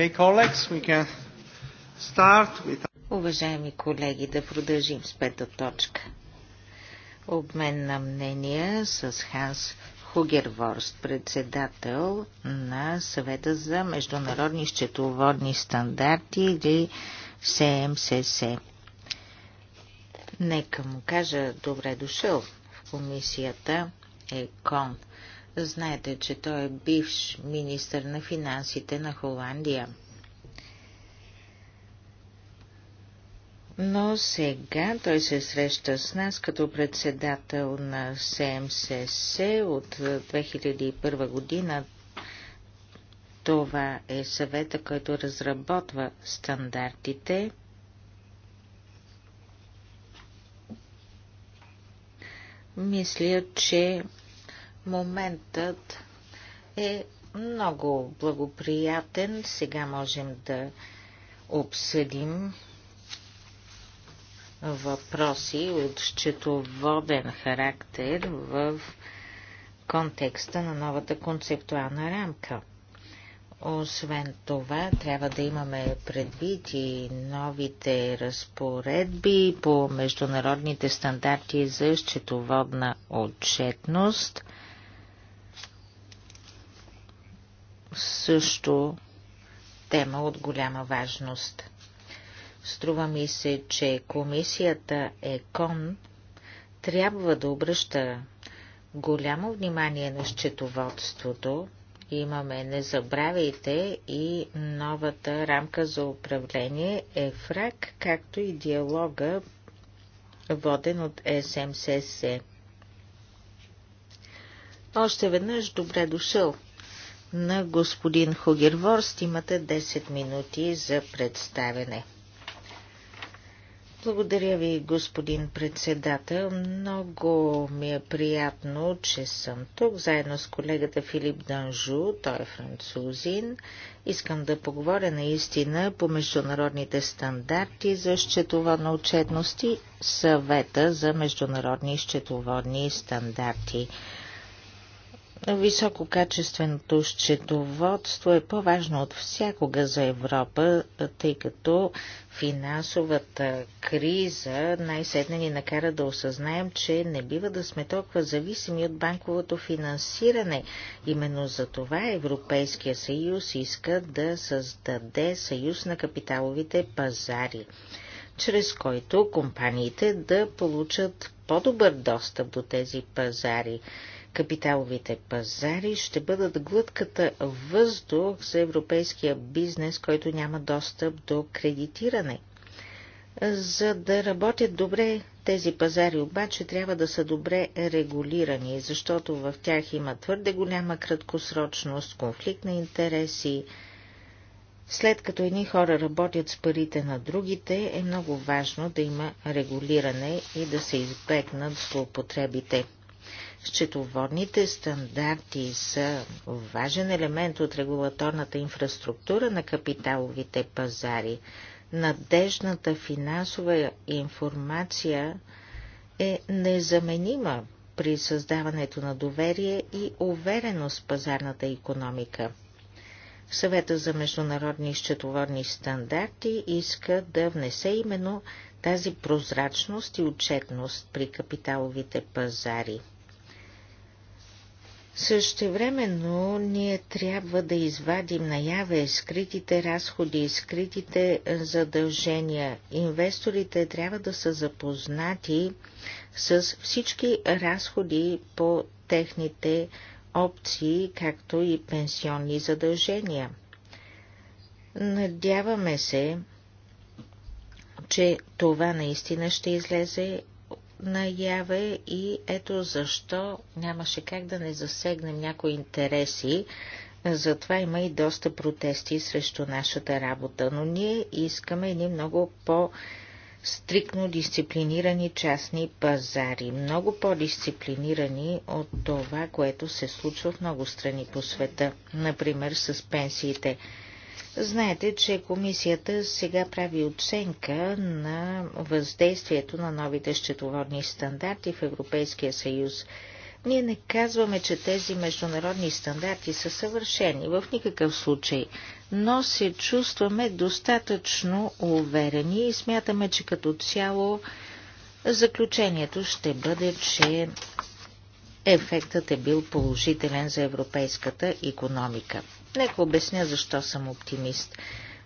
Okay, colleagues, we can start with... Уважаеми колеги, да продължим с пета точка. Обмен на мнения с Ханс Хугерворст, председател на съвета за международни счетоводни стандарти или СМСС. Нека му кажа добре дошъл в комисията ЕКОН. Знаете, че той е бивш министър на финансите на Холандия. Но сега той се среща с нас като председател на СМСС от 2001 година. Това е съвета, който разработва стандартите. Мисля, че моментът е много благоприятен. Сега можем да обсъдим въпроси от счетоводен характер в контекста на новата концептуална рамка. Освен това, трябва да имаме предвид и новите разпоредби по международните стандарти за счетоводна отчетност – също тема от голяма важност. Струва ми се, че комисията ЕКОН трябва да обръща голямо внимание на счетоводството. Имаме, не забравяйте, и новата рамка за управление ЕФРАК, както и диалога, воден от СМСС. Още веднъж добре дошъл на господин Хогерворст. Имате 10 минути за представене. Благодаря ви, господин председател. Много ми е приятно, че съм тук, заедно с колегата Филип Данжу, той е французин. Искам да поговоря наистина по международните стандарти за счетоводна на отчетности, съвета за международни счетоводни стандарти. Висококачественото счетоводство е по-важно от всякога за Европа, тъй като финансовата криза най-сетне ни накара да осъзнаем, че не бива да сме толкова зависими от банковото финансиране. Именно за това Европейския съюз иска да създаде съюз на капиталовите пазари чрез който компаниите да получат по-добър достъп до тези пазари. Капиталовите пазари ще бъдат глътката въздух за европейския бизнес, който няма достъп до кредитиране. За да работят добре тези пазари обаче трябва да са добре регулирани, защото в тях има твърде голяма краткосрочност, конфликт на интереси. След като едни хора работят с парите на другите, е много важно да има регулиране и да се избегнат злоупотребите. Счетоводните стандарти са важен елемент от регулаторната инфраструктура на капиталовите пазари. Надежната финансова информация е незаменима при създаването на доверие и увереност в пазарната економика. Съвета за международни счетоводни стандарти иска да внесе именно тази прозрачност и отчетност при капиталовите пазари – Същевременно ние трябва да извадим наяве скритите разходи, скритите е, задължения. Инвесторите трябва да са запознати с всички разходи по техните опции, както и пенсионни задължения. Надяваме се, че това наистина ще излезе наяве и ето защо нямаше как да не засегнем някои интереси. Затова има и доста протести срещу нашата работа, но ние искаме едни много по- стрикно дисциплинирани частни пазари, много по-дисциплинирани от това, което се случва в много страни по света, например с пенсиите. Знаете, че комисията сега прави оценка на въздействието на новите счетоводни стандарти в Европейския съюз. Ние не казваме, че тези международни стандарти са съвършени в никакъв случай, но се чувстваме достатъчно уверени и смятаме, че като цяло заключението ще бъде, че ефектът е бил положителен за европейската економика. Нека обясня защо съм оптимист.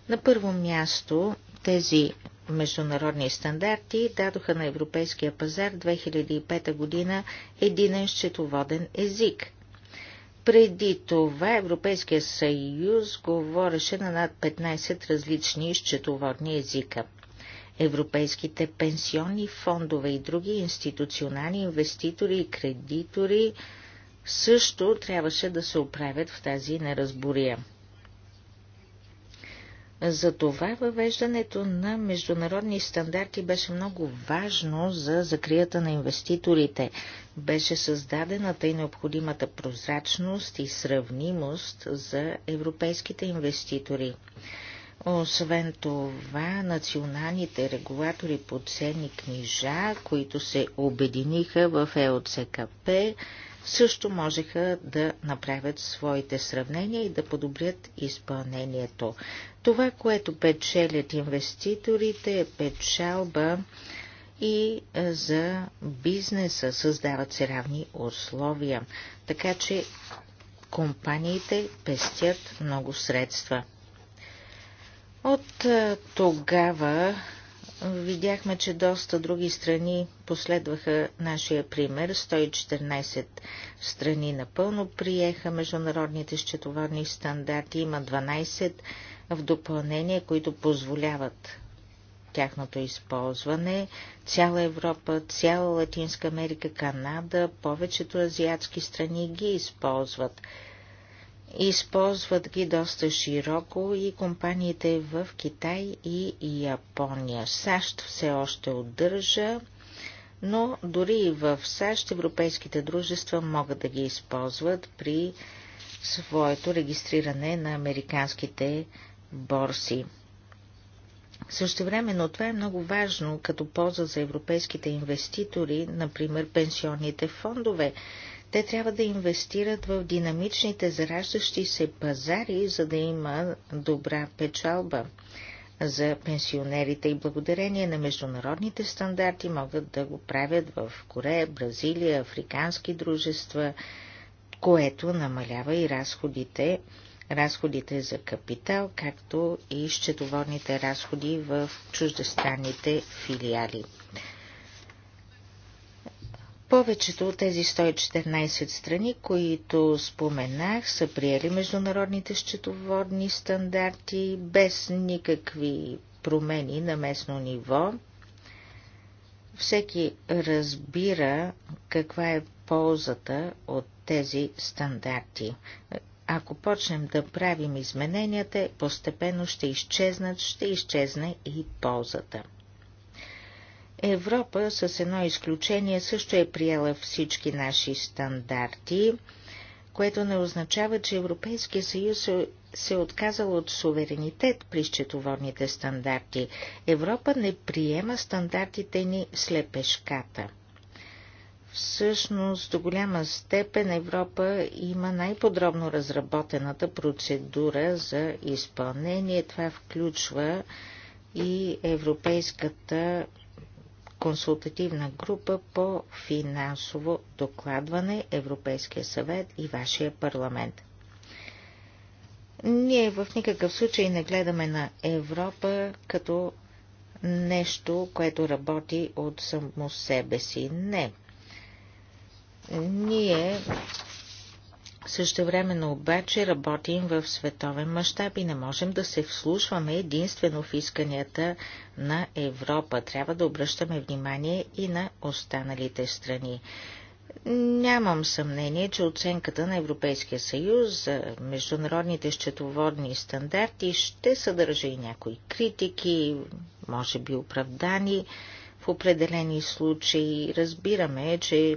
На първо място тези международни стандарти дадоха на европейския пазар 2005 година единен счетоводен език. Преди това Европейския съюз говореше на над 15 различни счетоводни езика. Европейските пенсионни фондове и други институционални инвеститори и кредитори също трябваше да се оправят в тази неразбория. Затова въвеждането на международни стандарти беше много важно за закрията на инвеститорите. Беше създадената и необходимата прозрачност и сравнимост за европейските инвеститори. Освен това, националните регулатори по ценни книжа, които се обединиха в ЕОЦКП, също можеха да направят своите сравнения и да подобрят изпълнението. Това, което печелят инвеститорите е печалба и за бизнеса създават се равни условия, така че компаниите пестят много средства. От тогава Видяхме, че доста други страни последваха нашия пример. 114 страни напълно приеха международните счетоводни стандарти. Има 12 в допълнение, които позволяват тяхното използване. Цяла Европа, цяла Латинска Америка, Канада, повечето азиатски страни ги използват. Използват ги доста широко и компаниите в Китай и Япония. САЩ все още отдържа, но дори и в САЩ европейските дружества могат да ги използват при своето регистриране на американските борси. Също но това е много важно като полза за европейските инвеститори, например пенсионните фондове. Те трябва да инвестират в динамичните зараждащи се пазари, за да има добра печалба за пенсионерите и благодарение на международните стандарти могат да го правят в Корея, Бразилия, африкански дружества, което намалява и разходите, разходите за капитал, както и счетоводните разходи в чуждестранните филиали. Повечето от тези 114 страни, които споменах, са приели международните счетоводни стандарти без никакви промени на местно ниво. Всеки разбира каква е ползата от тези стандарти. Ако почнем да правим измененията, постепенно ще изчезнат, ще изчезне и ползата. Европа, с едно изключение, също е приела всички наши стандарти, което не означава, че Европейския съюз е, се е отказал от суверенитет при счетоводните стандарти. Европа не приема стандартите ни слепешката. Всъщност, до голяма степен Европа има най-подробно разработената процедура за изпълнение. Това включва и Европейската консултативна група по финансово докладване Европейския съвет и вашия парламент. Ние в никакъв случай не гледаме на Европа като нещо, което работи от само себе си. Не. Ние Същевременно обаче работим в световен мащаб и не можем да се вслушваме единствено в исканията на Европа. Трябва да обръщаме внимание и на останалите страни. Нямам съмнение, че оценката на Европейския съюз за международните счетоводни стандарти ще съдържа и някои критики, може би оправдани в определени случаи. Разбираме, че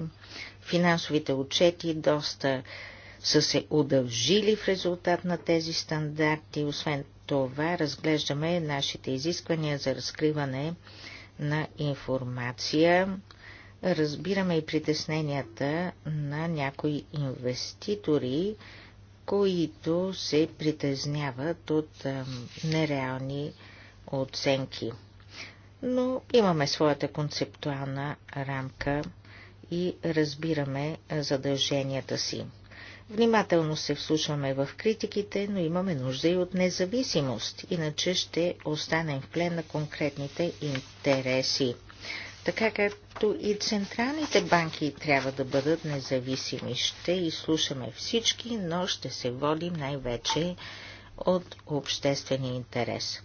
финансовите отчети доста са се удължили в резултат на тези стандарти. Освен това, разглеждаме нашите изисквания за разкриване на информация. Разбираме и притесненията на някои инвеститори, които се притесняват от нереални оценки. Но имаме своята концептуална рамка и разбираме задълженията си. Внимателно се вслушваме в критиките, но имаме нужда и от независимост, иначе ще останем в плен на конкретните интереси. Така както и централните банки трябва да бъдат независими, ще изслушаме всички, но ще се водим най-вече от обществения интерес.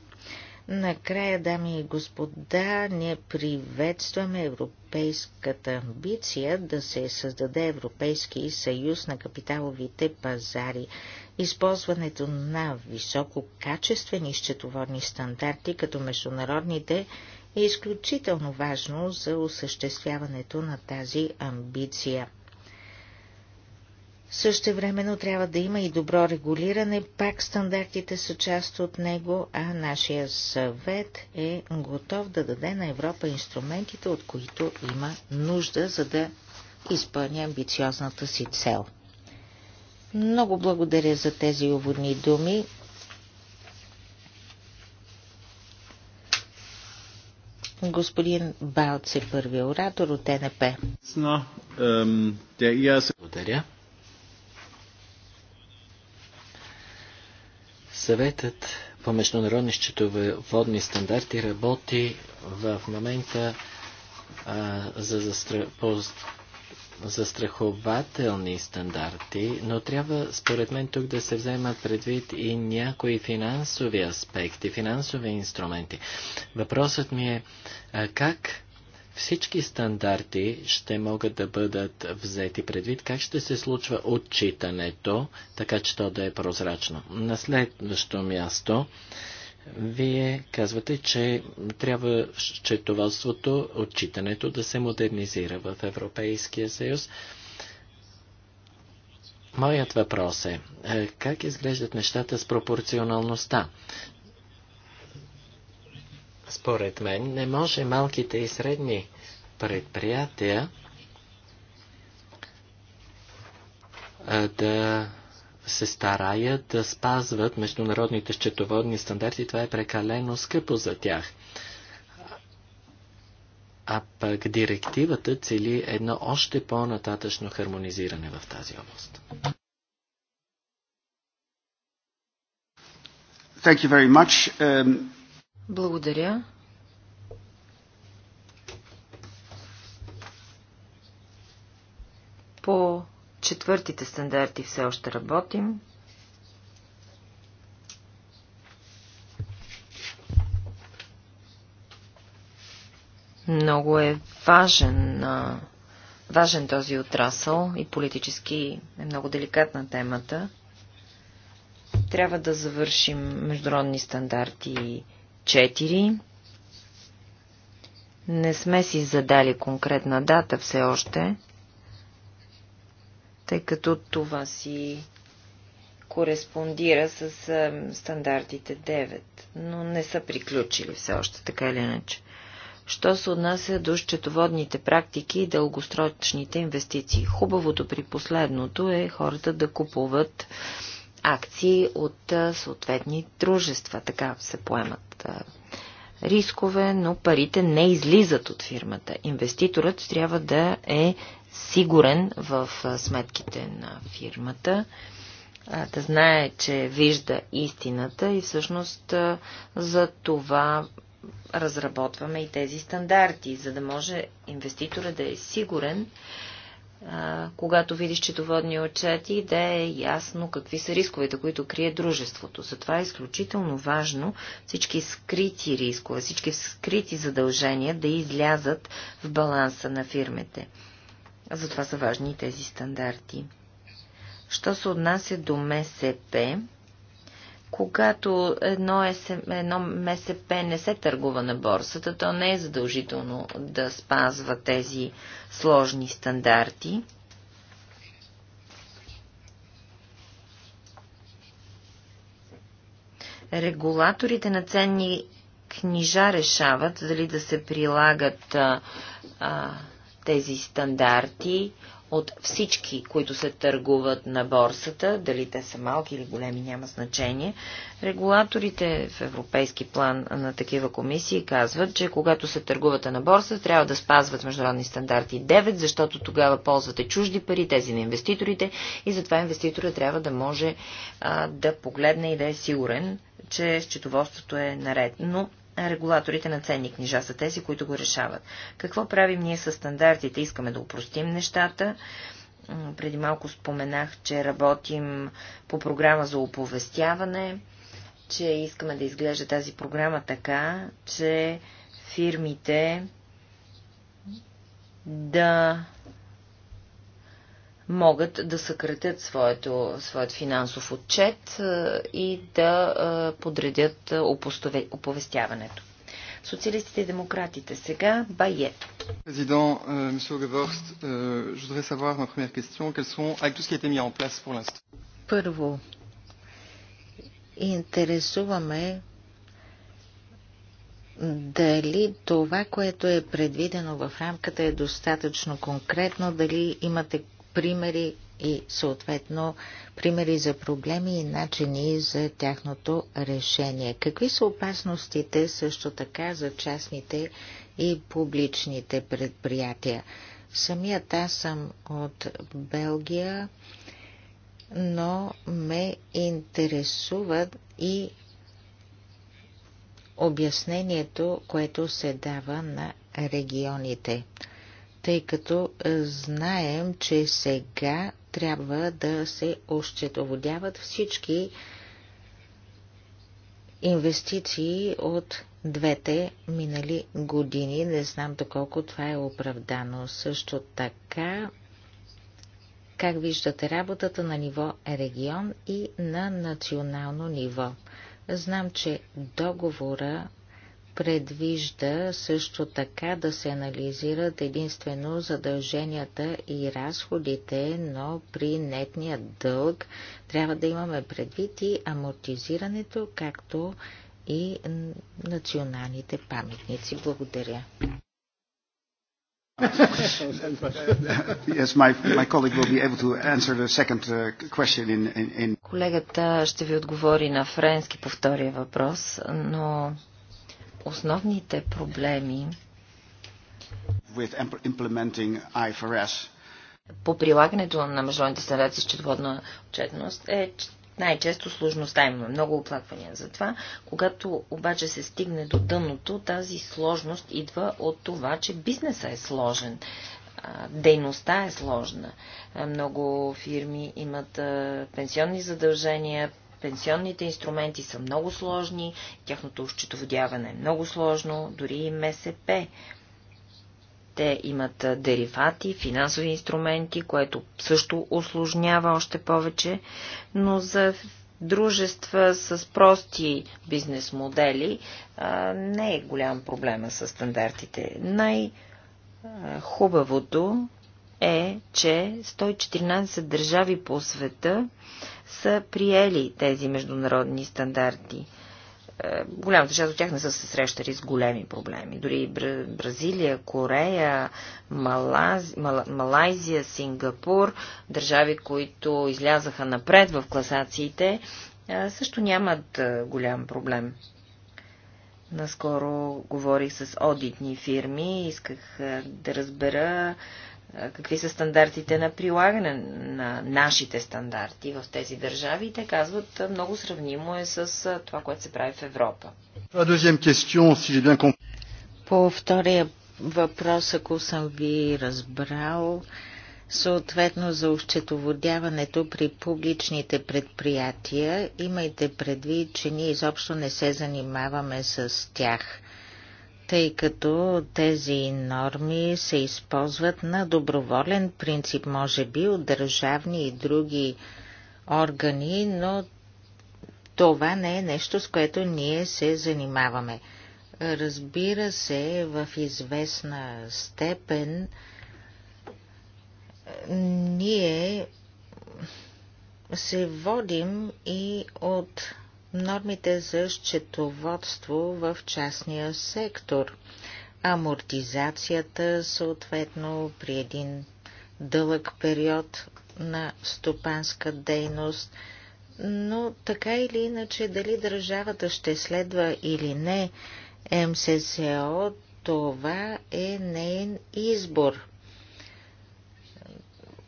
Накрая, дами и господа, ние приветстваме европейската амбиция да се създаде Европейски съюз на капиталовите пазари. Използването на висококачествени счетоводни стандарти като международните е изключително важно за осъществяването на тази амбиция. Също времено трябва да има и добро регулиране, пак стандартите са част от него, а нашия съвет е готов да даде на Европа инструментите, от които има нужда, за да изпълни амбициозната си цел. Много благодаря за тези уводни думи. Господин Балце, първи оратор от НП. Благодаря. Съветът по международни счетоводни стандарти работи в момента а, за застр... по застрахователни стандарти, но трябва според мен тук да се вземат предвид и някои финансови аспекти, финансови инструменти. Въпросът ми е а, как всички стандарти ще могат да бъдат взети предвид, как ще се случва отчитането, така че то да е прозрачно. На следващо място, вие казвате, че трябва счетоводството, отчитането да се модернизира в Европейския съюз. Моят въпрос е, е как изглеждат нещата с пропорционалността? Според мен не може малките и средни предприятия да се стараят да спазват международните счетоводни стандарти. Това е прекалено скъпо за тях. А пък директивата цели едно още по-нататъчно хармонизиране в тази област. Thank you very much. Um... Благодаря. По четвъртите стандарти все още работим. Много е важен, важен този отрасъл и политически е много деликатна темата. Трябва да завършим международни стандарти и. 4. Не сме си задали конкретна дата все още, тъй като това си кореспондира с стандартите 9, но не са приключили все още, така или иначе. Що се отнася до счетоводните практики и дългосрочните инвестиции? Хубавото при последното е хората да купуват акции от съответни дружества, така се поемат рискове, но парите не излизат от фирмата. Инвеститорът трябва да е сигурен в сметките на фирмата, да знае, че вижда истината и всъщност за това разработваме и тези стандарти, за да може инвеститора да е сигурен, когато видиш четоводни отчети, да е ясно какви са рисковете, които крие дружеството. Затова е изключително важно всички скрити рискове, всички скрити задължения да излязат в баланса на фирмите. Затова са важни и тези стандарти. Що се отнася до МСП, когато едно, СМ, едно МСП не се търгува на борсата, то не е задължително да спазва тези сложни стандарти. регулаторите на ценни книжа решават дали да се прилагат а, а, тези стандарти от всички, които се търгуват на борсата, дали те са малки или големи, няма значение. Регулаторите в европейски план на такива комисии казват, че когато се търгувате на борса, трябва да спазват международни стандарти 9, защото тогава ползвате чужди пари, тези на инвеститорите, и затова инвеститора трябва да може а, да погледне и да е сигурен, че счетоводството е наред. Но регулаторите на ценни книжа са тези, които го решават. Какво правим ние с стандартите? Искаме да упростим нещата. Преди малко споменах, че работим по програма за оповестяване, че искаме да изглежда тази програма така, че фирмите да могат да съкратят своето, своят финансов отчет и да подредят оповестяването. Социалистите и демократите сега. Bayet. Président, euh, Monsieur Gevorst, euh, je voudrais savoir ma première question, quels sont, avec tout ce qui a été mis en place pour l'instant. Първо, интересуваме дали това, което е предвидено в рамката е достатъчно конкретно, дали имате примери и съответно примери за проблеми и начини за тяхното решение. Какви са опасностите също така за частните и публичните предприятия? Самият аз съм от Белгия, но ме интересуват и обяснението, което се дава на регионите – тъй като е, знаем, че сега трябва да се ощетоводяват всички инвестиции от двете минали години. Не знам доколко това е оправдано. Също така, как виждате работата на ниво регион и на национално ниво? Знам, че договора предвижда също така да се анализират единствено задълженията и разходите, но при нетния дълг трябва да имаме предвид и амортизирането, както и националните паметници. Благодаря. Yes, my, my colleague will be able to answer the second uh, question in, in... Колегата ще ви отговори на френски по втория въпрос, но основните проблеми по прилагането на международните стандарти с четводна отчетност е най-често сложността. Имаме много оплаквания за това. Когато обаче се стигне до дъното, тази сложност идва от това, че бизнесът е сложен. Дейността е сложна. Много фирми имат пенсионни задължения, Пенсионните инструменти са много сложни, тяхното счетоводяване е много сложно, дори и МСП. Те имат деривати, финансови инструменти, което също осложнява още повече, но за дружества с прости бизнес модели не е голям проблема с стандартите. Най-хубавото е, че 114 държави по света са приели тези международни стандарти. Е, голямата част от тях не са се срещали с големи проблеми. Дори Бразилия, Корея, Малаз... Малайзия, Сингапур, държави, които излязаха напред в класациите, е, също нямат е, голям проблем. Наскоро говорих с одитни фирми и исках да разбера какви са стандартите на прилагане на нашите стандарти в тези държави те казват много сравнимо е с това, което се прави в Европа. По втория въпрос, ако съм ви разбрал, съответно за ощетоводяването при публичните предприятия, имайте предвид, че ние изобщо не се занимаваме с тях – тъй като тези норми се използват на доброволен принцип, може би от държавни и други органи, но това не е нещо, с което ние се занимаваме. Разбира се, в известна степен ние се водим и от нормите за счетоводство в частния сектор, амортизацията съответно при един дълъг период на стопанска дейност, но така или иначе дали държавата ще следва или не МССО, това е неен избор.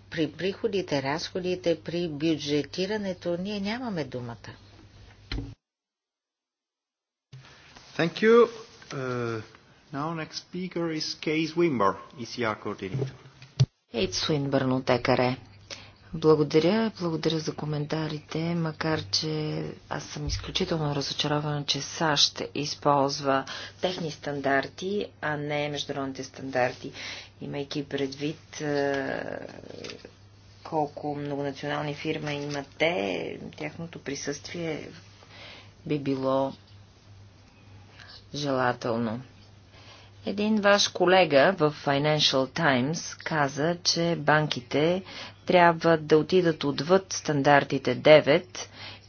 При приходите, разходите, при бюджетирането ние нямаме думата. Thank you. Uh, now next speaker is Kay Swinburne, ECR coordinator. Кейт Суинбърн от ЕКАРЕ. Благодаря, благодаря за коментарите, макар че аз съм изключително разочарована, че САЩ използва техни стандарти, а не международните стандарти, имайки предвид колко многонационални фирма имате, тяхното присъствие би било желателно. Един ваш колега в Financial Times каза, че банките трябва да отидат отвъд стандартите 9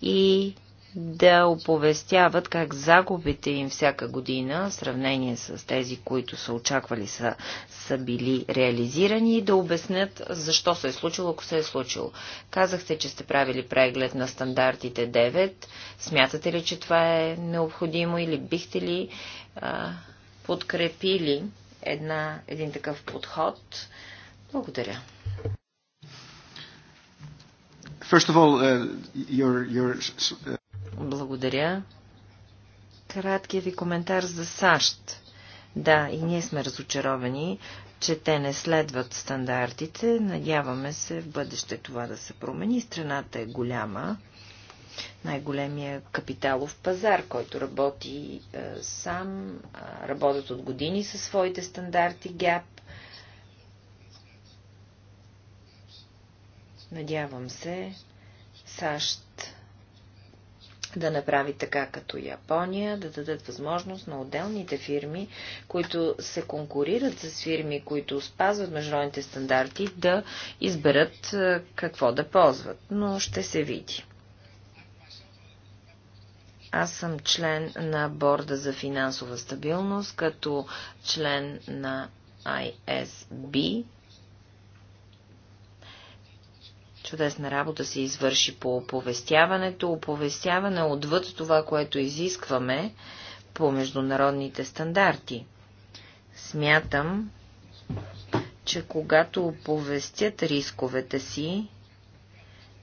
и да оповестяват как загубите им всяка година, в сравнение с тези, които са очаквали са, са били реализирани и да обяснят защо се е случило, ако се е случило. Казахте, че сте правили преглед на стандартите 9. Смятате ли, че това е необходимо или бихте ли а, подкрепили една, един такъв подход? Благодаря. First of all, uh, your, your благодаря. Краткият ви коментар за САЩ. Да, и ние сме разочаровани, че те не следват стандартите. Надяваме се в бъдеще това да се промени. Страната е голяма. Най-големия капиталов пазар, който работи е, сам, работят от години със своите стандарти ГЯП. Надявам се, САЩ да направи така като Япония, да дадат възможност на отделните фирми, които се конкурират с фирми, които спазват международните стандарти, да изберат какво да ползват. Но ще се види. Аз съм член на Борда за финансова стабилност, като член на ISB, Чудесна работа се извърши по оповестяването. Оповестяване отвъд това, което изискваме по международните стандарти. Смятам, че когато оповестят рисковете си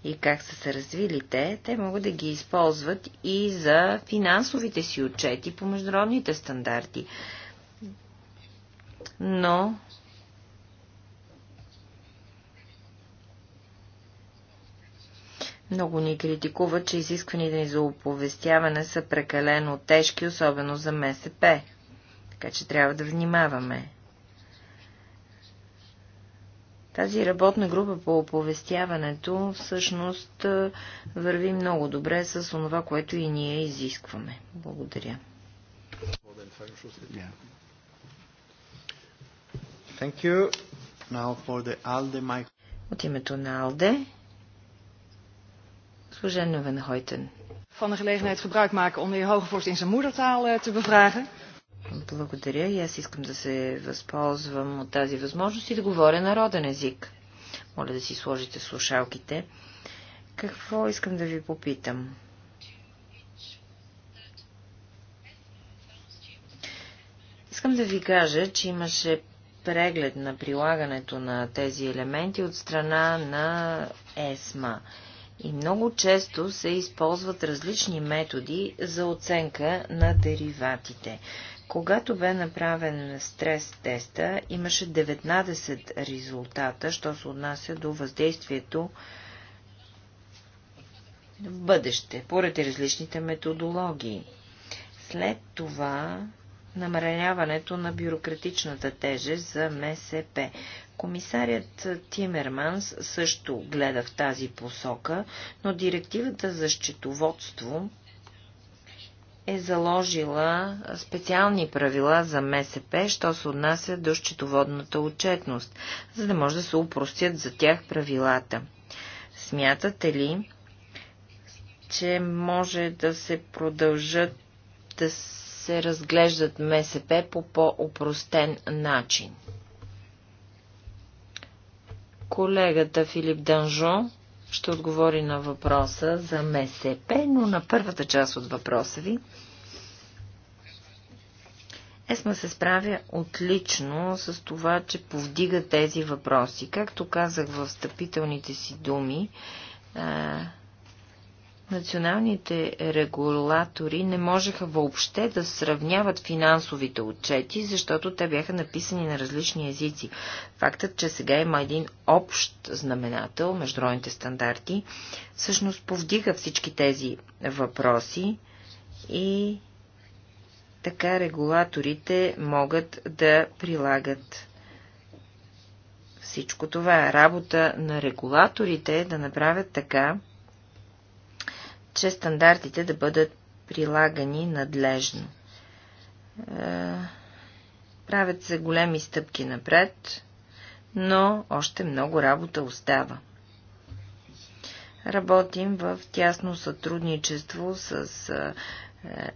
и как са се развили те, те могат да ги използват и за финансовите си отчети по международните стандарти. Но Много ни критикуват, че изискваните ни за оповестяване са прекалено тежки, особено за МСП. Така че трябва да внимаваме. Тази работна група по оповестяването всъщност е, върви много добре с това, което и ние изискваме. Благодаря. От името на Алде Госпожа Нувенхойтен. Van de gelegenheid gebruik maken om de heer Hogevorst in zijn moedertaal eh, te bevragen. Благодаря и аз искам да се възползвам от тази възможност и да говоря народен език. Моля да си сложите слушалките. Какво искам да ви попитам? Искам да ви кажа, че имаше преглед на прилагането на тези елементи от страна на ЕСМА. И много често се използват различни методи за оценка на дериватите. Когато бе направен стрес теста, имаше 19 резултата, що се отнася до въздействието в бъдеще, поради различните методологии. След това намаляването на бюрократичната тежест за МСП. Комисарят Тимерманс също гледа в тази посока, но директивата за счетоводство е заложила специални правила за МСП, що се отнася до счетоводната отчетност, за да може да се упростят за тях правилата. Смятате ли, че може да се продължат да се разглеждат МСП по по-упростен начин? Колегата Филип Данжо ще отговори на въпроса за МСП, но на първата част от въпроса ви. Есма се справя отлично с това, че повдига тези въпроси. Както казах в встъпителните си думи, Националните регулатори не можеха въобще да сравняват финансовите отчети, защото те бяха написани на различни езици. Фактът, че сега има един общ знаменател, международните стандарти, всъщност повдига всички тези въпроси и така регулаторите могат да прилагат всичко това. Работа на регулаторите е да направят така, че стандартите да бъдат прилагани надлежно. Е, правят се големи стъпки напред, но още много работа остава. Работим в тясно сътрудничество с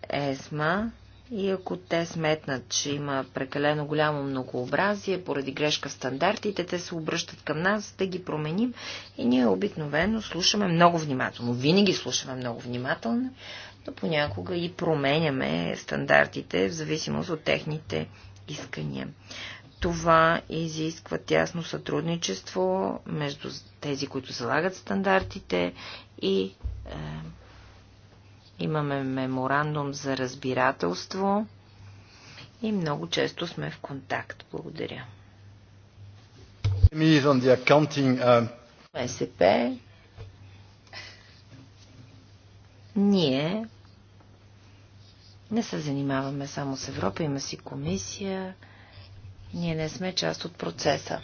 е, ЕСМА и ако те сметнат, че има прекалено голямо многообразие, поради грешка в стандартите, те се обръщат към нас да ги променим и ние обикновено слушаме много внимателно. Винаги слушаме много внимателно, но понякога и променяме стандартите в зависимост от техните искания. Това изисква тясно сътрудничество между тези, които залагат стандартите и е, Имаме меморандум за разбирателство и много често сме в контакт. Благодаря. СП Ние не се занимаваме само с Европа, има си комисия. Ние не сме част от процеса.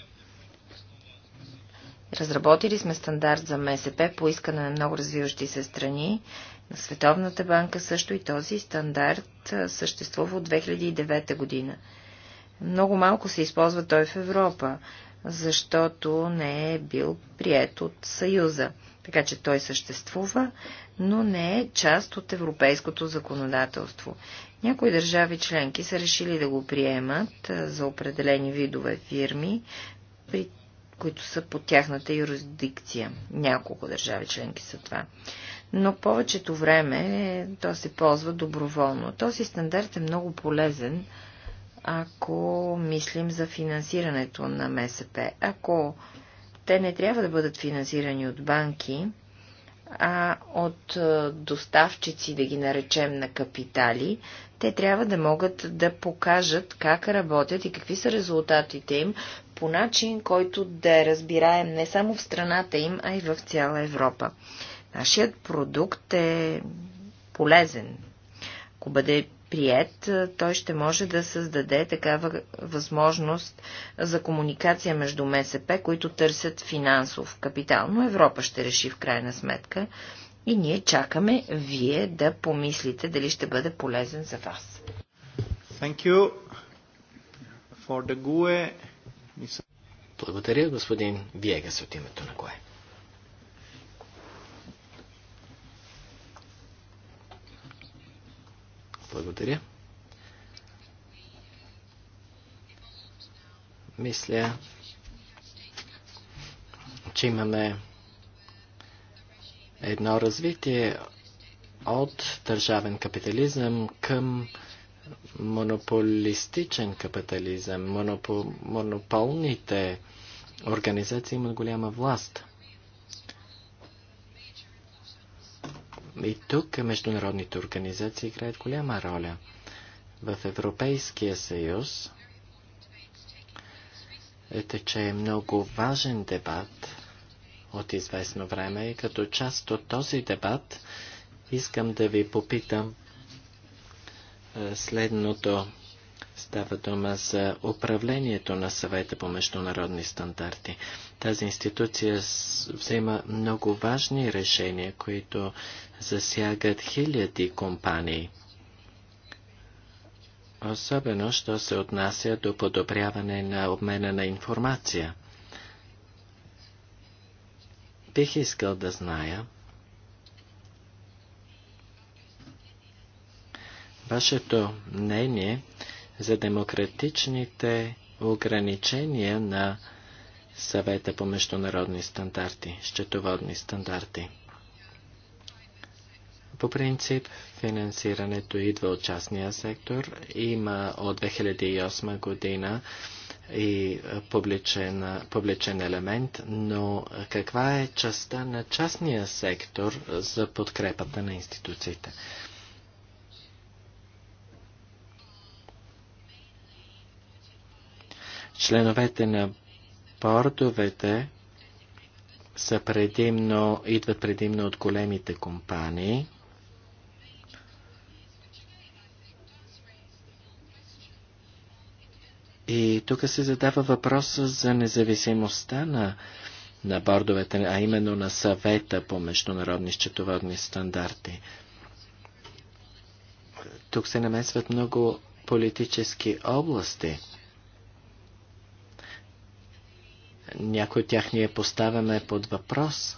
Разработили сме стандарт за МСП по искане на много развиващи се страни на Световната банка също и този стандарт съществува от 2009 година. Много малко се използва той в Европа, защото не е бил прият от Съюза. Така че той съществува, но не е част от европейското законодателство. Някои държави членки са решили да го приемат за определени видове фирми, при които са под тяхната юрисдикция. Няколко държави членки са това но повечето време то се ползва доброволно. Този стандарт е много полезен, ако мислим за финансирането на МСП. Ако те не трябва да бъдат финансирани от банки, а от доставчици, да ги наречем, на капитали, те трябва да могат да покажат как работят и какви са резултатите им по начин, който да разбираем не само в страната им, а и в цяла Европа. Нашият продукт е полезен. Ако бъде прият, той ще може да създаде такава възможност за комуникация между МСП, които търсят финансов капитал. Но Европа ще реши в крайна сметка и ние чакаме вие да помислите дали ще бъде полезен за вас. Thank you for the GUE. Благодаря, господин Виегас от името на кое? Благодаря. Мисля, че имаме едно развитие от държавен капитализъм към монополистичен капитализъм. Монопол, монополните организации имат голяма власт. И тук международните организации играят голяма роля. В Европейския съюз е тече е много важен дебат от известно време и като част от този дебат искам да ви попитам е, следното. Става дума за управлението на съвета по международни стандарти. Тази институция взема много важни решения, които засягат хиляди компании. Особено, що се отнася до подобряване на обмена на информация. Бих искал да зная, вашето мнение за демократичните ограничения на съвета по международни стандарти, счетоводни стандарти. По принцип, финансирането идва от частния сектор. Има от 2008 година и публичен, публичен елемент, но каква е частта на частния сектор за подкрепата на институциите? Членовете на бордовете са предимно, идват предимно от големите компании. И тук се задава въпроса за независимостта на, на бордовете, а именно на съвета по международни счетоводни стандарти. Тук се намесват много политически области – Някой от тях ние поставяме под въпрос.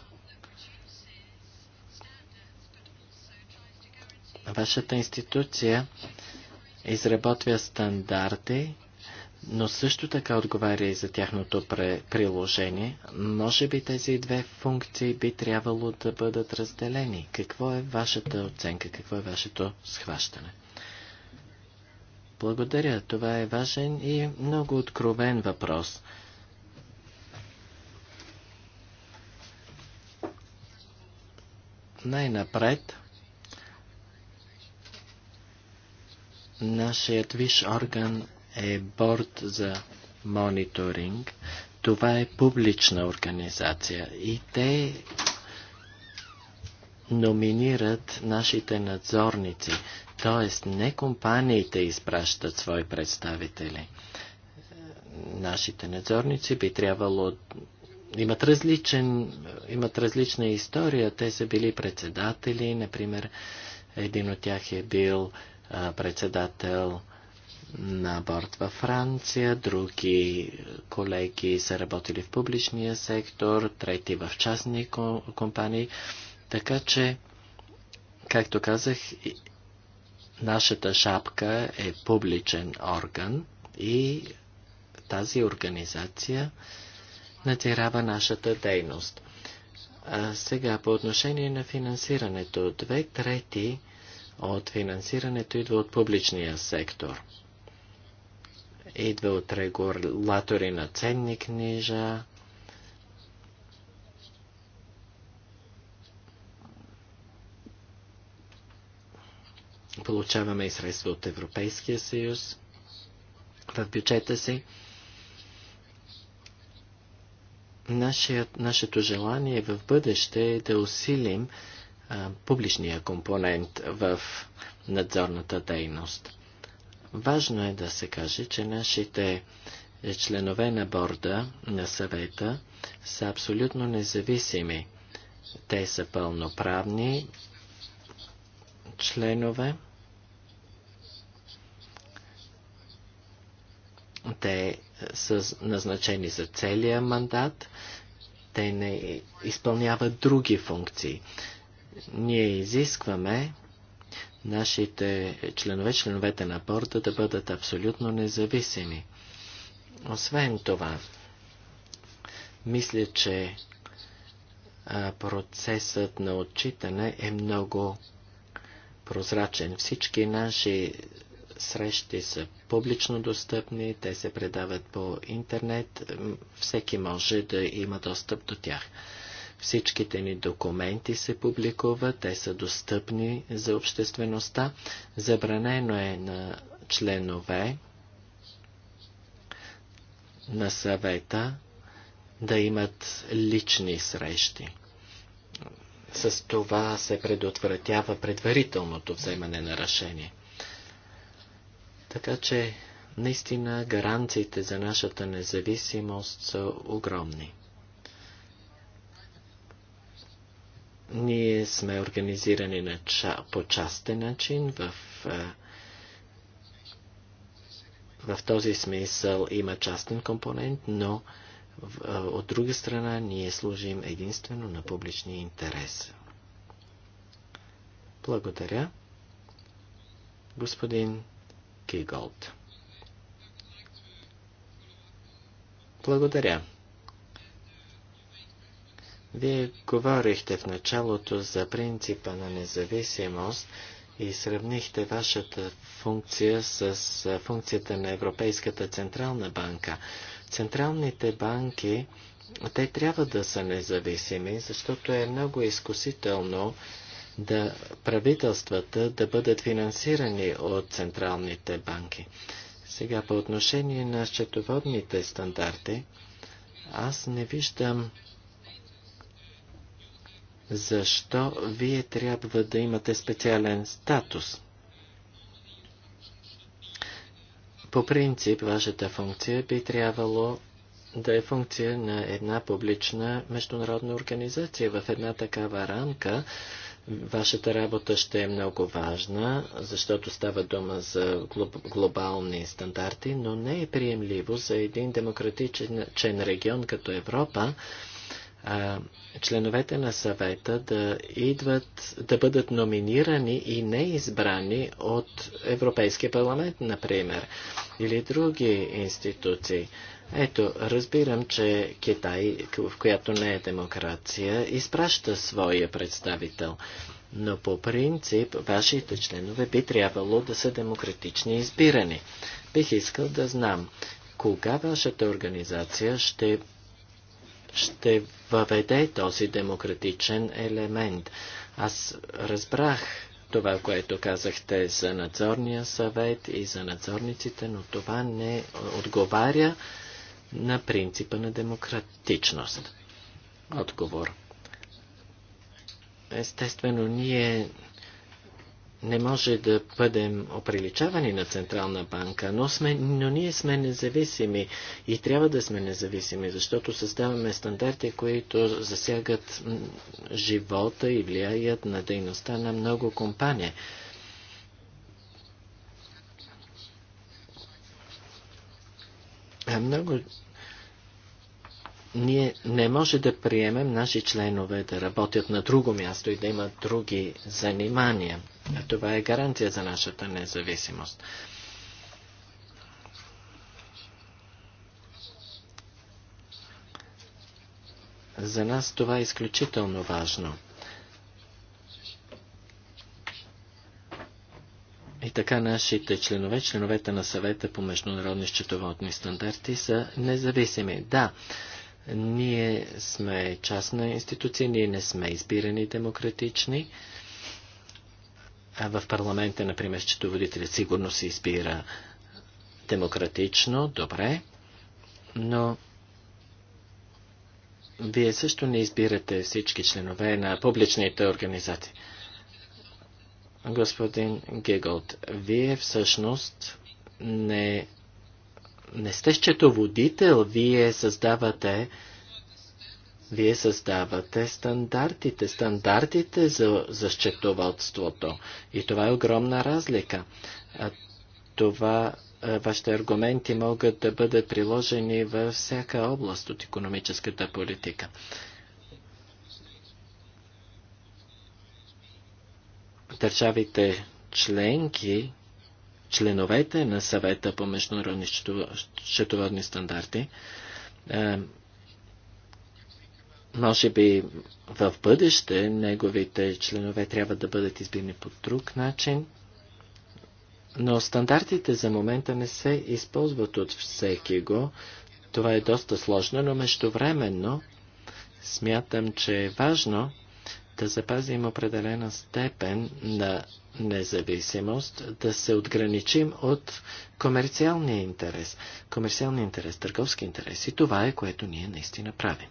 Вашата институция изработва стандарти, но също така отговаря и за тяхното приложение. Може би тези две функции би трябвало да бъдат разделени. Какво е вашата оценка? Какво е вашето схващане? Благодаря. Това е важен и много откровен въпрос. Най-напред, нашият виш орган е борт за мониторинг. Това е публична организация и те номинират нашите надзорници, т.е. не компаниите изпращат свои представители. Нашите надзорници би трябвало имат, различен, имат различна история. Те са били председатели, например, един от тях е бил а, председател на борт във Франция, други колеги са работили в публичния сектор, трети в частни компании. Така че, както казах, нашата шапка е публичен орган и тази организация Натирава нашата дейност. А сега, по отношение на финансирането, две трети от финансирането идва от публичния сектор. Идва от регулатори на ценни книжа, получаваме и средства от Европейския съюз в бюджета си нашият, нашето желание в бъдеще е да усилим а, публичния компонент в надзорната дейност. Важно е да се каже, че нашите е, членове на борда, на съвета, са абсолютно независими. Те са пълноправни членове Те е, са назначени за целия мандат. Те не изпълняват други функции. Ние изискваме нашите членове, членовете на борда да бъдат абсолютно независими. Освен това, мисля, че процесът на отчитане е много прозрачен. Всички наши срещи са публично достъпни, те се предават по интернет, всеки може да има достъп до тях. Всичките ни документи се публикуват, те са достъпни за обществеността. Забранено е на членове на съвета да имат лични срещи. С това се предотвратява предварителното вземане на решение. Така че, наистина, гаранциите за нашата независимост са огромни. Ние сме организирани на ча... по частен начин в в този смисъл има частен компонент, но от друга страна ние служим единствено на публичния интерес. Благодаря. Господин Гиголд. Благодаря. Вие говорихте в началото за принципа на независимост и сравнихте вашата функция с функцията на Европейската Централна банка. Централните банки, те трябва да са независими, защото е много изкусително да правителствата да бъдат финансирани от централните банки. Сега по отношение на счетоводните стандарти, аз не виждам защо вие трябва да имате специален статус. По принцип, вашата функция би трябвало да е функция на една публична международна организация. В една такава рамка Вашата работа ще е много важна, защото става дума за глобални стандарти, но не е приемливо за един демократичен регион като Европа а, членовете на съвета да идват, да бъдат номинирани и не избрани от Европейския парламент, например, или други институции. Ето, разбирам, че Китай, в която не е демокрация, изпраща своя представител. Но по принцип, вашите членове би трябвало да са демократични избирани. Бих искал да знам, кога вашата организация ще, ще въведе този демократичен елемент. Аз разбрах това, което казахте за надзорния съвет и за надзорниците, но това не отговаря на принципа на демократичност? Отговор. Естествено, ние не може да бъдем оприличавани на Централна банка, но, сме, но ние сме независими и трябва да сме независими, защото създаваме стандарти, които засягат живота и влияят на дейността на много компании. много ние не може да приемем наши членове да работят на друго място и да имат други занимания. А това е гаранция за нашата независимост. За нас това е изключително важно. И така нашите членове, членовете на съвета по международни счетоводни стандарти са независими. Да, ние сме частна институция, ние не сме избирани демократични. А в парламента, например, счетоводителят сигурно се избира демократично, добре, но вие също не избирате всички членове на публичните организации. Господин Геголд, вие всъщност не не сте счетоводител, вие създавате вие създавате стандартите, стандартите за, за счетоводството. И това е огромна разлика. А, това вашите аргументи могат да бъдат приложени във всяка област от економическата политика. Държавите членки членовете на съвета по международни счетоводни стандарти. Е, може би в бъдеще неговите членове трябва да бъдат избирани по друг начин, но стандартите за момента не се използват от всеки го. Това е доста сложно, но междувременно смятам, че е важно да запазим определена степен на независимост, да се отграничим от комерциалния интерес. Комерциалния интерес, търговски интерес. И това е, което ние наистина правим.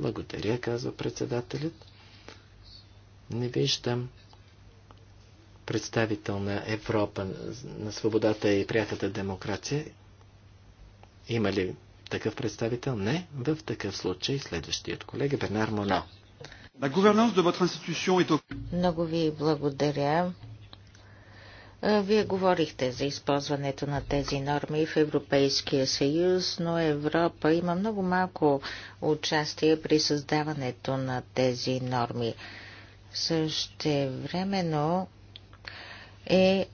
Благодаря, казва председателят. Не виждам представител на Европа, на свободата и пряката демокрация. Има ли такъв представител? Не. В такъв случай следващият колега Бернар Моно. Много ви благодаря. Вие говорихте за използването на тези норми в Европейския съюз, но Европа има много малко участие при създаването на тези норми. времено е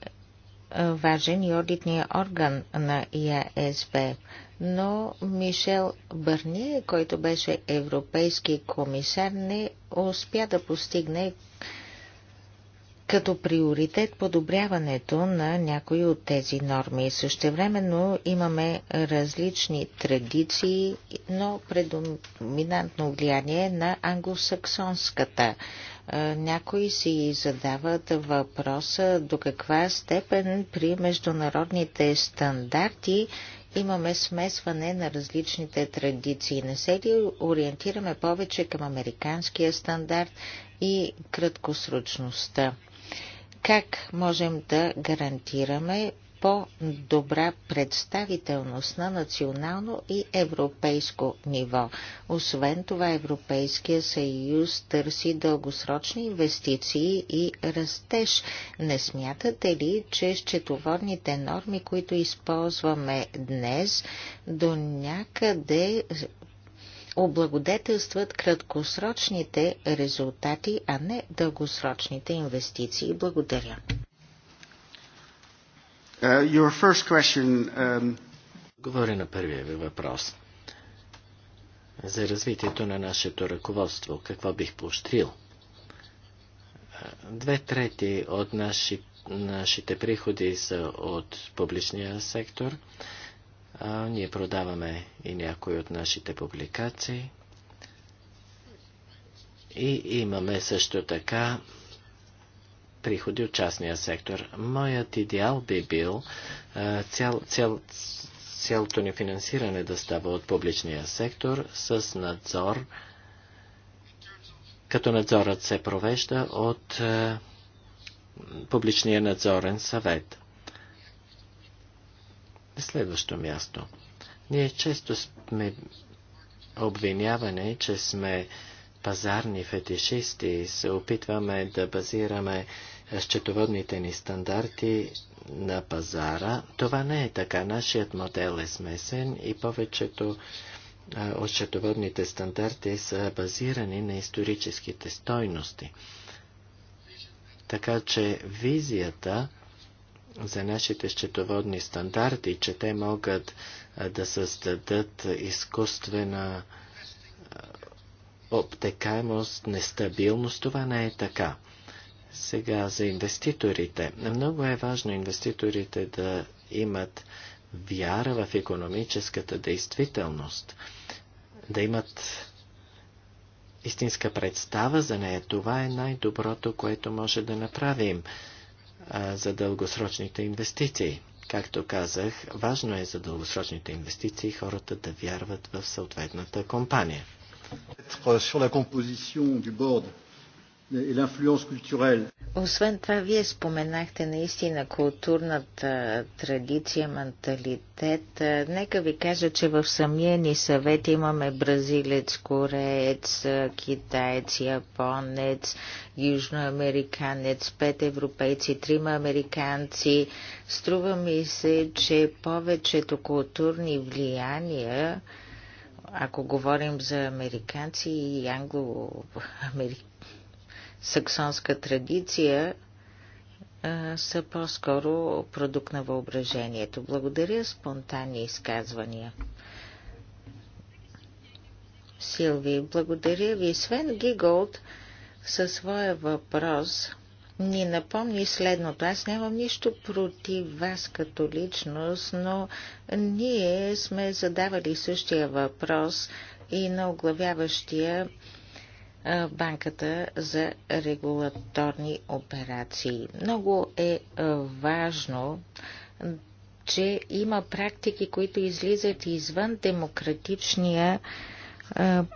важен и одитния орган на ИАСБ но Мишел Бърни, който беше европейски комисар, не успя да постигне като приоритет подобряването на някои от тези норми. Същевременно имаме различни традиции, но предоминантно влияние на англосаксонската. Някои си задават въпроса до каква степен при международните стандарти имаме смесване на различните традиции. Не се ли ориентираме повече към американския стандарт и краткосрочността? Как можем да гарантираме по-добра представителност на национално и европейско ниво. Освен това, Европейския съюз търси дългосрочни инвестиции и растеж. Не смятате ли, че счетоводните норми, които използваме днес, до някъде облагодетелстват краткосрочните резултати, а не дългосрочните инвестиции. Благодаря. Uh, your first question, um... Говоря на първия ви въпрос. За развитието на нашето ръководство, какво бих поощрил? Две трети от наши, нашите приходи са от публичния сектор. А, ние продаваме и някои от нашите публикации. И имаме също така приходи от частния сектор. Моят идеал би бил цял, цял, цялото ни финансиране да става от публичния сектор с надзор, като надзорът се провежда от публичния надзорен съвет. Следващо място. Ние често сме обвинявани, че сме пазарни фетишисти се опитваме да базираме счетоводните ни стандарти на пазара. Това не е така. Нашият модел е смесен и повечето от счетоводните стандарти са базирани на историческите стойности. Така че визията за нашите счетоводни стандарти, че те могат да създадат изкуствена обтекаемост, нестабилност. Това не е така. Сега за инвеститорите. Много е важно инвеститорите да имат вяра в економическата действителност, да имат истинска представа за нея. Това е най-доброто, което може да направим а, за дългосрочните инвестиции. Както казах, важно е за дългосрочните инвестиции хората да вярват в съответната компания. Euh, Освен това, вие споменахте наистина културната традиция, менталитет. Нека ви кажа, че в самия ни съвет имаме бразилец, кореец, китаец, японец, южноамериканец, пет европейци, трима американци. Струва ми се, че повечето културни влияния ако говорим за американци и англо-саксонска традиция, са по-скоро продукт на въображението. Благодаря спонтанни изказвания. Силви, благодаря ви. Свен Гиголд със своя въпрос ни напомни следното. Аз нямам нищо против вас като личност, но ние сме задавали същия въпрос и на оглавяващия банката за регулаторни операции. Много е важно че има практики, които излизат извън демократичния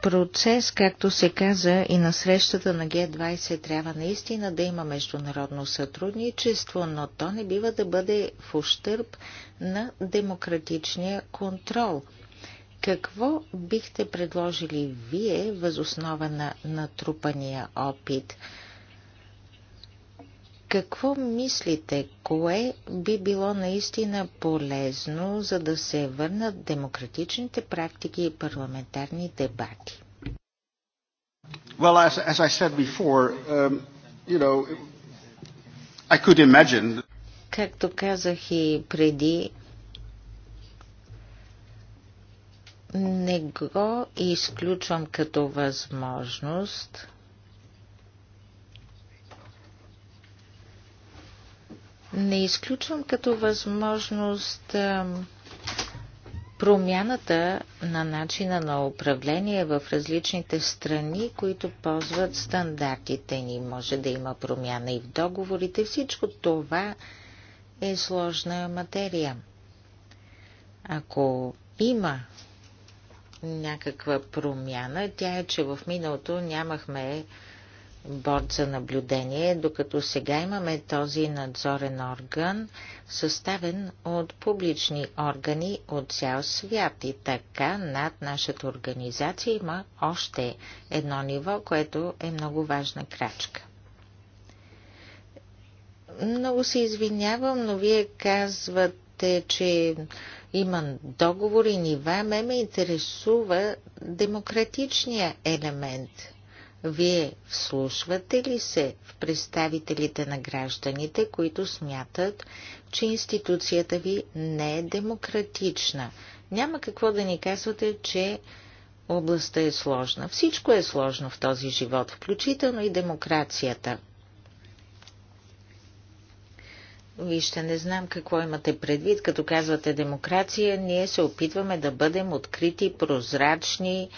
процес, както се каза и на срещата на Г-20, трябва наистина да има международно сътрудничество, но то не бива да бъде в ущърп на демократичния контрол. Какво бихте предложили вие възоснова на натрупания опит? Какво мислите, кое би било наистина полезно, за да се върнат демократичните практики и парламентарни дебати? Well, as, as I said before, um, you know, I could imagine... Както казах и преди, не го изключвам като възможност Не изключвам като възможност промяната на начина на управление в различните страни, които ползват стандартите ни. Може да има промяна и в договорите. Всичко това е сложна материя. Ако има някаква промяна, тя е, че в миналото нямахме борд за наблюдение, докато сега имаме този надзорен орган, съставен от публични органи от цял свят. И така над нашата организация има още едно ниво, което е много важна крачка. Много се извинявам, но вие казвате, че има договори нива. Ме ме интересува демократичния елемент – вие вслушвате ли се в представителите на гражданите, които смятат, че институцията ви не е демократична? Няма какво да ни казвате, че областта е сложна. Всичко е сложно в този живот, включително и демокрацията. Вижте, не знам какво имате предвид, като казвате демокрация, ние се опитваме да бъдем открити, прозрачни,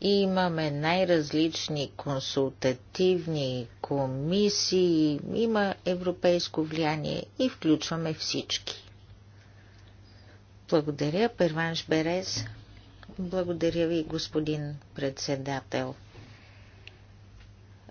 Имаме най-различни консултативни комисии, има европейско влияние и включваме всички. Благодаря, Перванш Берез. Благодаря ви, господин председател.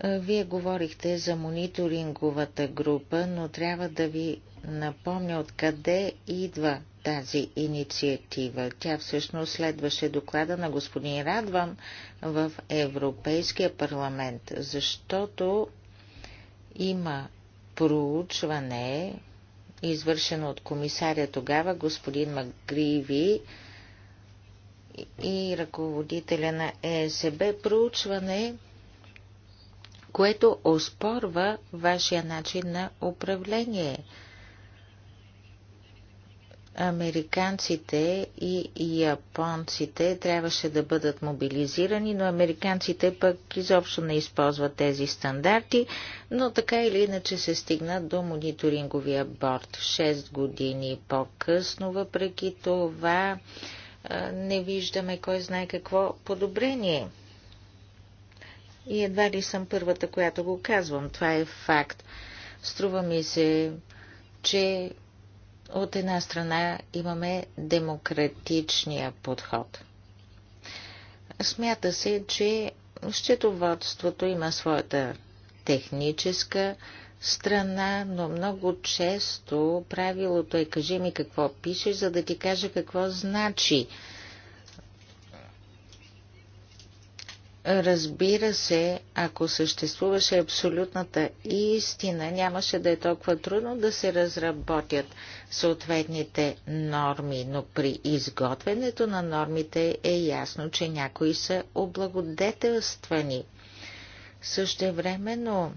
Е, вие говорихте за мониторинговата група, но трябва да ви напомня откъде идва тази инициатива. Тя всъщност следваше доклада на господин Радван в Европейския парламент, защото има проучване, извършено от комисаря тогава, господин Магриви и ръководителя на ЕСБ, проучване, което оспорва вашия начин на управление. Американците и японците трябваше да бъдат мобилизирани, но американците пък изобщо не използват тези стандарти, но така или иначе се стигна до мониторинговия борт. 6 години по-късно, въпреки това, не виждаме кой знае какво подобрение и едва ли съм първата, която го казвам. Това е факт. Струва ми се, че от една страна имаме демократичния подход. Смята се, че счетоводството има своята техническа страна, но много често правилото е кажи ми какво пишеш, за да ти кажа какво значи Разбира се, ако съществуваше абсолютната истина, нямаше да е толкова трудно да се разработят съответните норми, но при изготвянето на нормите е ясно, че някои са облагодетелствани. Същевременно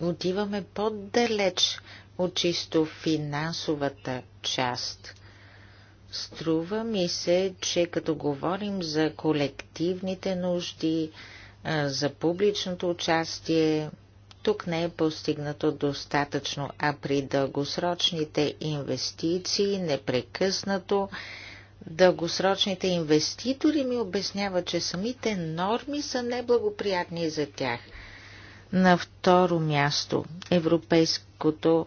отиваме по-далеч от чисто финансовата част – Струва ми се, че като говорим за колективните нужди, за публичното участие, тук не е постигнато достатъчно, а при дългосрочните инвестиции непрекъснато дългосрочните инвеститори ми обясняват, че самите норми са неблагоприятни за тях. На второ място, европейското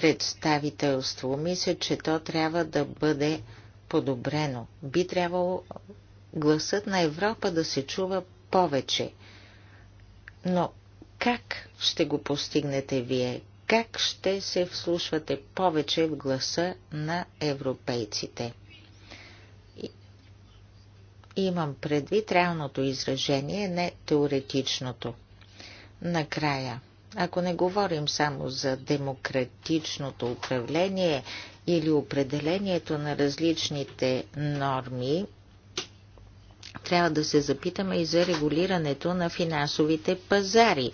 представителство. Мисля, че то трябва да бъде подобрено. Би трябвало гласът на Европа да се чува повече. Но как ще го постигнете вие? Как ще се вслушвате повече в гласа на европейците? Имам предвид реалното изражение, не теоретичното. Накрая – ако не говорим само за демократичното управление или определението на различните норми, трябва да се запитаме и за регулирането на финансовите пазари.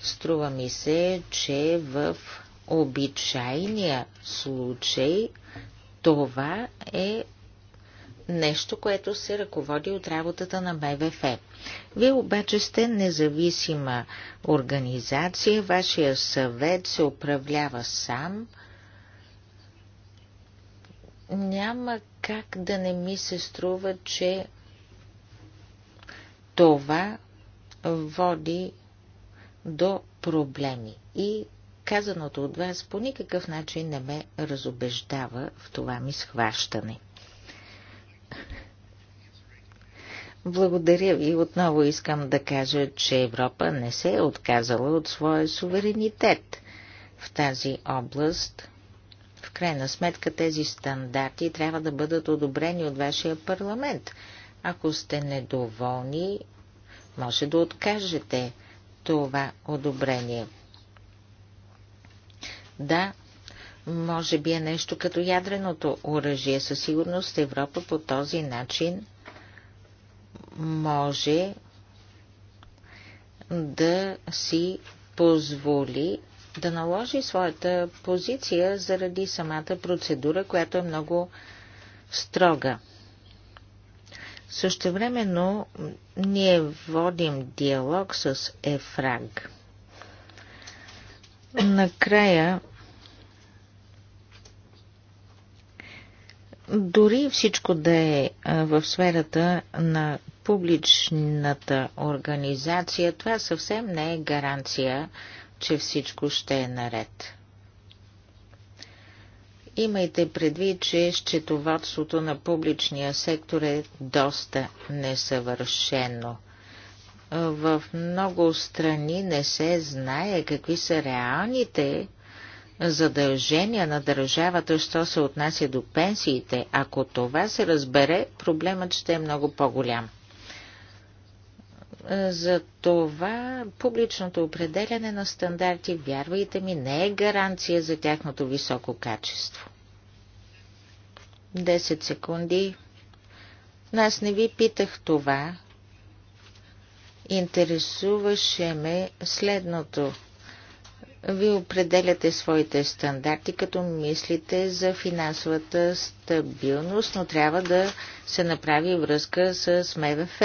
Струва ми се, че в обичайния случай това е нещо, което се ръководи от работата на БВФ. Вие обаче сте независима организация, вашия съвет се управлява сам. Няма как да не ми се струва, че това води до проблеми. И казаното от вас по никакъв начин не ме разобеждава в това ми схващане. Благодаря ви. Отново искам да кажа, че Европа не се е отказала от своя суверенитет в тази област. В крайна сметка тези стандарти трябва да бъдат одобрени от вашия парламент. Ако сте недоволни, може да откажете това одобрение. Да, може би е нещо като ядреното оръжие. Със сигурност Европа по този начин може да си позволи да наложи своята позиция заради самата процедура, която е много строга. Също времено ние водим диалог с Ефраг. Накрая Дори всичко да е в сферата на публичната организация, това съвсем не е гаранция, че всичко ще е наред. Имайте предвид, че счетоводството на публичния сектор е доста несъвършено. В много страни не се знае какви са реалните задължения на държавата, що се отнася до пенсиите. Ако това се разбере, проблемът ще е много по-голям. За това публичното определяне на стандарти, вярвайте ми, не е гаранция за тяхното високо качество. 10 секунди. Аз не ви питах това. Интересуваше ме следното. Вие определяте своите стандарти, като мислите за финансовата стабилност, но трябва да се направи връзка с МВФ.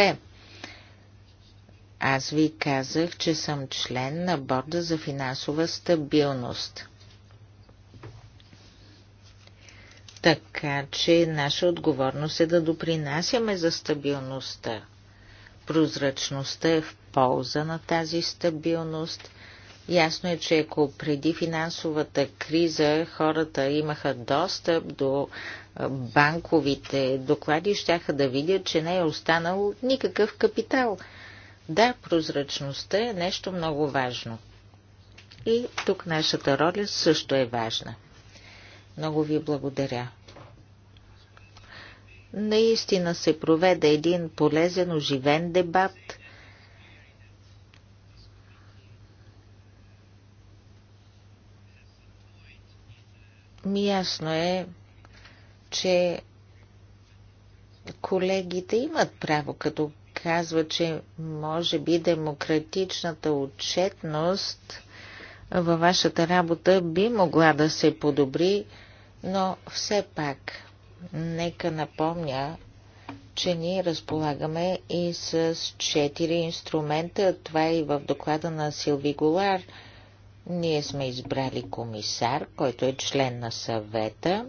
Аз ви казах, че съм член на Борда за финансова стабилност. Така че наша отговорност е да допринасяме за стабилността. Прозрачността е в полза на тази стабилност – Ясно е, че ако преди финансовата криза хората имаха достъп до банковите доклади, щяха да видят, че не е останал никакъв капитал. Да, прозрачността е нещо много важно. И тук нашата роля също е важна. Много ви благодаря. Наистина се проведе един полезен, оживен дебат – Ми Ясно е, че колегите имат право, като казват, че може би демократичната отчетност във вашата работа би могла да се подобри, но все пак нека напомня, че ние разполагаме и с четири инструмента. Това е и в доклада на Силви Голар – ние сме избрали комисар, който е член на съвета.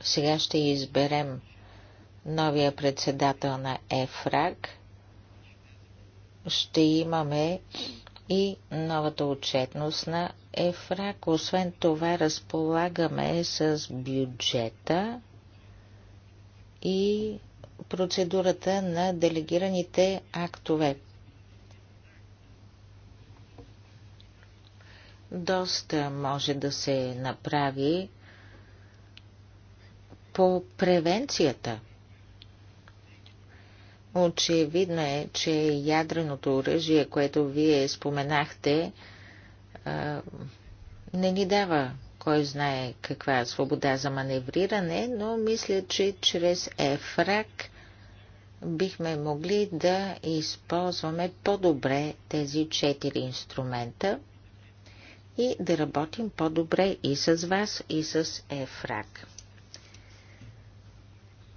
Сега ще изберем новия председател на ЕФРАК. Ще имаме и новата отчетност на ЕФРАК. Освен това, разполагаме с бюджета и процедурата на делегираните актове. Доста може да се направи по превенцията. Очевидно е, че ядреното оръжие, което вие споменахте, не ни дава кой знае каква свобода за маневриране, но мисля, че чрез ЕФРАК бихме могли да използваме по-добре тези четири инструмента – и да работим по-добре и с вас, и с ЕФРАК.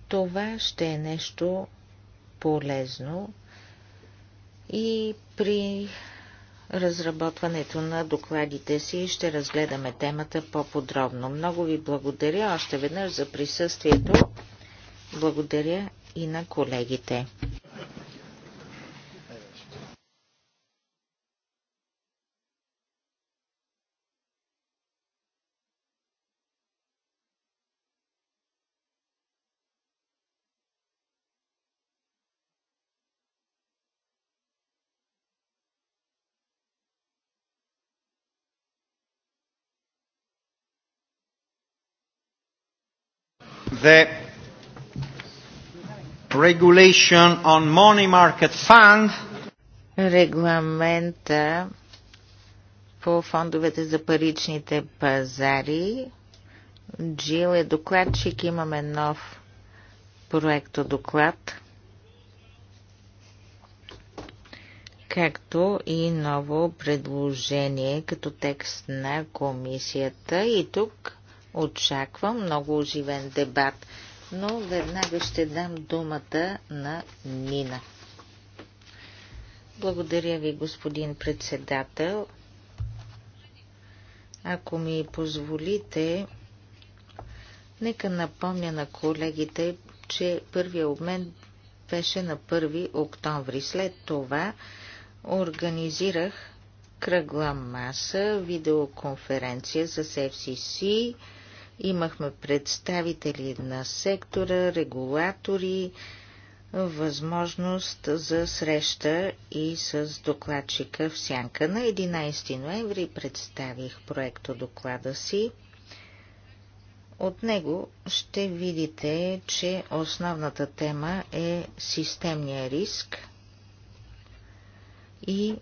Това ще е нещо полезно и при разработването на докладите си ще разгледаме темата по-подробно. Много ви благодаря още веднъж за присъствието. Благодаря и на колегите. the regulation on money market fund. Регламента по фондовете за паричните пазари. Джил е докладчик. Имаме нов проекто доклад. както и ново предложение като текст на комисията. И тук Очаквам много оживен дебат, но веднага ще дам думата на Нина. Благодаря ви, господин председател. Ако ми позволите, нека напомня на колегите, че първият обмен беше на 1 октомври. След това организирах кръгла маса, видеоконференция с FCC, Имахме представители на сектора, регулатори, възможност за среща и с докладчика в Сянка. На 11 ноември представих проекто доклада си. От него ще видите, че основната тема е системния риск и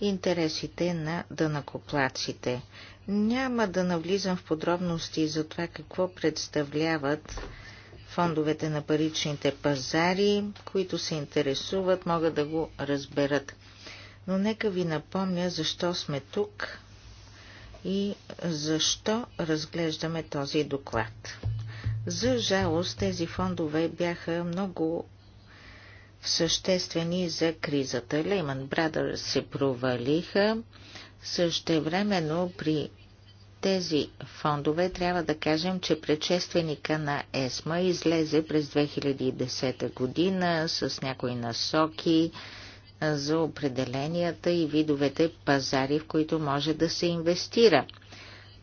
интересите на дънакоплаците. Няма да навлизам в подробности за това какво представляват фондовете на паричните пазари, които се интересуват, могат да го разберат. Но нека ви напомня защо сме тук и защо разглеждаме този доклад. За жалост тези фондове бяха много съществени за кризата. Lehman Brothers се провалиха. Същевременно при тези фондове трябва да кажем, че предшественика на ЕСМА излезе през 2010 година с някои насоки за определенията и видовете пазари, в които може да се инвестира.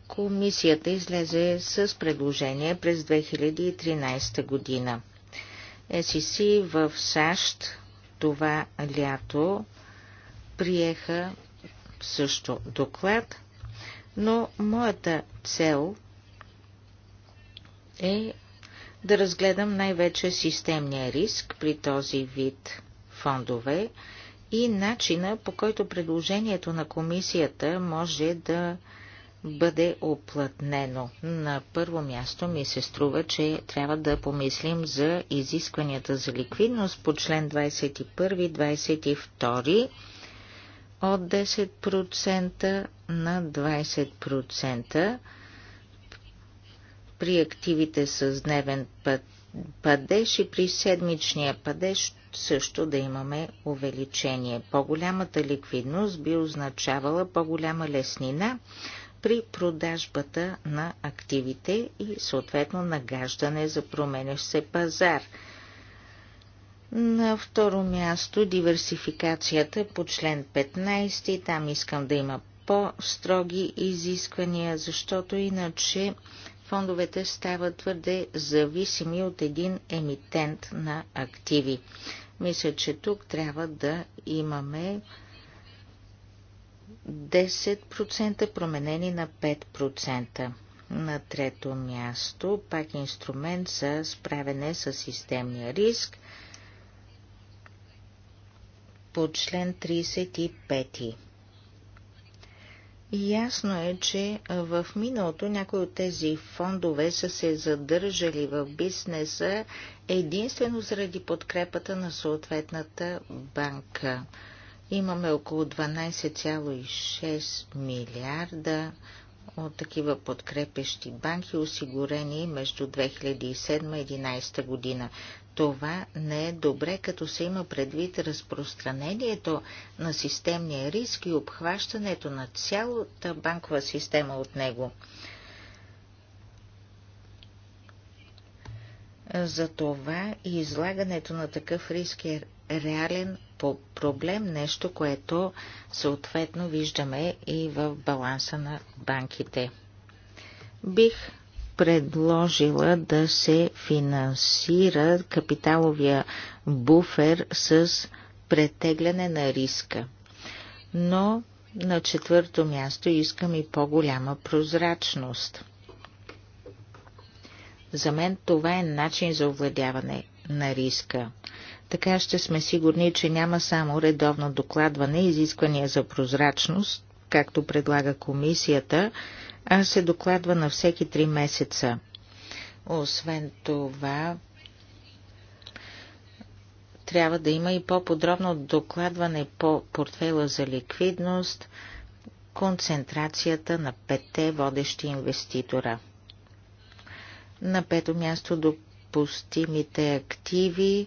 Комисията излезе с предложение през 2013 година. SEC в САЩ това лято приеха също доклад, но моята цел е да разгледам най-вече системния риск при този вид фондове и начина по който предложението на комисията може да бъде оплътнено. На първо място ми се струва, че трябва да помислим за изискванията за ликвидност по член 21-22 от 10% на 20% при активите с дневен падеж и при седмичния падеж също да имаме увеличение. По-голямата ликвидност би означавала по-голяма леснина при продажбата на активите и съответно нагаждане за променящ се пазар. На второ място диверсификацията по член 15. Там искам да има по-строги изисквания, защото иначе фондовете стават твърде зависими от един емитент на активи. Мисля, че тук трябва да имаме 10%, променени на 5%. На трето място, пак инструмент за справяне с системния риск по член 35. Ясно е, че в миналото някои от тези фондове са се задържали в бизнеса единствено заради подкрепата на съответната банка. Имаме около 12,6 милиарда от такива подкрепещи банки, осигурени между 2007-2011 година. Това не е добре, като се има предвид разпространението на системния риск и обхващането на цялата банкова система от него. Затова и излагането на такъв риск е реален по проблем, нещо, което съответно виждаме и в баланса на банките. Бих предложила да се финансира капиталовия буфер с претегляне на риска. Но на четвърто място искам и по-голяма прозрачност. За мен това е начин за овладяване на риска. Така ще сме сигурни, че няма само редовно докладване и изисквания за прозрачност, както предлага комисията, а се докладва на всеки три месеца. Освен това, трябва да има и по-подробно докладване по портфела за ликвидност, концентрацията на петте водещи инвеститора. На пето място допустимите активи,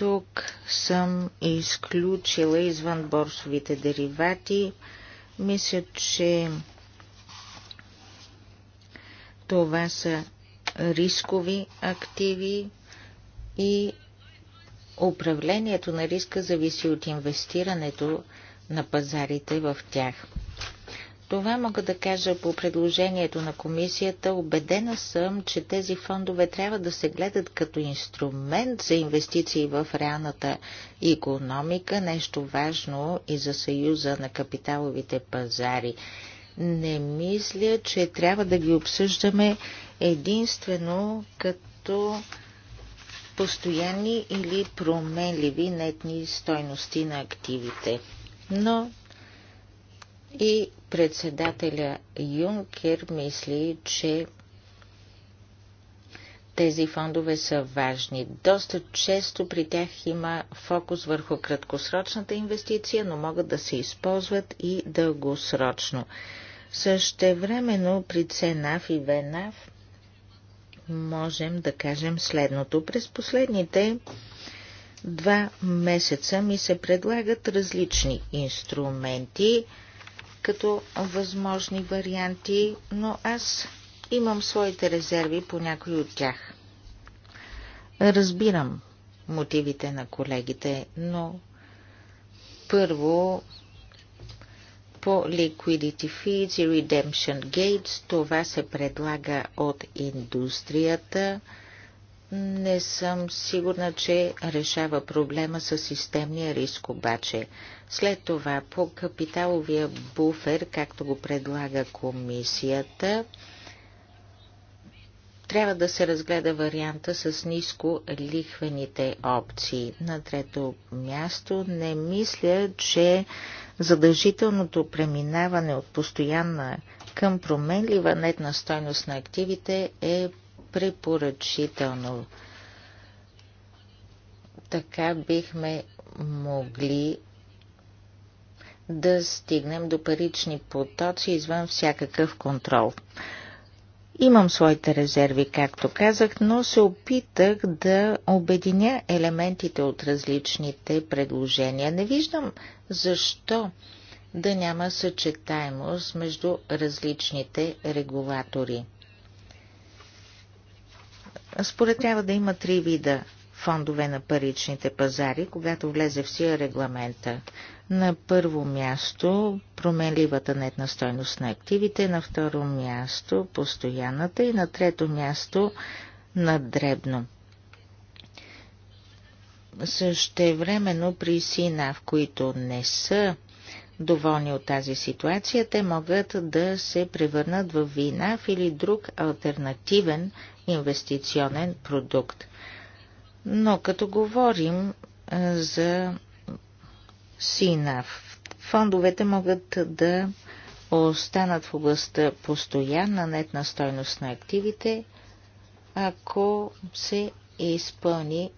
тук съм изключила извън борсовите деривати. Мисля, че това са рискови активи и управлението на риска зависи от инвестирането на пазарите в тях. Това мога да кажа по предложението на комисията. Обедена съм, че тези фондове трябва да се гледат като инструмент за инвестиции в реалната економика, нещо важно и за съюза на капиталовите пазари. Не мисля, че трябва да ги обсъждаме единствено като постоянни или променливи нетни стойности на активите. Но и председателя Юнкер мисли, че тези фондове са важни. Доста често при тях има фокус върху краткосрочната инвестиция, но могат да се използват и дългосрочно. Същевременно при ЦНАФ и ВНАФ можем да кажем следното. През последните два месеца ми се предлагат различни инструменти – като възможни варианти, но аз имам своите резерви по някои от тях. Разбирам мотивите на колегите, но първо по Liquidity Feeds и Redemption Gates това се предлага от индустрията – не съм сигурна, че решава проблема с системния риск обаче. След това по капиталовия буфер, както го предлага комисията, трябва да се разгледа варианта с ниско лихвените опции. На трето място не мисля, че задължителното преминаване от постоянна към променлива нетна стойност на активите е препоръчително. Така бихме могли да стигнем до парични потоци извън всякакъв контрол. Имам своите резерви, както казах, но се опитах да обединя елементите от различните предложения. Не виждам защо да няма съчетаемост между различните регулатори. Според трябва да има три вида фондове на паричните пазари, когато влезе в сила регламента. На първо място променливата нетна стойност на активите, на второ място постоянната и на трето място на дребно. Същевременно при сина, в които не са доволни от тази ситуация, те могат да се превърнат в ВИНАВ или друг альтернативен инвестиционен продукт. Но като говорим за СИНАВ, фондовете могат да останат в областта постоянна нетна стойност на активите, ако се изпълни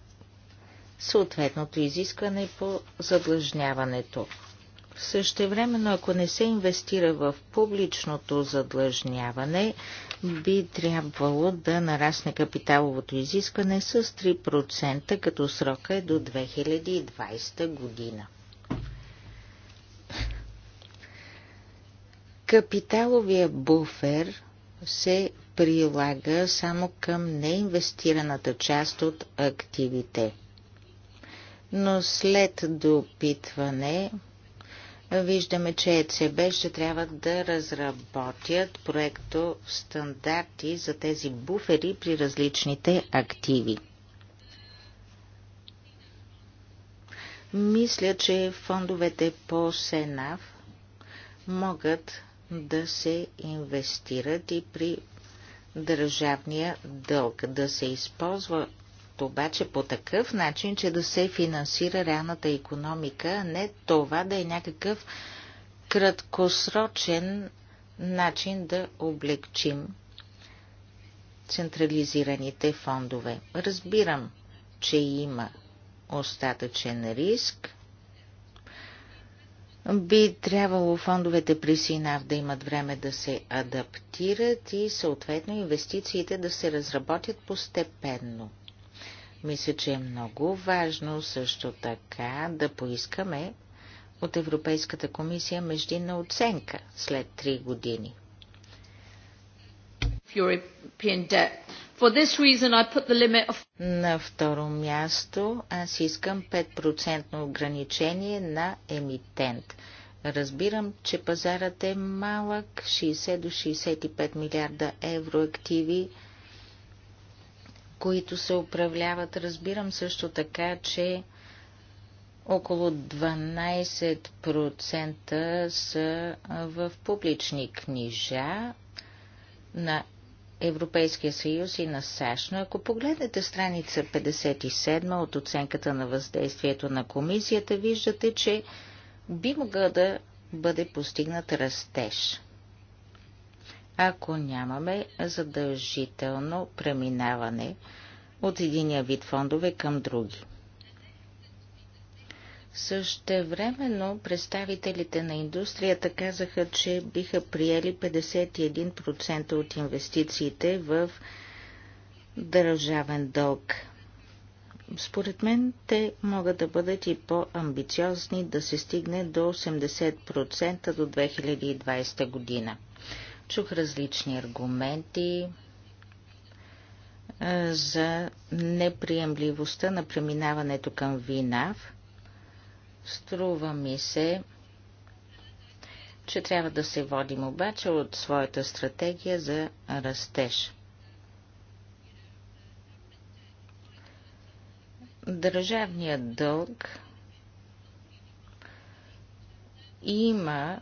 съответното изискване по задлъжняването. Същевременно, ако не се инвестира в публичното задлъжняване, би трябвало да нарасне капиталовото изискване с 3%, като срока е до 2020 година. Капиталовия буфер се прилага само към неинвестираната част от активите. Но след допитване Виждаме, че ЕЦБ ще трябва да разработят проекто стандарти за тези буфери при различните активи. Мисля, че фондовете по СЕНАВ могат да се инвестират и при държавния дълг, да се използва обаче по такъв начин, че да се финансира реалната економика, а не това да е някакъв краткосрочен начин да облегчим централизираните фондове. Разбирам, че има остатъчен риск. Би трябвало фондовете при СИНАВ да имат време да се адаптират и съответно инвестициите да се разработят постепенно. Мисля, че е много важно също така да поискаме от Европейската комисия междинна оценка след 3 години. На второ място аз искам 5% ограничение на емитент. Разбирам, че пазарът е малък, 60 до 65 милиарда евро активи които се управляват. Разбирам също така, че около 12% са в публични книжа на Европейския съюз и на САЩ. Но ако погледнете страница 57 от оценката на въздействието на комисията, виждате, че би могъл да бъде постигнат растеж ако нямаме задължително преминаване от единия вид фондове към други. Същевременно представителите на индустрията казаха, че биха приели 51% от инвестициите в държавен дълг. Според мен те могат да бъдат и по-амбициозни да се стигне до 80% до 2020 година. Чух различни аргументи е, за неприемливостта на преминаването към ВИНАВ. Струва ми се, че трябва да се водим обаче от своята стратегия за растеж. Държавният дълг има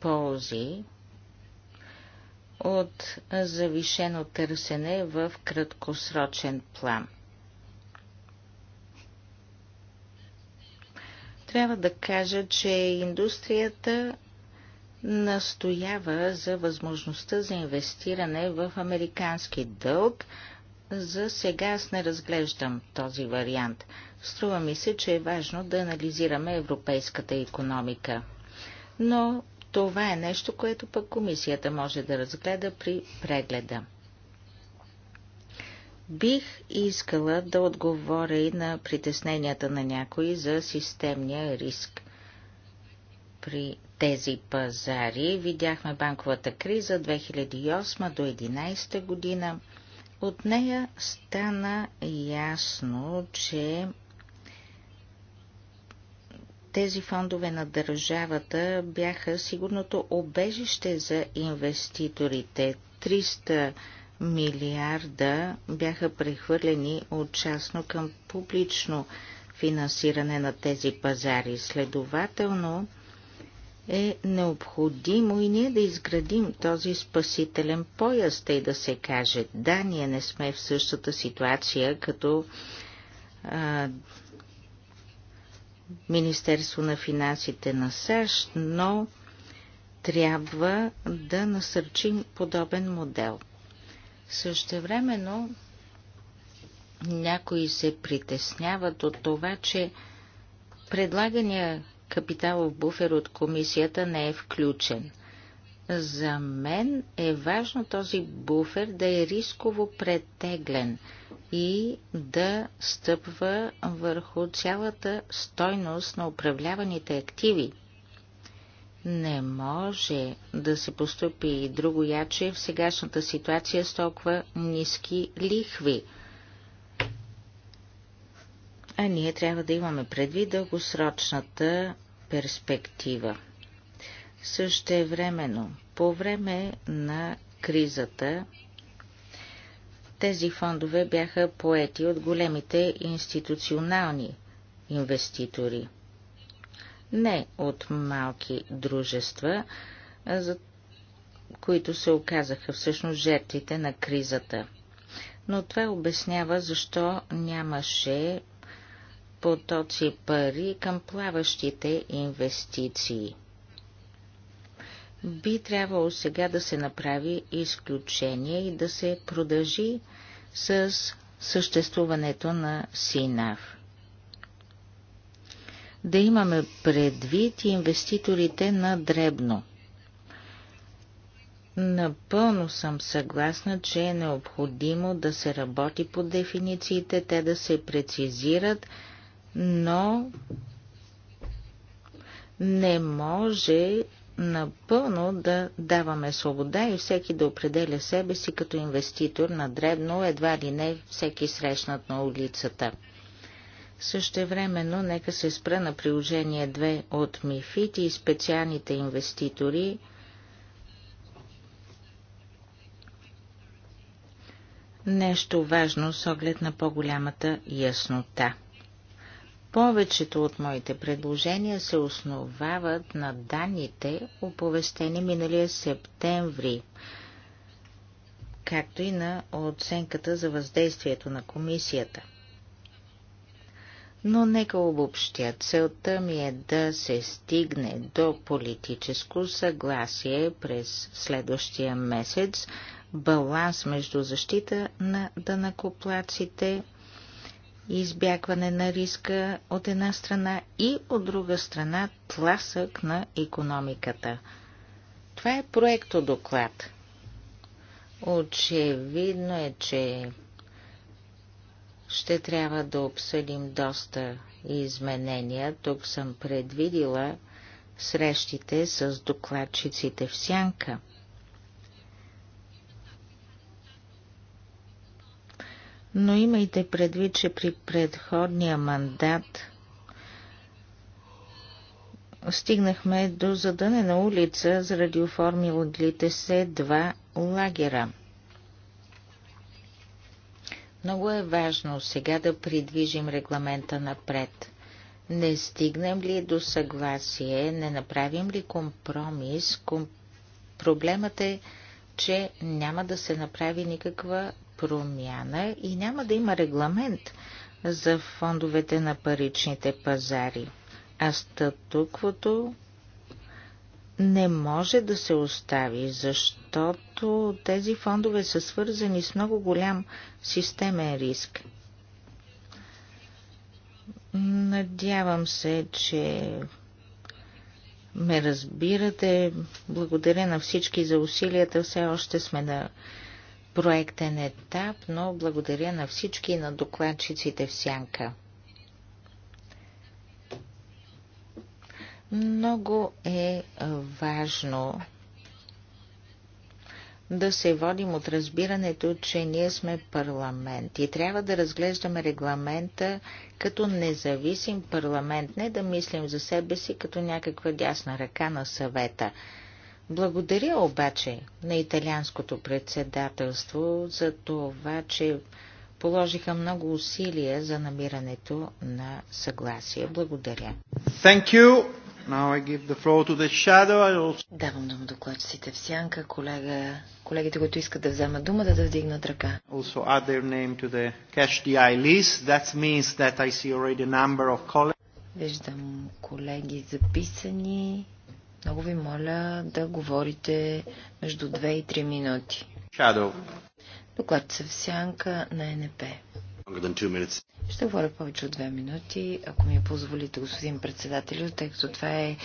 ползи от завишено търсене в краткосрочен план. Трябва да кажа, че индустрията настоява за възможността за инвестиране в американски дълг. За сега аз не разглеждам този вариант. Струва ми се, че е важно да анализираме европейската економика. Но това е нещо, което пък комисията може да разгледа при прегледа. Бих искала да отговоря и на притесненията на някои за системния риск. При тези пазари видяхме банковата криза 2008 до 2011 година. От нея стана ясно, че тези фондове на държавата бяха сигурното обежище за инвеститорите. 300 милиарда бяха прехвърлени от частно към публично финансиране на тези пазари. Следователно е необходимо и ние да изградим този спасителен пояс, тъй да се каже. Да, ние не сме в същата ситуация като а, Министерство на финансите на САЩ, но трябва да насърчим подобен модел. Същевременно някои се притесняват от това, че предлагания капиталов буфер от комисията не е включен – за мен е важно този буфер да е рисково претеглен и да стъпва върху цялата стойност на управляваните активи. Не може да се поступи и друго яче в сегашната ситуация с толкова ниски лихви. А ние трябва да имаме предвид дългосрочната перспектива. Също времено. По време на кризата тези фондове бяха поети от големите институционални инвеститори. Не от малки дружества, за които се оказаха всъщност жертвите на кризата. Но това обяснява защо нямаше потоци пари към плаващите инвестиции. Би трябвало сега да се направи изключение и да се продължи с съществуването на СИНАВ. Да имаме предвид инвеститорите на дребно. Напълно съм съгласна, че е необходимо да се работи по дефинициите, те да се прецизират, но не може напълно да даваме свобода и всеки да определя себе си като инвеститор на дребно, едва ли не всеки срещнат на улицата. Същевременно нека се спра на приложение 2 от МИФИТ и специалните инвеститори, нещо важно с оглед на по-голямата яснота – повечето от моите предложения се основават на данните, оповестени миналия септември, както и на оценката за въздействието на комисията. Но нека обобщя, целта ми е да се стигне до политическо съгласие през следващия месец, баланс между защита на данакоплаците избягване на риска от една страна и от друга страна тласък на економиката. Това е проекто доклад. Очевидно е, че ще трябва да обсъдим доста изменения. Тук съм предвидила срещите с докладчиците в сянка – но имайте предвид, че при предходния мандат стигнахме до задънена улица заради оформилите се два лагера. Много е важно сега да придвижим регламента напред. Не стигнем ли до съгласие, не направим ли компромис, ком... проблемът е, че няма да се направи никаква промяна и няма да има регламент за фондовете на паричните пазари. А статуквото не може да се остави, защото тези фондове са свързани с много голям системен риск. Надявам се, че ме разбирате. Благодаря на всички за усилията. Все още сме на проектен етап, но благодаря на всички и на докладчиците в Сянка. Много е важно да се водим от разбирането, че ние сме парламент и трябва да разглеждаме регламента като независим парламент, не да мислим за себе си като някаква дясна ръка на съвета. Благодаря обаче на италианското председателство за това, че положиха много усилия за намирането на съгласие. Благодаря. Thank you. Now I give the floor to the shadow. also... Давам дума докладчиците в сянка, колега, колегите, които искат да вземат дума, да вдигнат ръка. Also add their name to the cash DI list. That means that I see already a number of colleagues. Виждам колеги записани. Много ви моля да говорите между 2 и 3 минути. Shadow. Доклад се в сянка на НП. Ще говоря повече от 2 минути, ако ми позволите, господин председателю, тъй като това е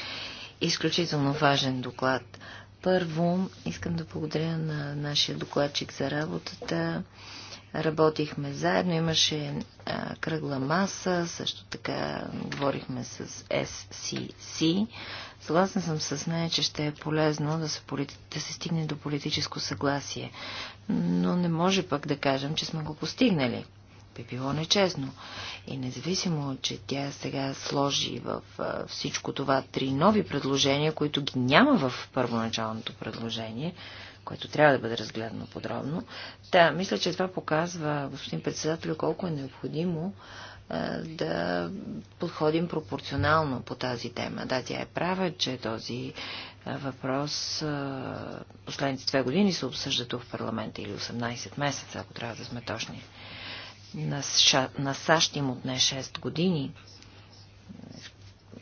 изключително важен доклад. Първо, искам да благодаря на нашия докладчик за работата Работихме заедно, имаше а, кръгла маса, също така говорихме с SCC. Съгласна съм с нея, че ще е полезно да се, да се стигне до политическо съгласие. Но не може пък да кажем, че сме го постигнали би било нечестно. И независимо, че тя сега сложи в всичко това три нови предложения, които ги няма в първоначалното предложение, което трябва да бъде разгледано подробно. Та, мисля, че това показва, господин председател, колко е необходимо да подходим пропорционално по тази тема. Да, тя е права, че този въпрос последните две години се обсъжда тук в парламента или 18 месеца, ако трябва да сме точни. На, ша... на САЩ им отне 6 години.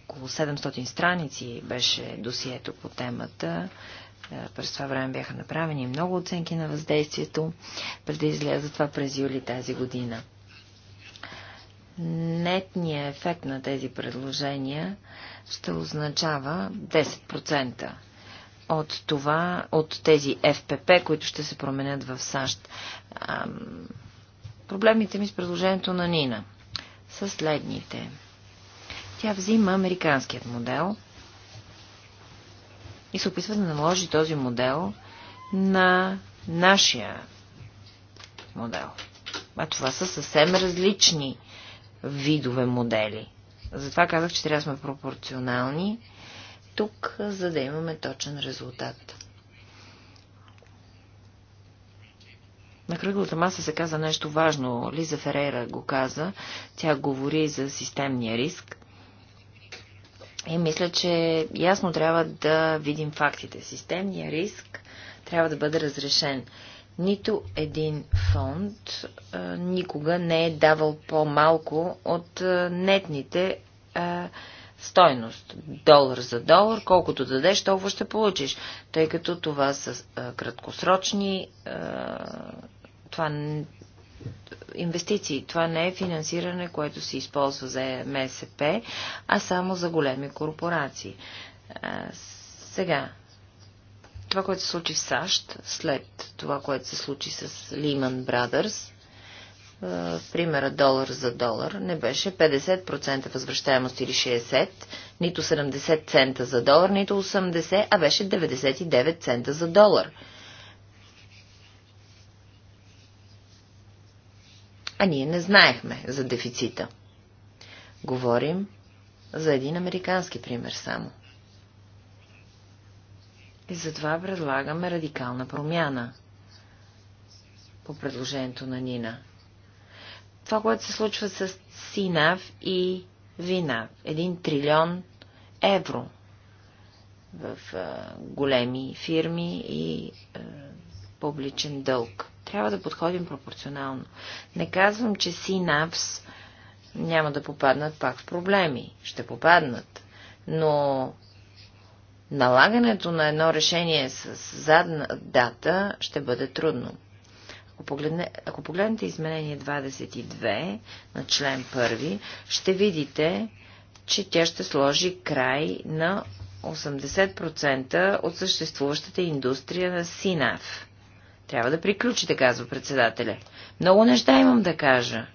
Около 700 страници беше досието по темата е, през това време бяха направени много оценки на въздействието, преди изляза това през юли тази година. Нетният ефект на тези предложения ще означава 10% от това, от тези ФПП, които ще се променят в САЩ. Ам... Проблемите ми с предложението на Нина са следните. Тя взима американският модел, и се опитва да наложи този модел на нашия модел. А това са съвсем различни видове модели. Затова казах, че трябва да сме пропорционални тук, за да имаме точен резултат. На кръглата маса се каза нещо важно. Лиза Ферейра го каза. Тя говори за системния риск. И мисля, че ясно трябва да видим фактите. Системният риск трябва да бъде разрешен. Нито един фонд а, никога не е давал по-малко от а, нетните а, стойност. Долар за долар, колкото дадеш, толкова ще получиш. Тъй като това са а, краткосрочни, а, това инвестиции. Това не е финансиране, което се използва за МСП, а само за големи корпорации. А, сега, това, което се случи в САЩ, след това, което се случи с Lehman Brothers, примера долар за долар не беше 50% възвръщаемост или 60, нито 70 цента за долар, нито 80, а беше 99 цента за долар. а ние не знаехме за дефицита. Говорим за един американски пример само. И затова предлагаме радикална промяна по предложението на Нина. Това, което се случва с Синав и Винав, един трилион евро в големи фирми и публичен дълг. Трябва да подходим пропорционално. Не казвам, че синапс няма да попаднат пак в проблеми. Ще попаднат. Но налагането на едно решение с задна дата ще бъде трудно. Ако, погледне, ако погледнете изменение 22 на член 1, ще видите, че тя ще сложи край на 80% от съществуващата индустрия на СИНАВ. Трябва да приключите, казва председателя. Много неща имам да кажа.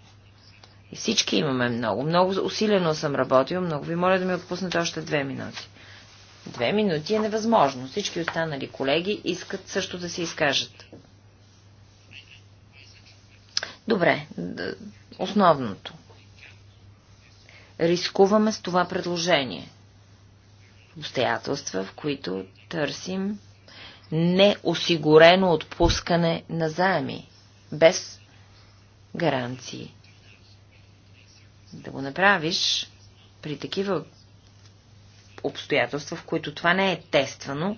И всички имаме много. Много усилено съм работил. Много ви моля да ми отпуснете още две минути. Две минути е невъзможно. Всички останали колеги искат също да се изкажат. Добре, основното. Рискуваме с това предложение. Обстоятелства, в които търсим неосигурено отпускане на заеми, без гаранции. Да го направиш при такива обстоятелства, в които това не е тествано,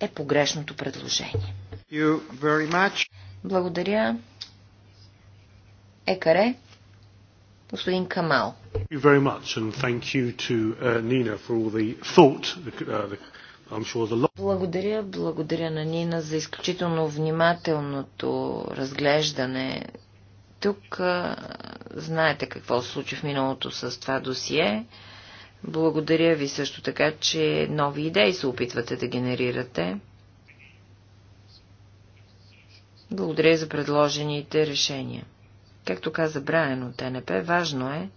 е погрешното предложение. Благодаря. Екаре, господин Камал. you very much and thank you to uh, Nina for all the thought, the, uh, the благодаря, благодаря на Нина за изключително внимателното разглеждане. Тук знаете какво се случи в миналото с това досие. Благодаря ви също така, че нови идеи се опитвате да генерирате. Благодаря за предложените решения. Както каза Брайан от ТНП, важно е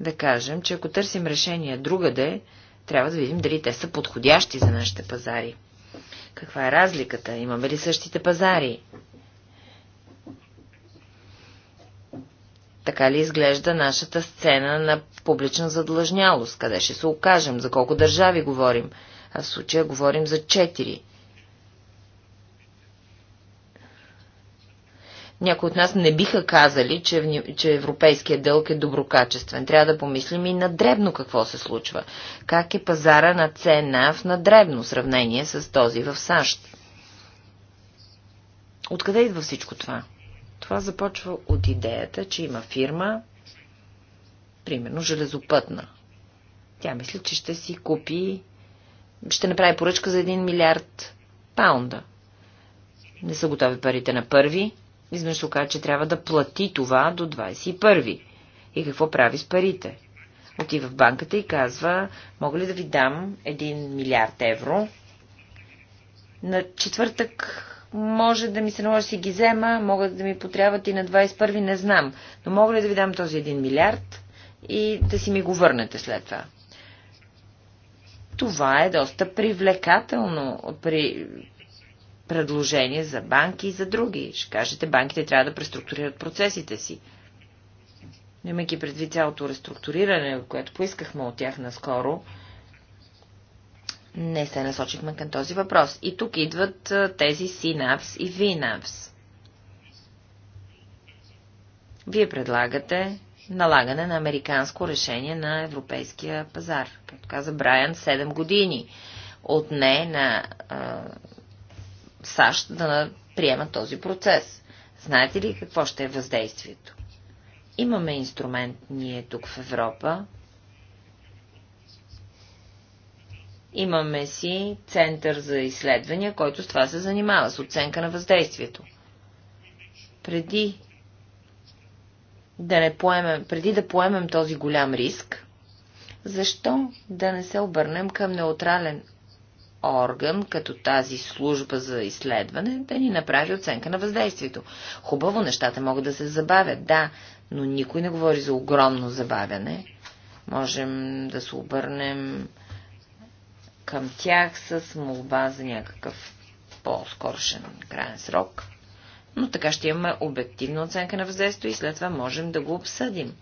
да кажем, че ако търсим решение другаде, трябва да видим дали те са подходящи за нашите пазари. Каква е разликата? Имаме ли същите пазари? Така ли изглежда нашата сцена на публична задлъжнялост? Къде ще се окажем? За колко държави говорим? А в случая говорим за четири. Някои от нас не биха казали, че, че европейският дълг е доброкачествен. Трябва да помислим и на дребно какво се случва. Как е пазара на цена в надребно сравнение с този в САЩ. Откъде идва всичко това? Това започва от идеята, че има фирма, примерно железопътна. Тя мисли, че ще си купи, ще направи поръчка за 1 милиард паунда. Не са готови парите на първи, Измежду каза, че трябва да плати това до 21. И какво прави с парите? Отива в банката и казва, мога ли да ви дам 1 милиард евро? На четвъртък може да ми се наложи си ги взема, могат да ми потрябват и на 21, не знам. Но мога ли да ви дам този 1 милиард и да си ми го върнете след това? Това е доста привлекателно при предложения за банки и за други. Ще кажете, банките трябва да преструктурират процесите си. имайки предвид цялото реструктуриране, което поискахме от тях наскоро, не се насочихме към този въпрос. И тук идват тези синавс и винавс. Вие предлагате налагане на американско решение на европейския пазар. Както каза Брайан, 7 години отне на САЩ да приемат този процес. Знаете ли какво ще е въздействието? Имаме инструмент ние тук в Европа. Имаме си център за изследвания, който с това се занимава, с оценка на въздействието. Преди да, не поемем, преди да поемем този голям риск, защо да не се обърнем към неутрален орган, като тази служба за изследване, да ни направи оценка на въздействието. Хубаво, нещата могат да се забавят, да, но никой не говори за огромно забавяне. Можем да се обърнем към тях с молба за някакъв по-скорошен крайен срок. Но така ще имаме обективна оценка на въздействие и след това можем да го обсъдим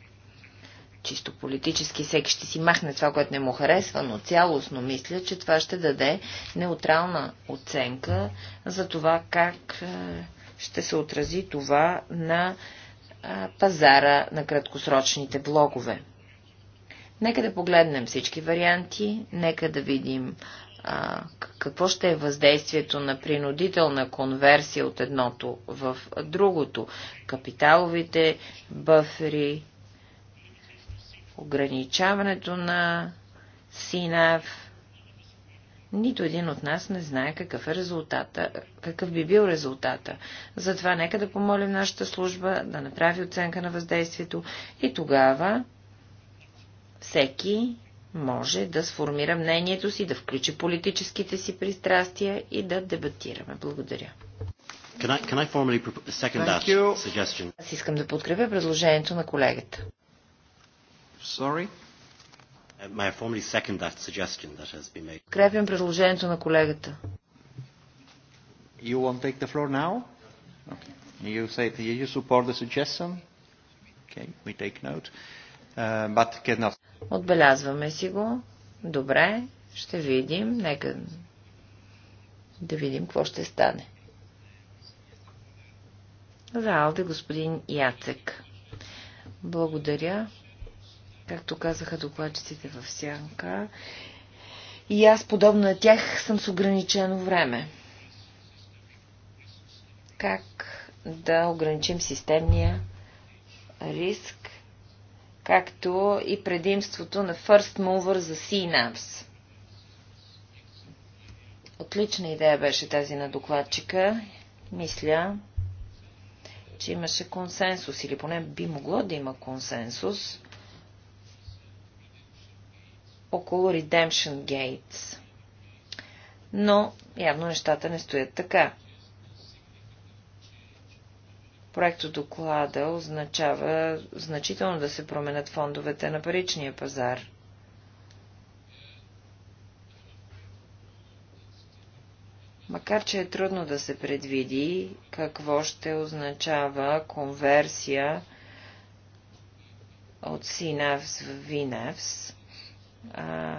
чисто политически всеки ще си махне това, което не му харесва, но цялостно мисля, че това ще даде неутрална оценка за това как е, ще се отрази това на е, пазара на краткосрочните блогове. Нека да погледнем всички варианти, нека да видим а, е, какво ще е въздействието на принудителна конверсия от едното в другото. Капиталовите бъфери, ограничаването на СИНАВ. Нито един от нас не знае какъв е резултата, какъв би бил резултата. Затова нека да помолим нашата служба да направи оценка на въздействието и тогава всеки може да сформира мнението си, да включи политическите си пристрастия и да дебатираме. Благодаря. Can I, can I Аз искам да подкрепя предложението на колегата. Sorry. May I formally second that suggestion that has been made. Крепим предложението на колегата. You won't take the floor now? Okay. You say that you support the suggestion? Okay, we take note. Uh, but cannot... Отбелязваме си го. Добре, ще видим. Нека да видим какво ще стане. За Алде господин Яцек. Благодаря. Както казаха докладчиците в Сянка, и аз, подобно на тях, съм с ограничено време. Как да ограничим системния риск, както и предимството на First Mover за CNAPS. Отлична идея беше тази на докладчика. Мисля, че имаше консенсус, или поне би могло да има консенсус около Redemption Gates. Но явно нещата не стоят така. Проекто доклада означава значително да се променят фондовете на паричния пазар. Макар, че е трудно да се предвиди какво ще означава конверсия от Синавс в Винавс, а,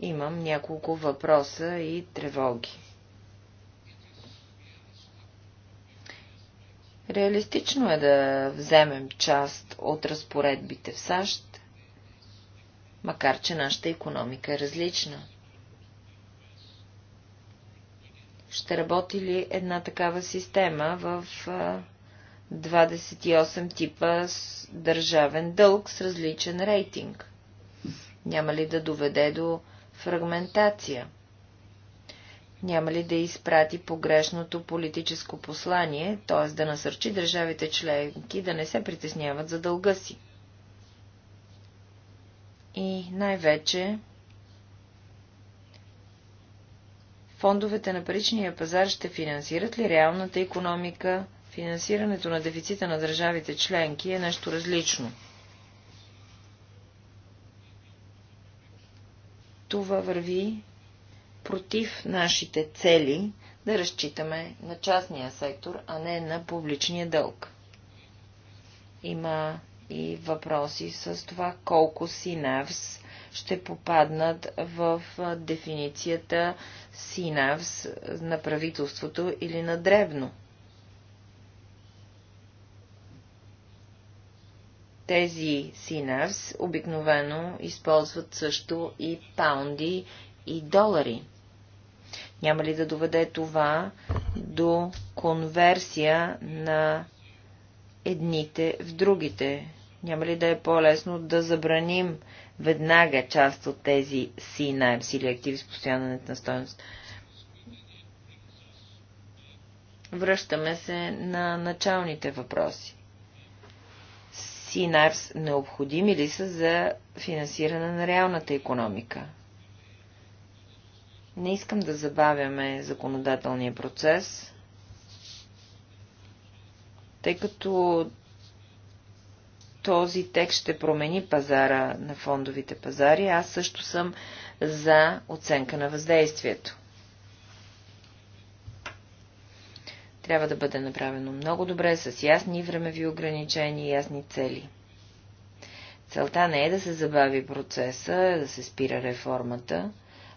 имам няколко въпроса и тревоги. Реалистично е да вземем част от разпоредбите в САЩ, макар че нашата економика е различна. Ще работи ли една такава система в 28 типа с държавен дълг с различен рейтинг? Няма ли да доведе до фрагментация? Няма ли да изпрати погрешното политическо послание, т.е. да насърчи държавите членки да не се притесняват за дълга си? И най-вече фондовете на паричния пазар ще финансират ли реалната економика? Финансирането на дефицита на държавите членки е нещо различно. Това върви против нашите цели да разчитаме на частния сектор, а не на публичния дълг. Има и въпроси с това колко синавс ще попаднат в дефиницията синавс на правителството или на дребно. Тези синавс обикновено използват също и паунди и долари. Няма ли да доведе това до конверсия на едните в другите? Няма ли да е по-лесно да забраним веднага част от тези си или активи с постоянна нетна стоеност? Връщаме се на началните въпроси. НАРС необходими ли са за финансиране на реалната економика? Не искам да забавяме законодателния процес, тъй като този текст ще промени пазара на фондовите пазари, аз също съм за оценка на въздействието. Трябва да бъде направено много добре, с ясни времеви ограничения и ясни цели. Целта не е да се забави процеса, да се спира реформата,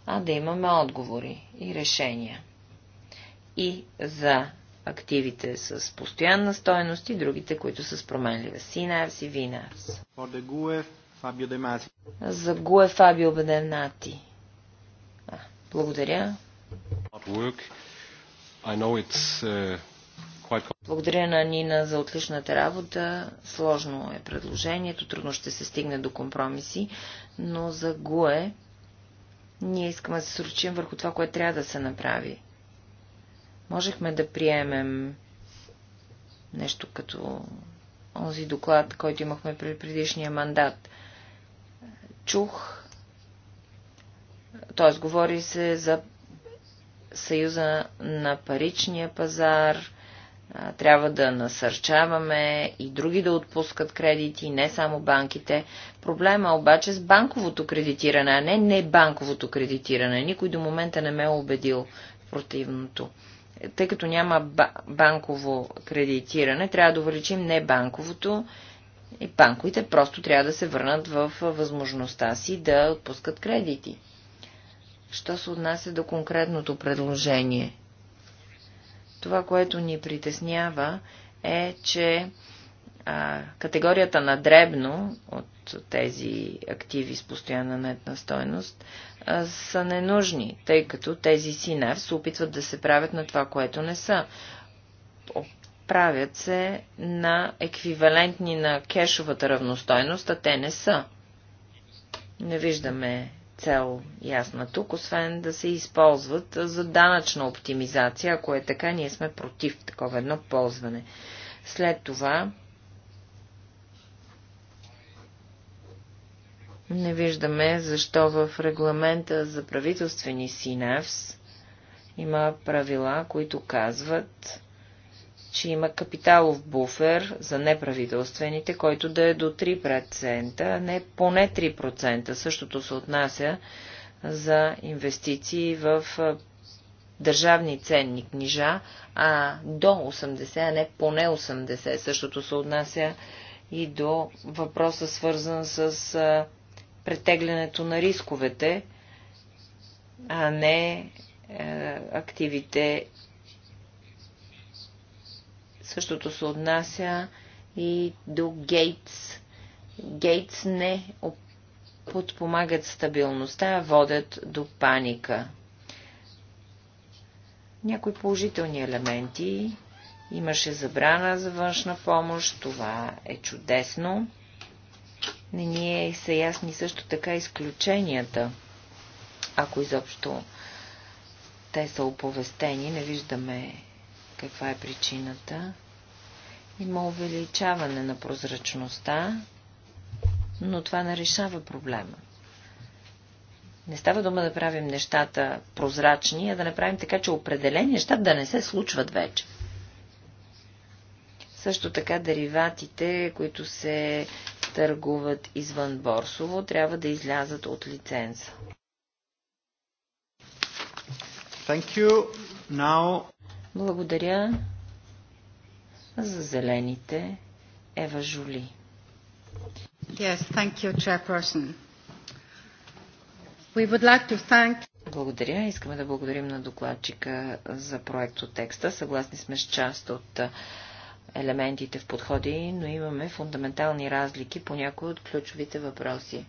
а да имаме отговори и решения. И за активите с постоянна стойност и другите, които са с променлива. Синарс и Винарс. За Гуе Фабио Беденати. благодаря. Uh, Благодаря на Нина за отличната работа. Сложно е предложението, трудно ще се стигне до компромиси, но за ГУЕ ние искаме да се сръчим върху това, което трябва да се направи. Можехме да приемем нещо като онзи доклад, който имахме при предишния мандат. Чух, т.е. говори се за съюза на паричния пазар, трябва да насърчаваме и други да отпускат кредити, не само банките. Проблема обаче с банковото кредитиране, а не не банковото кредитиране. Никой до момента не ме е убедил в противното. Тъй като няма банково кредитиране, трябва да увеличим не банковото, и банковите просто трябва да се върнат в възможността си да отпускат кредити. Що се отнася до конкретното предложение? Това, което ни притеснява, е, че а, категорията на дребно от тези активи с постоянна нетна стойност а, са ненужни, тъй като тези синев се опитват да се правят на това, което не са. Правят се на еквивалентни на кешовата равностойност, а те не са. Не виждаме цел ясна тук, освен да се използват за данъчна оптимизация. Ако е така, ние сме против такова едно ползване. След това не виждаме защо в регламента за правителствени СИНЕВС има правила, които казват, че има капиталов буфер за неправителствените, който да е до 3%, а не поне 3%. Същото се отнася за инвестиции в държавни ценни книжа, а до 80, а не поне 80. Същото се отнася и до въпроса свързан с претеглянето на рисковете, а не е, активите Същото се отнася и до Гейтс. Гейтс не подпомагат стабилността, а водят до паника. Някои положителни елементи. Имаше забрана за външна помощ, това е чудесно. Не ни е са ясни също така изключенията. Ако изобщо те са оповестени, не виждаме каква е причината. Има увеличаване на прозрачността, но това не решава проблема. Не става дума да правим нещата прозрачни, а да направим така, че определени неща да не се случват вече. Също така дериватите, които се търгуват извън борсово, трябва да излязат от лиценза. Thank you. Now... Благодаря за зелените Ева Жули. Yes, thank you, Chairperson. We would like to thank благодаря. Искаме да благодарим на докладчика за проект от текста. Съгласни сме с част от елементите в подходи, но имаме фундаментални разлики по някои от ключовите въпроси.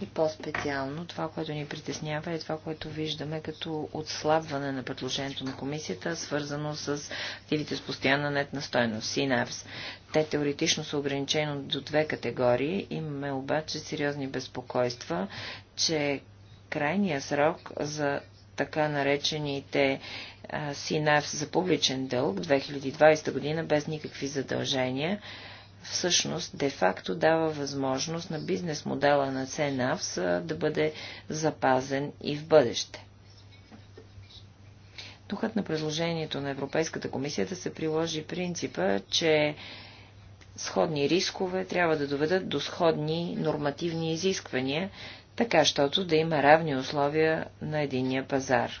И по-специално това, което ни притеснява е това, което виждаме като отслабване на предложението на комисията, свързано с активите с постоянна нетна стойност, СИНАВС. Те теоретично са ограничени до две категории. Имаме обаче сериозни безпокойства, че крайния срок за така наречените СИНАВС за публичен дълг 2020 година без никакви задължения всъщност де-факто дава възможност на бизнес модела на ЦНАВС да бъде запазен и в бъдеще. Духът на предложението на Европейската комисия е да се приложи принципа, че сходни рискове трябва да доведат до сходни нормативни изисквания, така щото да има равни условия на единия пазар.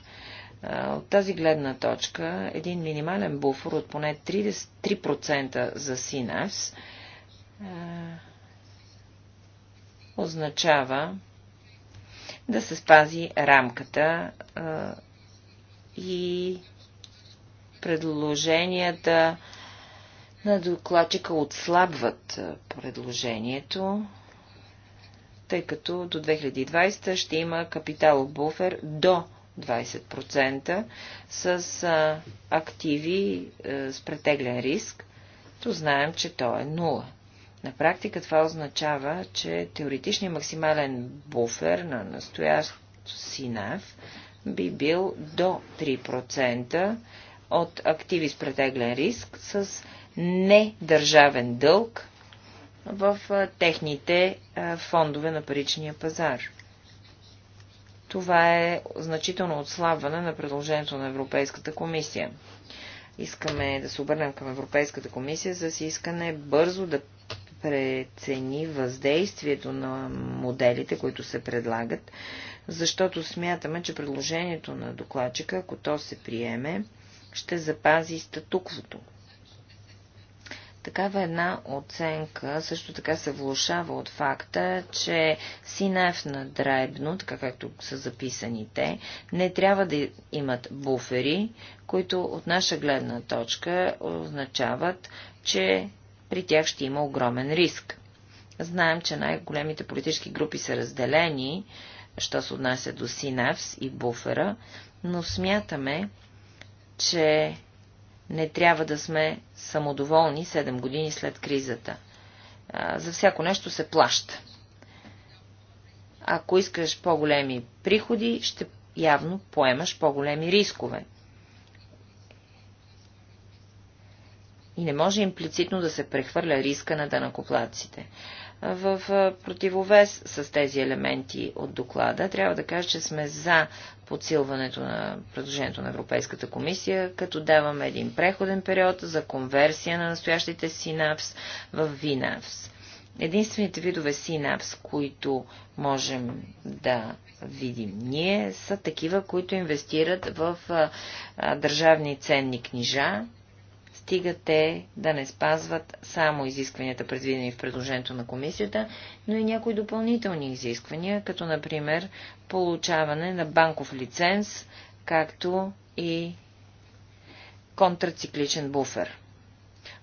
От тази гледна точка, един минимален буфер от поне 33% за синапс означава да се спази рамката и предложенията на докладчика отслабват предложението, тъй като до 2020 ще има капиталов буфер до 20% с а, активи а, е, с претеглен риск, то знаем, че то е 0. На практика това означава, че теоретичният максимален буфер на настоящ СИНАВ би бил до 3% от активи с претеглен риск с недържавен дълг в техните фондове на паричния пазар. Това е значително отслабване на предложението на Европейската комисия. Искаме да се обърнем към Европейската комисия с искане бързо да прецени въздействието на моделите, които се предлагат, защото смятаме, че предложението на докладчика, ако то се приеме, ще запази статуквото. Такава една оценка също така се влушава от факта, че синеф на дребно, така както са записани те, не трябва да имат буфери, които от наша гледна точка означават, че при тях ще има огромен риск. Знаем, че най-големите политически групи са разделени, що се отнася до синапс и буфера, но смятаме, че не трябва да сме самодоволни 7 години след кризата. За всяко нещо се плаща. Ако искаш по-големи приходи, ще явно поемаш по-големи рискове. И не може имплицитно да се прехвърля риска на данакоплаците в противовес с тези елементи от доклада. Трябва да кажа, че сме за подсилването на предложението на Европейската комисия, като даваме един преходен период за конверсия на настоящите синапс в винапс. Единствените видове синапс, които можем да видим ние, са такива, които инвестират в а, държавни ценни книжа, стига те да не спазват само изискванията, предвидени в предложението на комисията, но и някои допълнителни изисквания, като например получаване на банков лиценз, както и контрацикличен буфер.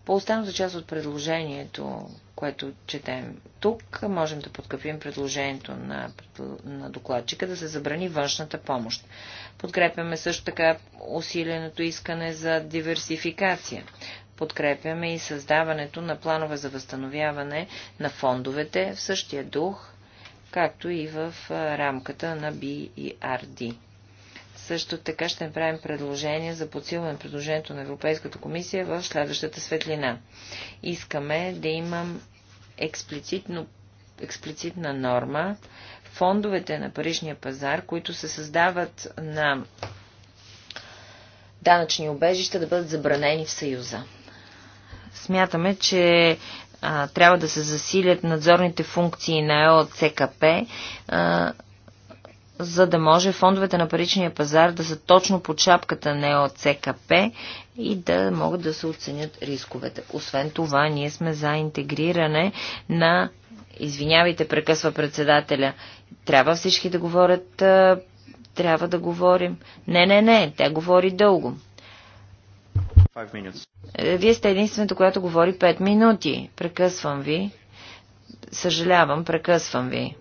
По останалата част от предложението, което четем тук, можем да подкрепим предложението на, на докладчика да се забрани външната помощ. Подкрепяме също така усиленото искане за диверсификация. Подкрепяме и създаването на планове за възстановяване на фондовете в същия дух, както и в рамката на BRD. Също така ще направим предложение за подсилване предложението на Европейската комисия в следващата светлина. Искаме да имам експлицитно, експлицитна норма фондовете на парижния пазар, които се създават на данъчни обежища, да бъдат забранени в Съюза. Смятаме, че а, трябва да се засилят надзорните функции на ЕОЦКП, а, за да може фондовете на паричния пазар да са точно под шапката на ОЦКП и да могат да се оценят рисковете. Освен това, ние сме за интегриране на Извинявайте, прекъсва председателя. Трябва всички да говорят. Трябва да говорим. Не, не, не. Тя говори дълго. Е, вие сте единствената, която говори 5 минути. Прекъсвам ви. Съжалявам, прекъсвам ви.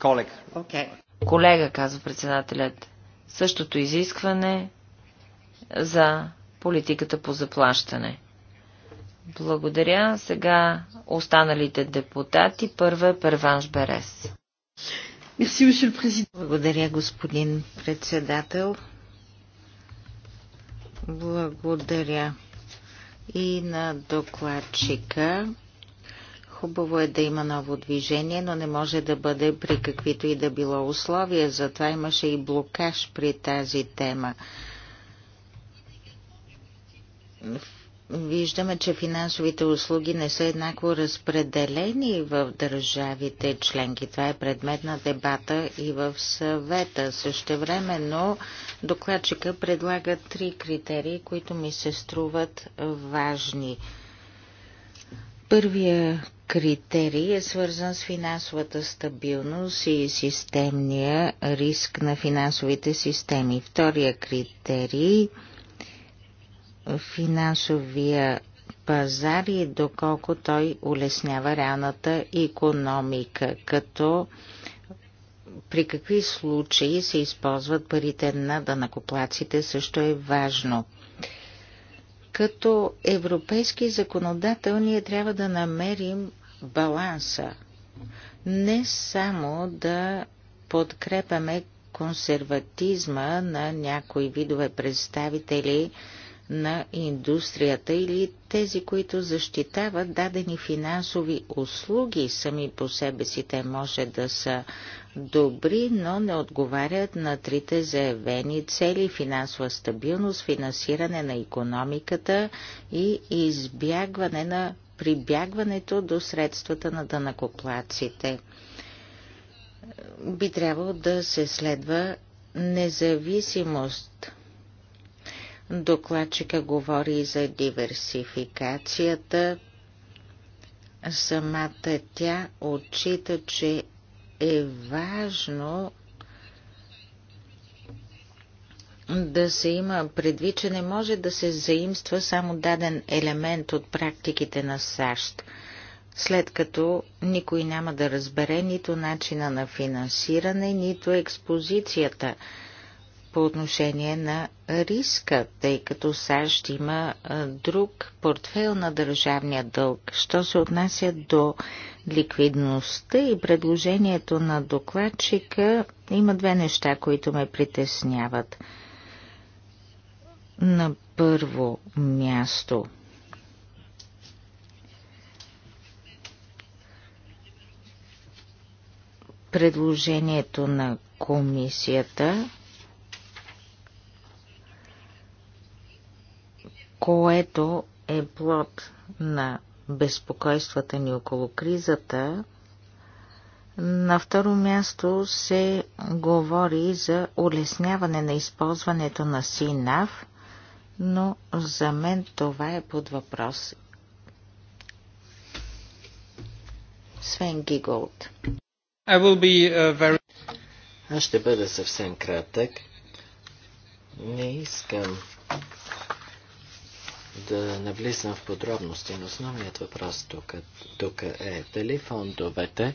Колег. Okay. Колега, казва председателят, същото изискване за политиката по заплащане. Благодаря. Сега останалите депутати. Първа е Перванш Берес. Благодаря, господин председател. Благодаря и на докладчика. Хубаво е да има ново движение, но не може да бъде при каквито и да било условия. Затова имаше и блокаж при тази тема. Виждаме, че финансовите услуги не са еднакво разпределени в държавите членки. Това е предмет на дебата и в съвета. но докладчика предлага три критерии, които ми се струват важни – Първия критерий е свързан с финансовата стабилност и системния риск на финансовите системи. Втория критерий финансовия пазар и доколко той улеснява реалната економика, като при какви случаи се използват парите на данакоплаците също е важно – като европейски законодател ние трябва да намерим баланса. Не само да подкрепяме консерватизма на някои видове представители на индустрията или тези, които защитават дадени финансови услуги сами по себе си. Те може да са добри, но не отговарят на трите заявени цели финансова стабилност, финансиране на економиката и избягване на прибягването до средствата на дънакоплаците. Би трябвало да се следва независимост. Докладчика говори за диверсификацията. Самата тя отчита, че е важно да се има предвид, че не може да се заимства само даден елемент от практиките на САЩ, след като никой няма да разбере нито начина на финансиране, нито експозицията по отношение на риска, тъй като САЩ има друг портфел на държавния дълг. Що се отнася до ликвидността и предложението на докладчика, има две неща, които ме притесняват. На първо място предложението на комисията – което е плод на безпокойствата ни около кризата, на второ място се говори за улесняване на използването на СИНАВ, но за мен това е под въпрос. Свен Гиголд. Uh, very... Аз ще бъда съвсем кратък. Не искам да навлизам в подробности, но основният въпрос тук, тук е дали фондовете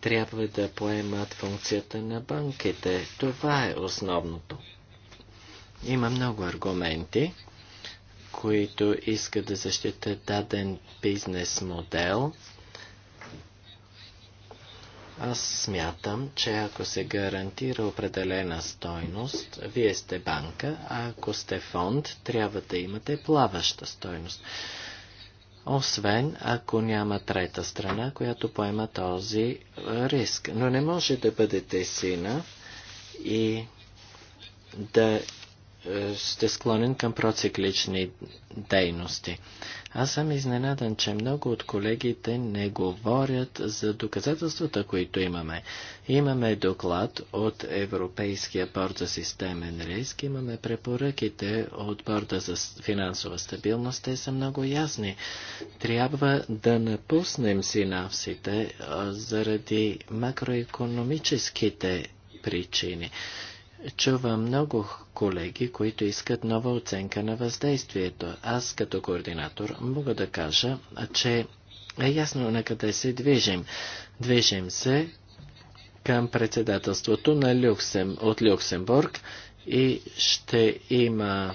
трябва да поемат функцията на банките. Това е основното. Има много аргументи, които искат да защитят даден бизнес модел – аз смятам, че ако се гарантира определена стойност, вие сте банка, а ако сте фонд, трябва да имате плаваща стойност. Освен ако няма трета страна, която поема този риск. Но не може да бъдете сина и да сте склонен към проциклични дейности. Аз съм изненадан, че много от колегите не говорят за доказателствата, които имаме. Имаме доклад от Европейския борд за системен риск, имаме препоръките от борда за финансова стабилност, те са много ясни. Трябва да напуснем синапсите заради макроекономическите причини чувам много колеги, които искат нова оценка на въздействието. Аз като координатор мога да кажа, че е ясно на къде се движим. Движим се към председателството на Люксем, от Люксембург и ще има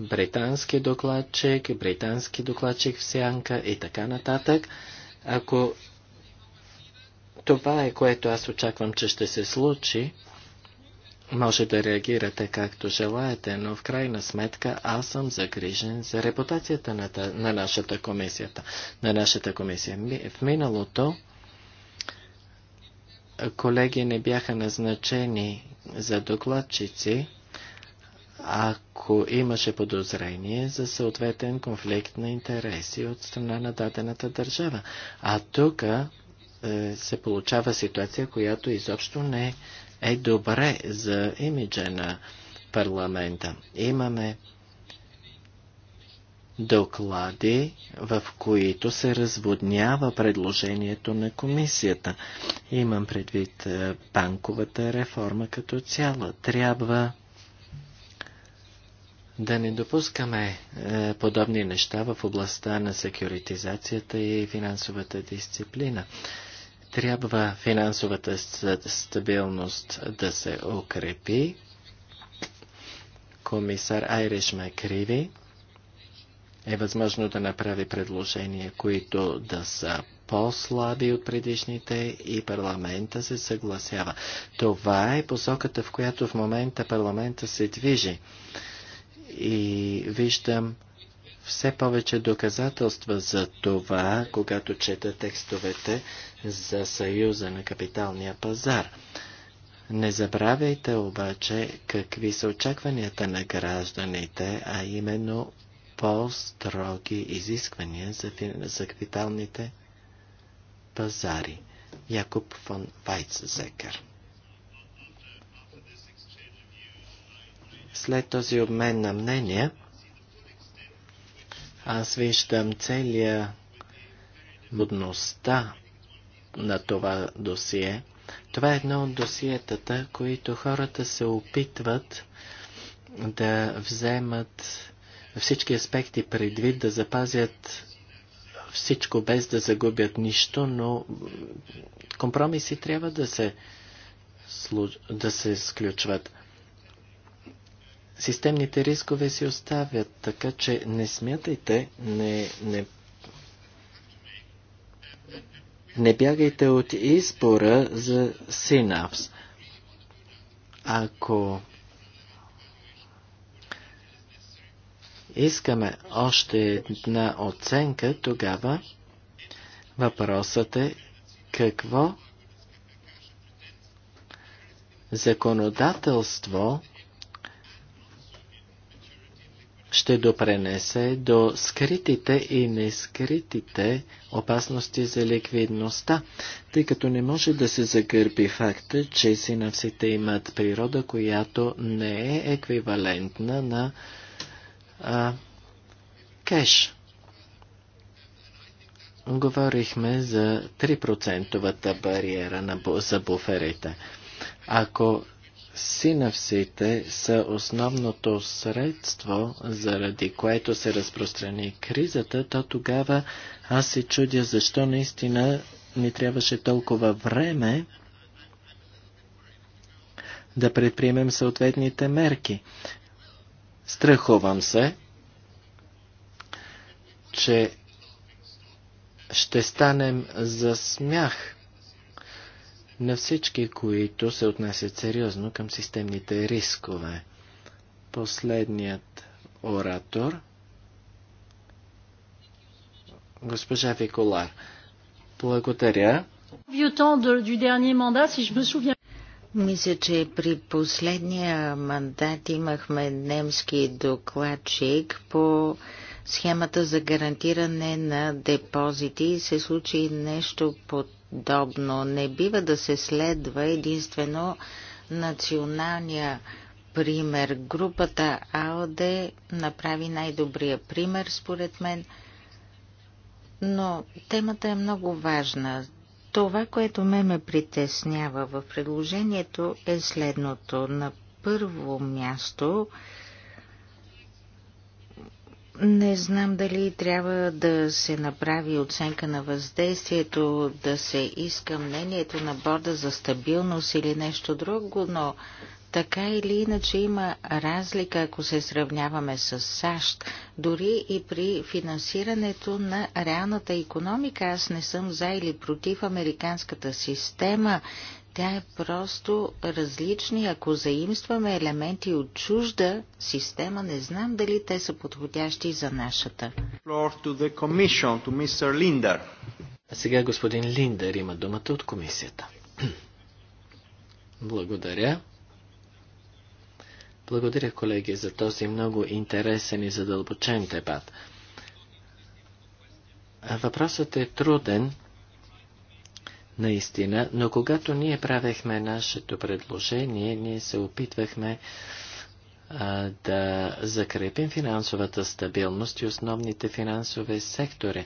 британски докладчик, британски докладчик в сянка и така нататък. Ако това е което аз очаквам, че ще се случи, може да реагирате както желаете, но в крайна сметка аз съм загрижен за репутацията на, та, на, нашата, комисията, на нашата комисия. В миналото колеги не бяха назначени за докладчици, ако имаше подозрение за съответен конфликт на интереси от страна на дадената държава. А тук е, се получава ситуация, която изобщо не е е добре за имиджа на парламента. Имаме доклади, в които се разводнява предложението на комисията. Имам предвид е, банковата реформа като цяло. Трябва да не допускаме е, подобни неща в областта на секюритизацията и финансовата дисциплина. Трябва финансовата стабилност да се укрепи. Комисар Айриш Макриви е възможно да направи предложения, които да са по-слаби от предишните и парламента се съгласява. Това е посоката, в която в момента парламента се движи. И виждам все повече доказателства за това, когато чета текстовете за Съюза на капиталния пазар. Не забравяйте обаче какви са очакванията на гражданите, а именно по-строги изисквания за, за капиталните пазари. Якуб фон Вайцзекер. След този обмен на мнения, аз виждам целия мудността на това досие. Това е едно от досиетата, които хората се опитват да вземат всички аспекти предвид, да запазят всичко без да загубят нищо, но компромиси трябва да се, да се сключват системните рискове си оставят, така че не смятайте, не, не, не бягайте от избора за синапс. Ако искаме още една оценка, тогава въпросът е какво законодателство ще допренесе до скритите и нескритите опасности за ликвидността, тъй като не може да се загърби факта, че синапсите имат природа, която не е еквивалентна на а, кеш. Говорихме за 3 бариера на, за буферите. Ако синавсите са основното средство, заради което се разпространи кризата, то тогава аз се чудя защо наистина ни трябваше толкова време да предприемем съответните мерки. Страхувам се, че ще станем за смях на всички, които се отнасят сериозно към системните рискове. Последният оратор госпожа Виколар. Благодаря. Мисля, че при последния мандат имахме немски докладчик по схемата за гарантиране на депозити и се случи нещо по подобно. Не бива да се следва единствено националния пример. Групата АОДЕ направи най-добрия пример, според мен. Но темата е много важна. Това, което ме ме притеснява в предложението е следното. На първо място не знам дали трябва да се направи оценка на въздействието, да се иска мнението на борда за стабилност или нещо друго, но така или иначе има разлика, ако се сравняваме с САЩ. Дори и при финансирането на реалната економика аз не съм за или против американската система. Тя е просто различни. Ако заимстваме елементи от чужда система, не знам дали те са подходящи за нашата. А сега господин Линдер има думата от комисията. Благодаря. Благодаря, колеги, за този много интересен и задълбочен дебат. Въпросът е труден, наистина, но когато ние правехме нашето предложение, ние се опитвахме а, да закрепим финансовата стабилност и основните финансови сектори.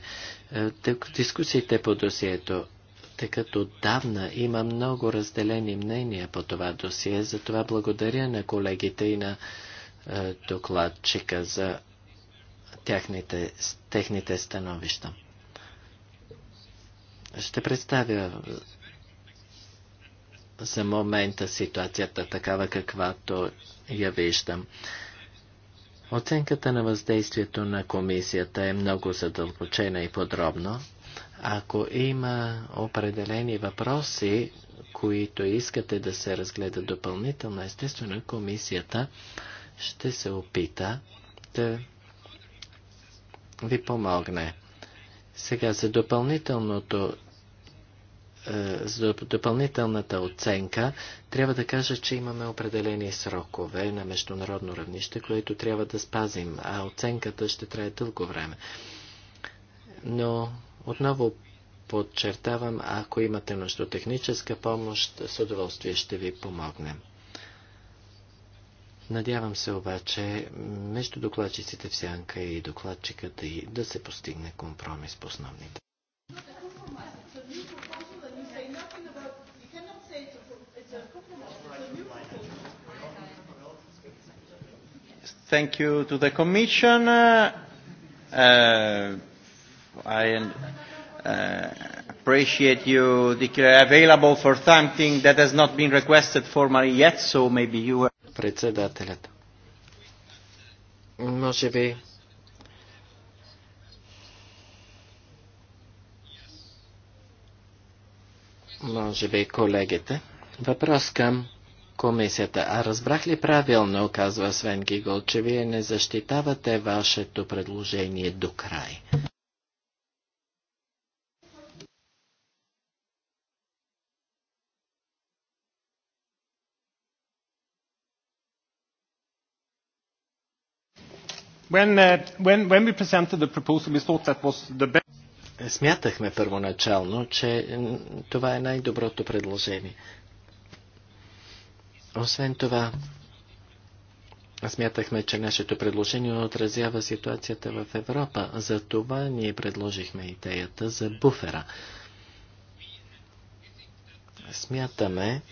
Е, дискусиите по досието тъй като давна има много разделени мнения по това досие, затова благодаря на колегите и на е, докладчика за тяхните, техните становища. Ще представя за момента ситуацията такава, каквато я виждам. Оценката на въздействието на комисията е много задълбочена и подробно. Ако има определени въпроси, които искате да се разгледат допълнително, естествено комисията ще се опита да ви помогне. Сега за допълнителното за допълнителната оценка, трябва да кажа, че имаме определени срокове на международно равнище, което трябва да спазим, а оценката ще трае дълго време. Но отново подчертавам, ако имате нужда от техническа помощ, с удоволствие ще ви помогнем. Надявам се обаче между докладчиците в сянка и докладчиката и да се постигне компромис по основните. Thank you to the Commission. Uh, I uh, appreciate you declare available for something that has not been requested formally yet, so maybe you... Председателят. Може би може би колегите. Въпрос към комисията. А разбрах ли правилно, казва Свен Гигол, че вие не защитавате вашето предложение до край? Uh, Смятахме първоначално, че това е най-доброто предложение. Освен това, смятахме, че нашето предложение отразява ситуацията в Европа. За това ние предложихме идеята за буфера. Смятаме,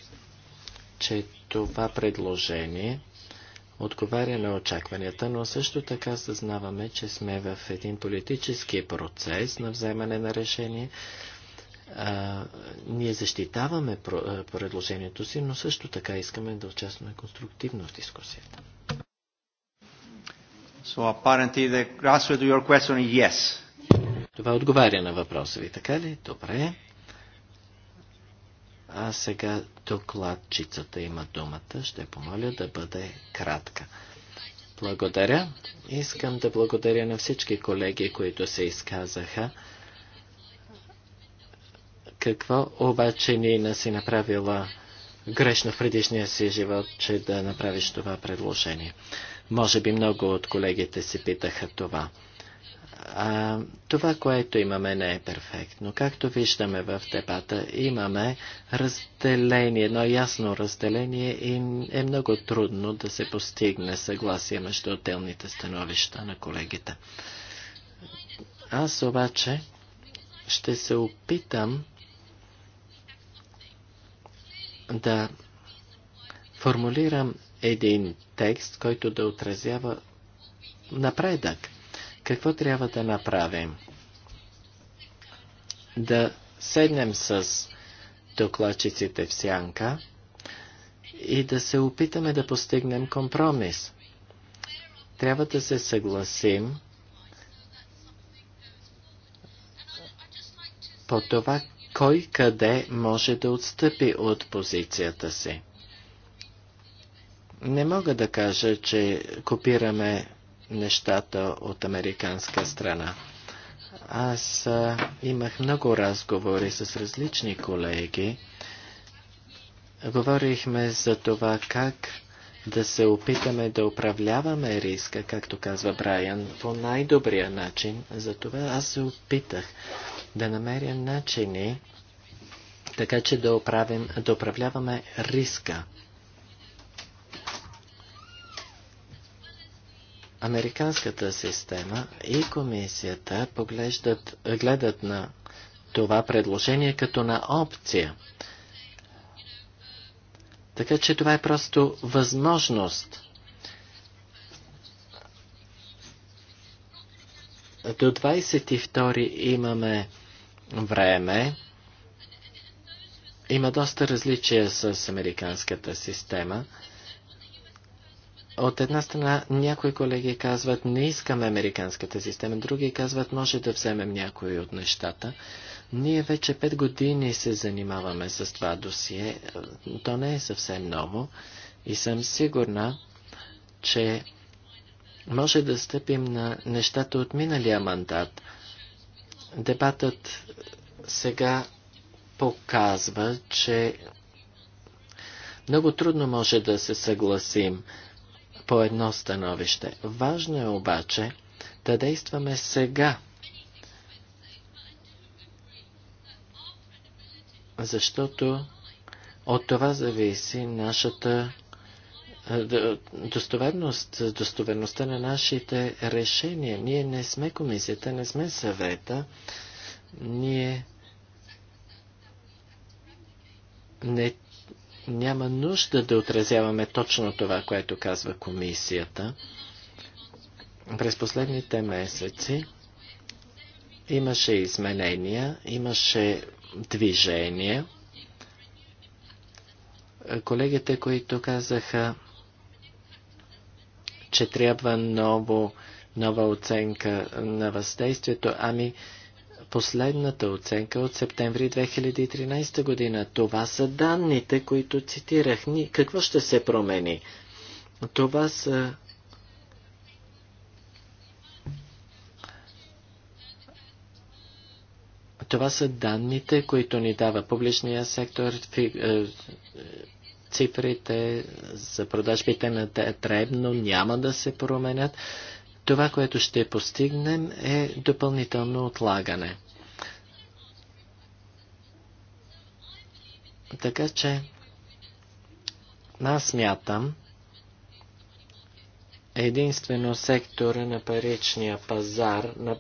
че това предложение отговаря на очакванията, но също така съзнаваме, че сме в един политически процес на вземане на решение а, ние защитаваме предложението си, но също така искаме да участваме конструктивно в дискусията. So apparently the answer to your question is yes. Това отговаря на въпроса ви, така ли? Добре. А сега докладчицата има думата. Ще помоля да бъде кратка. Благодаря. Искам да благодаря на всички колеги, които се изказаха. Какво обаче Нина си направила грешно в предишния си живот, че да направиш това предложение? Може би много от колегите се питаха това. А, това, което имаме, не е перфектно. Както виждаме в дебата, имаме разделение, едно ясно разделение и е много трудно да се постигне съгласие между отделните становища на колегите. Аз обаче ще се опитам да формулирам един текст, който да отразява напредък. Какво трябва да направим? Да седнем с докладчиците в сянка и да се опитаме да постигнем компромис. Трябва да се съгласим по това кой къде може да отстъпи от позицията си. Не мога да кажа, че копираме нещата от американска страна. Аз а, имах много разговори с различни колеги. Говорихме за това как да се опитаме да управляваме риска, както казва Брайан, по най-добрия начин. за това аз се опитах да намеря начини, така че да, оправим, да управляваме риска. Американската система и комисията поглеждат, гледат на това предложение като на опция. Така че това е просто възможност. До 22 имаме време има доста различия с американската система. От една страна, някои колеги казват, не искаме американската система, други казват, може да вземем някои от нещата. Ние вече пет години се занимаваме с това досие. То не е съвсем ново и съм сигурна, че може да стъпим на нещата от миналия мандат – Дебатът сега показва, че много трудно може да се съгласим по едно становище. Важно е обаче да действаме сега. Защото от това зависи нашата достоверност, достоверността на нашите решения. Ние не сме комисията, не сме съвета. Ние не, няма нужда да отразяваме точно това, което казва комисията. През последните месеци имаше изменения, имаше движения. Колегите, които казаха, че трябва ново, нова оценка на въздействието. Ами, последната оценка от септември 2013 година. Това са данните, които цитирах. Ни, какво ще се промени? Това са Това са данните, които ни дава публичния сектор, е, цифрите за продажбите на дребно няма да се променят. Това, което ще постигнем е допълнително отлагане. Така че аз мятам, единствено сектора на паричния пазар на...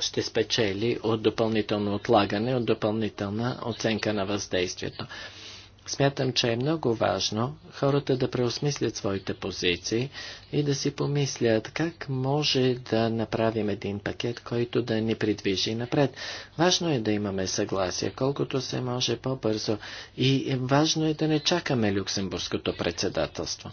ще спечели от допълнително отлагане, от допълнителна оценка на въздействието. Смятам, че е много важно хората да преосмислят своите позиции и да си помислят как може да направим един пакет, който да ни придвижи напред. Важно е да имаме съгласие, колкото се може по-бързо и важно е да не чакаме люксембургското председателство.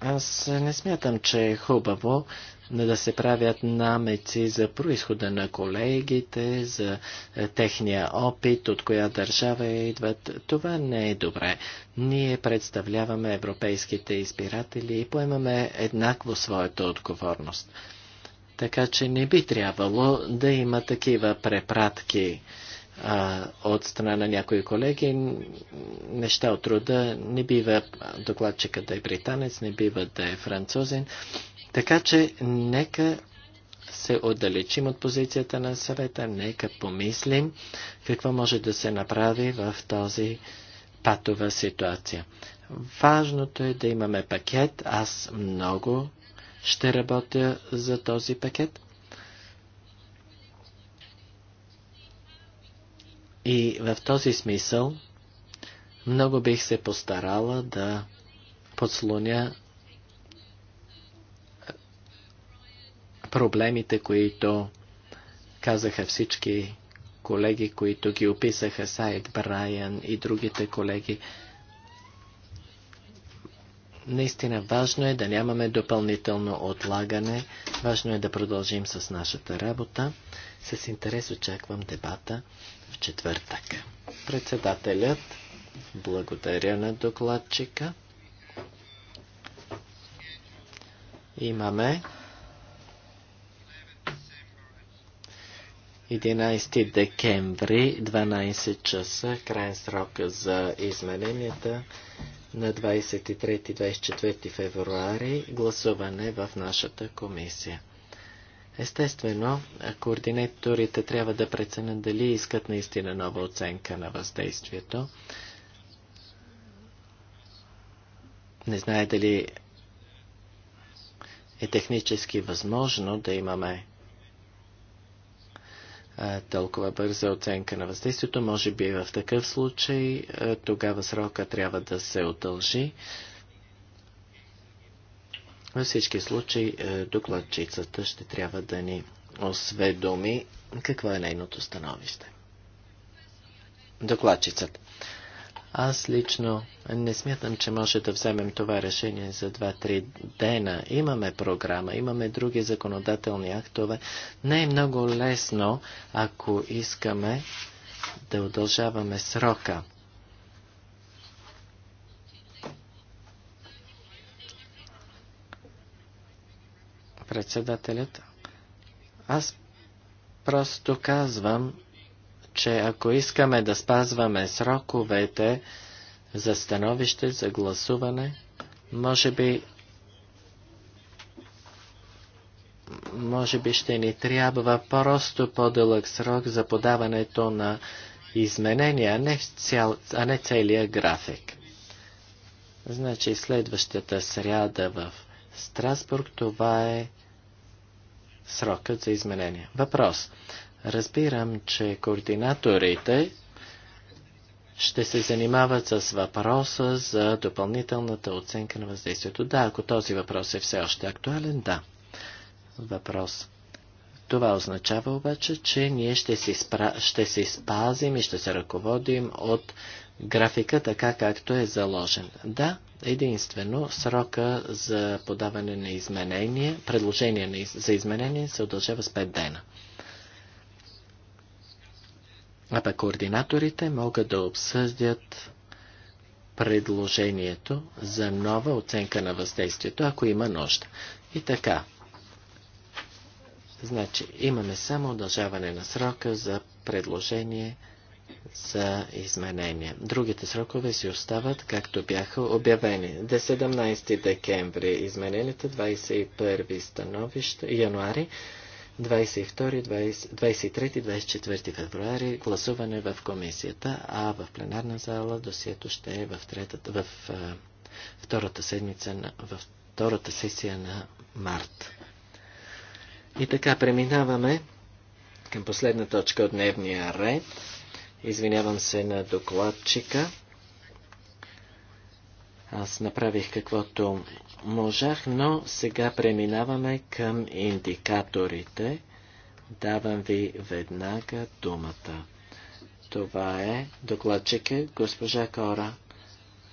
Аз не смятам, че е хубаво да се правят намеци за происхода на колегите, за е, техния опит, от коя държава идват. Това не е добре. Ние представляваме европейските избиратели и поемаме еднакво своята отговорност. Така че не би трябвало да има такива препратки а, от страна на някои колеги. Неща от труда, не бива докладчика да е британец, не бива да е французин. Така че нека се отдалечим от позицията на съвета, нека помислим какво може да се направи в този патова ситуация. Важното е да имаме пакет. Аз много ще работя за този пакет. И в този смисъл много бих се постарала да подслоня проблемите, които казаха всички колеги, които ги описаха, Сайд Брайан и другите колеги. Наистина важно е да нямаме допълнително отлагане, важно е да продължим с нашата работа. С интерес очаквам дебата в четвъртък. Председателят, благодаря на докладчика. Имаме 11 декември, 12 часа, крайен срок за измененията на 23-24 февруари, гласуване в нашата комисия. Естествено, координаторите трябва да преценят дали искат наистина нова оценка на въздействието. Не знае дали е технически възможно да имаме толкова бърза оценка на въздействието. Може би в такъв случай тогава срока трябва да се удължи. Във всички случаи докладчицата ще трябва да ни осведоми какво е нейното становище. Докладчицата. Аз лично не смятам, че може да вземем това решение за 2-3 дена. Имаме програма, имаме други законодателни актове. Не е много лесно, ако искаме да удължаваме срока. Председателят, аз просто казвам, че ако искаме да спазваме сроковете за становище, за гласуване, може би може би ще ни трябва просто по-дълъг срок за подаването на изменения, а не, цял, а не целия график. Значи следващата сряда в Страсбург това е срокът за изменения. Въпрос. Разбирам, че координаторите ще се занимават с въпроса за допълнителната оценка на въздействието. Да, ако този въпрос е все още актуален, да. Въпрос. Това означава обаче, че ние ще се спра... ще се спазим и ще се ръководим от графика така, както е заложен. Да, единствено срока за подаване на изменения, предложение за изменение се удължава с 5 дена. А пък координаторите могат да обсъдят предложението за нова оценка на въздействието, ако има нужда. И така. Значи, имаме само удължаване на срока за предложение за изменения. Другите срокове си остават, както бяха обявени. Де 17 декември измененията, 21 становища януари 22, 23, 24 февруари гласуване в комисията, а в пленарна зала досието ще е в, третата, в втората седмица, на, в втората сесия на март. И така преминаваме към последна точка от дневния ред. Извинявам се на докладчика. Аз направих каквото можах, но сега преминаваме към индикаторите. Давам ви веднага думата. Това е докладчика госпожа Кора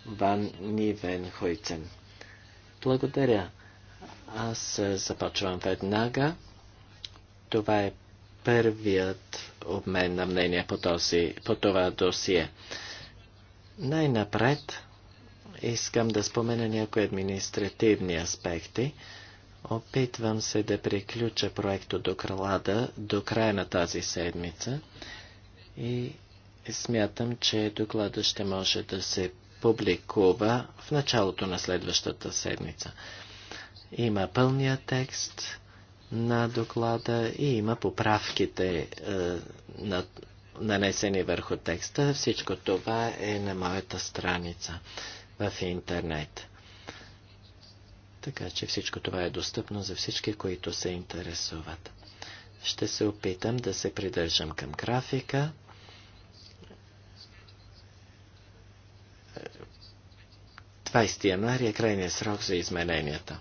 Ван Нивен Хойцен. Благодаря. Аз започвам веднага. Това е първият обмен на мнение по, този, по това досие. Най-напред Искам да спомена някои административни аспекти. Опитвам се да приключа проекто до кралада до края на тази седмица и смятам, че доклада ще може да се публикува в началото на следващата седмица. Има пълния текст на доклада и има поправките е, на, нанесени върху текста. Всичко това е на моята страница в интернет. Така че всичко това е достъпно за всички, които се интересуват. Ще се опитам да се придържам към графика. Двайсти януари е крайния срок за измененията.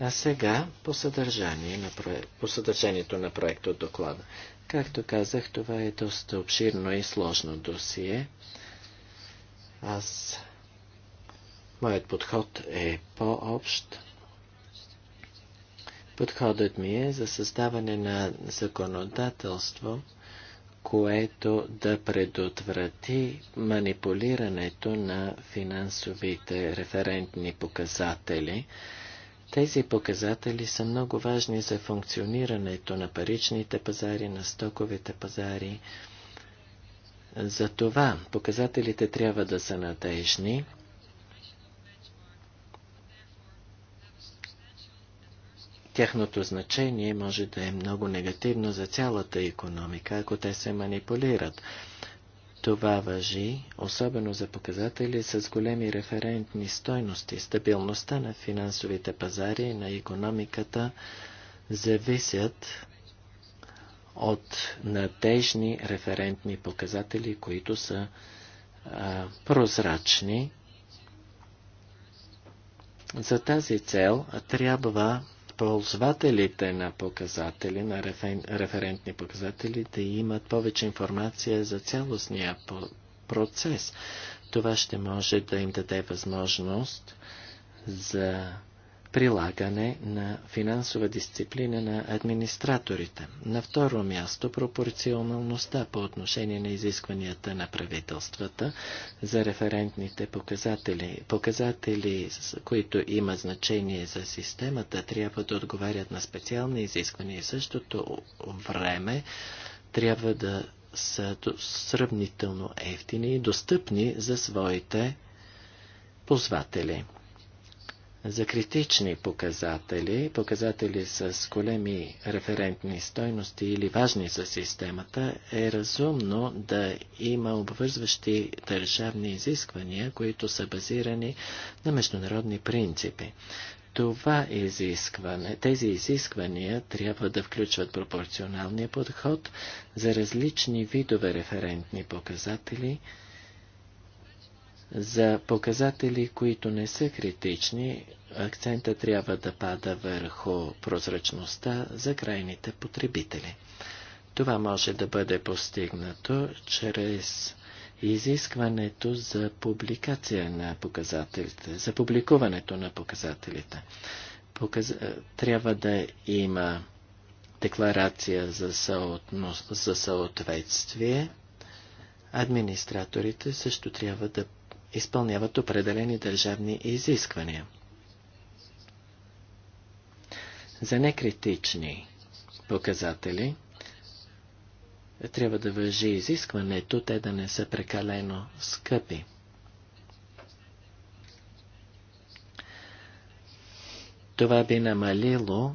А сега по, съдържание на про... по съдържанието на проект от доклада. Както казах, това е доста обширно и сложно досие. Аз Моят подход е по-общ. Подходът ми е за създаване на законодателство, което да предотврати манипулирането на финансовите референтни показатели. Тези показатели са много важни за функционирането на паричните пазари, на стоковите пазари. Затова показателите трябва да са надежни тяхното значение може да е много негативно за цялата економика, ако те се манипулират. Това въжи особено за показатели с големи референтни стойности. Стабилността на финансовите пазари и на економиката зависят от надежни референтни показатели, които са а, прозрачни. За тази цел трябва ползвателите на показатели, на референтни показатели, да имат повече информация за цялостния процес. Това ще може да им даде възможност за прилагане на финансова дисциплина на администраторите. На второ място пропорционалността по отношение на изискванията на правителствата за референтните показатели. Показатели, които имат значение за системата, трябва да отговарят на специални изисквания и същото време трябва да са сравнително ефтини и достъпни за своите ползватели за критични показатели, показатели с големи референтни стойности или важни за системата, е разумно да има обвързващи държавни изисквания, които са базирани на международни принципи. Това изискване, тези изисквания трябва да включват пропорционалния подход за различни видове референтни показатели – за показатели, които не са критични, акцента трябва да пада върху прозрачността за крайните потребители. Това може да бъде постигнато чрез изискването за публикация на показателите, за публикуването на показателите. Показ... Е, трябва да има декларация за, съотно... за съответствие. Администраторите също трябва да изпълняват определени държавни изисквания. За некритични показатели трябва да въжи изискването те да не са прекалено скъпи. Това би намалило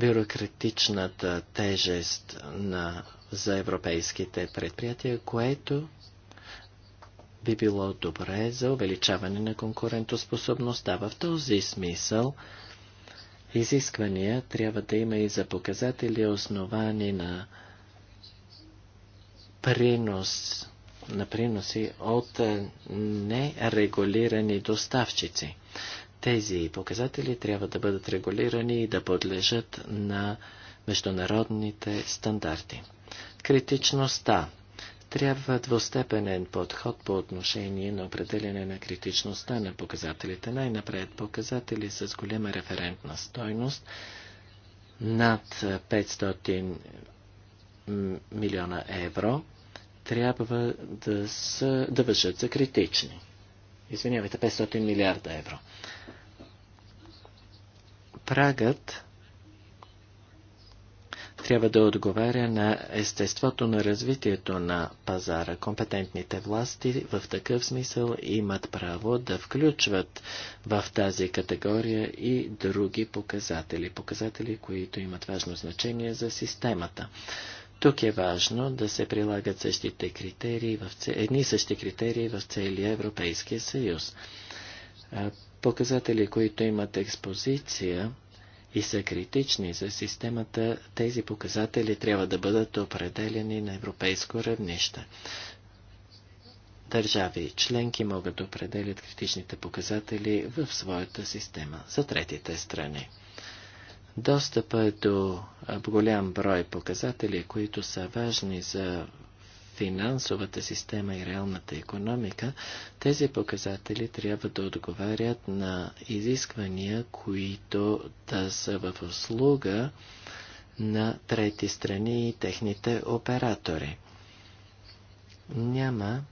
бюрократичната тежест на, за европейските предприятия, което би било добре за увеличаване на конкурентоспособността. В този смисъл изисквания трябва да има и за показатели, основани на принос, на приноси от е, нерегулирани доставчици. Тези показатели трябва да бъдат регулирани и да подлежат на международните стандарти. Критичността трябва двустепенен подход по отношение на определене на критичността на показателите. Най-напред показатели с голяма референтна стойност над 500 милиона евро трябва да, са, да вършат за критични. Извинявайте, 500 милиарда евро. Прагът трябва да отговаря на естеството на развитието на пазара. Компетентните власти в такъв смисъл имат право да включват в тази категория и други показатели, показатели, които имат важно значение за системата. Тук е важно да се прилагат същите критерии в ц... едни същи критерии в целия Европейския съюз. Показатели, които имат експозиция, и са критични за системата, тези показатели трябва да бъдат определени на европейско равнище. Държави и членки могат да определят критичните показатели в своята система за третите страни. Достъпа е до голям брой показатели, които са важни за финансовата система и реалната економика, тези показатели трябва да отговарят на изисквания, които да са в услуга на трети страни и техните оператори. Няма,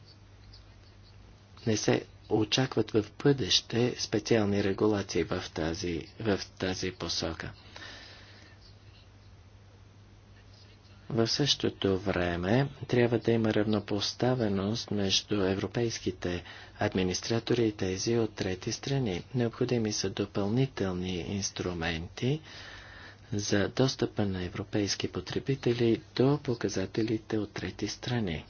не се очакват в бъдеще специални регулации в тази, в тази посока. В същото време трябва да има равнопоставеност между европейските администратори и тези от трети страни. Необходими са допълнителни инструменти за достъпа на европейски потребители до показателите от трети страни.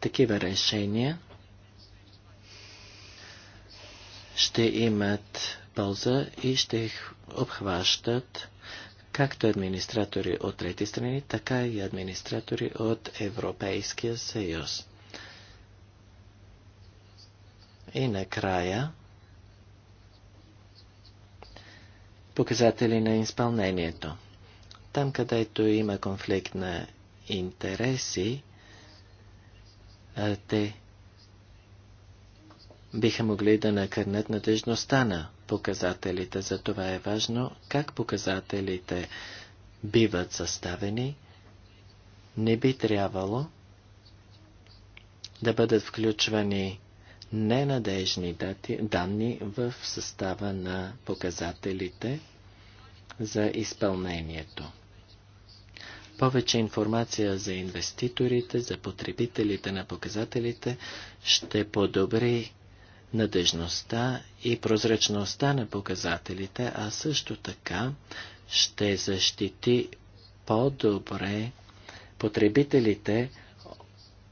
Такива решения ще имат полза и ще их обхващат както администратори от трети страни, така и администратори от Европейския съюз. И накрая показатели на изпълнението. Там, където има конфликт на интереси, те биха могли да накърнат надежността на показателите. За това е важно как показателите биват съставени. Не би трябвало да бъдат включвани ненадежни дати, данни в състава на показателите за изпълнението. Повече информация за инвеститорите, за потребителите на показателите ще подобри надежността и прозрачността на показателите, а също така ще защити по-добре потребителите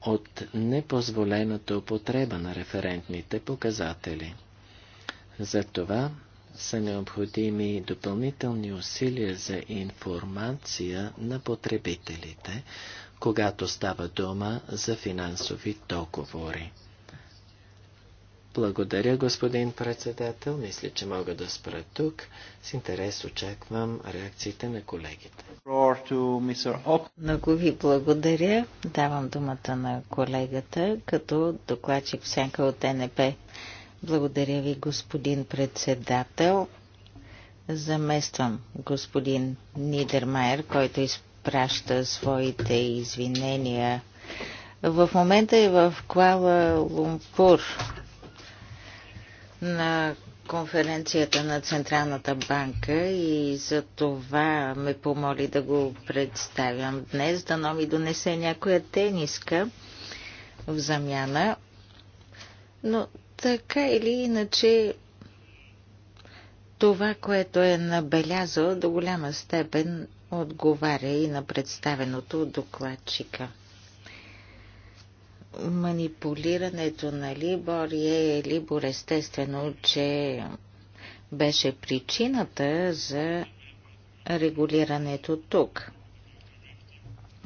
от непозволената употреба на референтните показатели. Затова са необходими допълнителни усилия за информация на потребителите, когато става дума за финансови договори. Благодаря, господин председател. Мисля, че мога да спра тук. С интерес очаквам реакциите на колегите. Много ви благодаря. Давам думата на колегата като докладчик всяка от НП. Благодаря ви, господин председател. Замествам господин Нидермайер, който изпраща своите извинения. В момента е в Куала Лумпур на конференцията на Централната банка и за това ме помоли да го представям днес. Дано ми донесе някоя тениска в замяна. Но така или иначе това, което е набелязал до голяма степен отговаря и на представеното от докладчика манипулирането на Либор е Либор естествено, че беше причината за регулирането тук.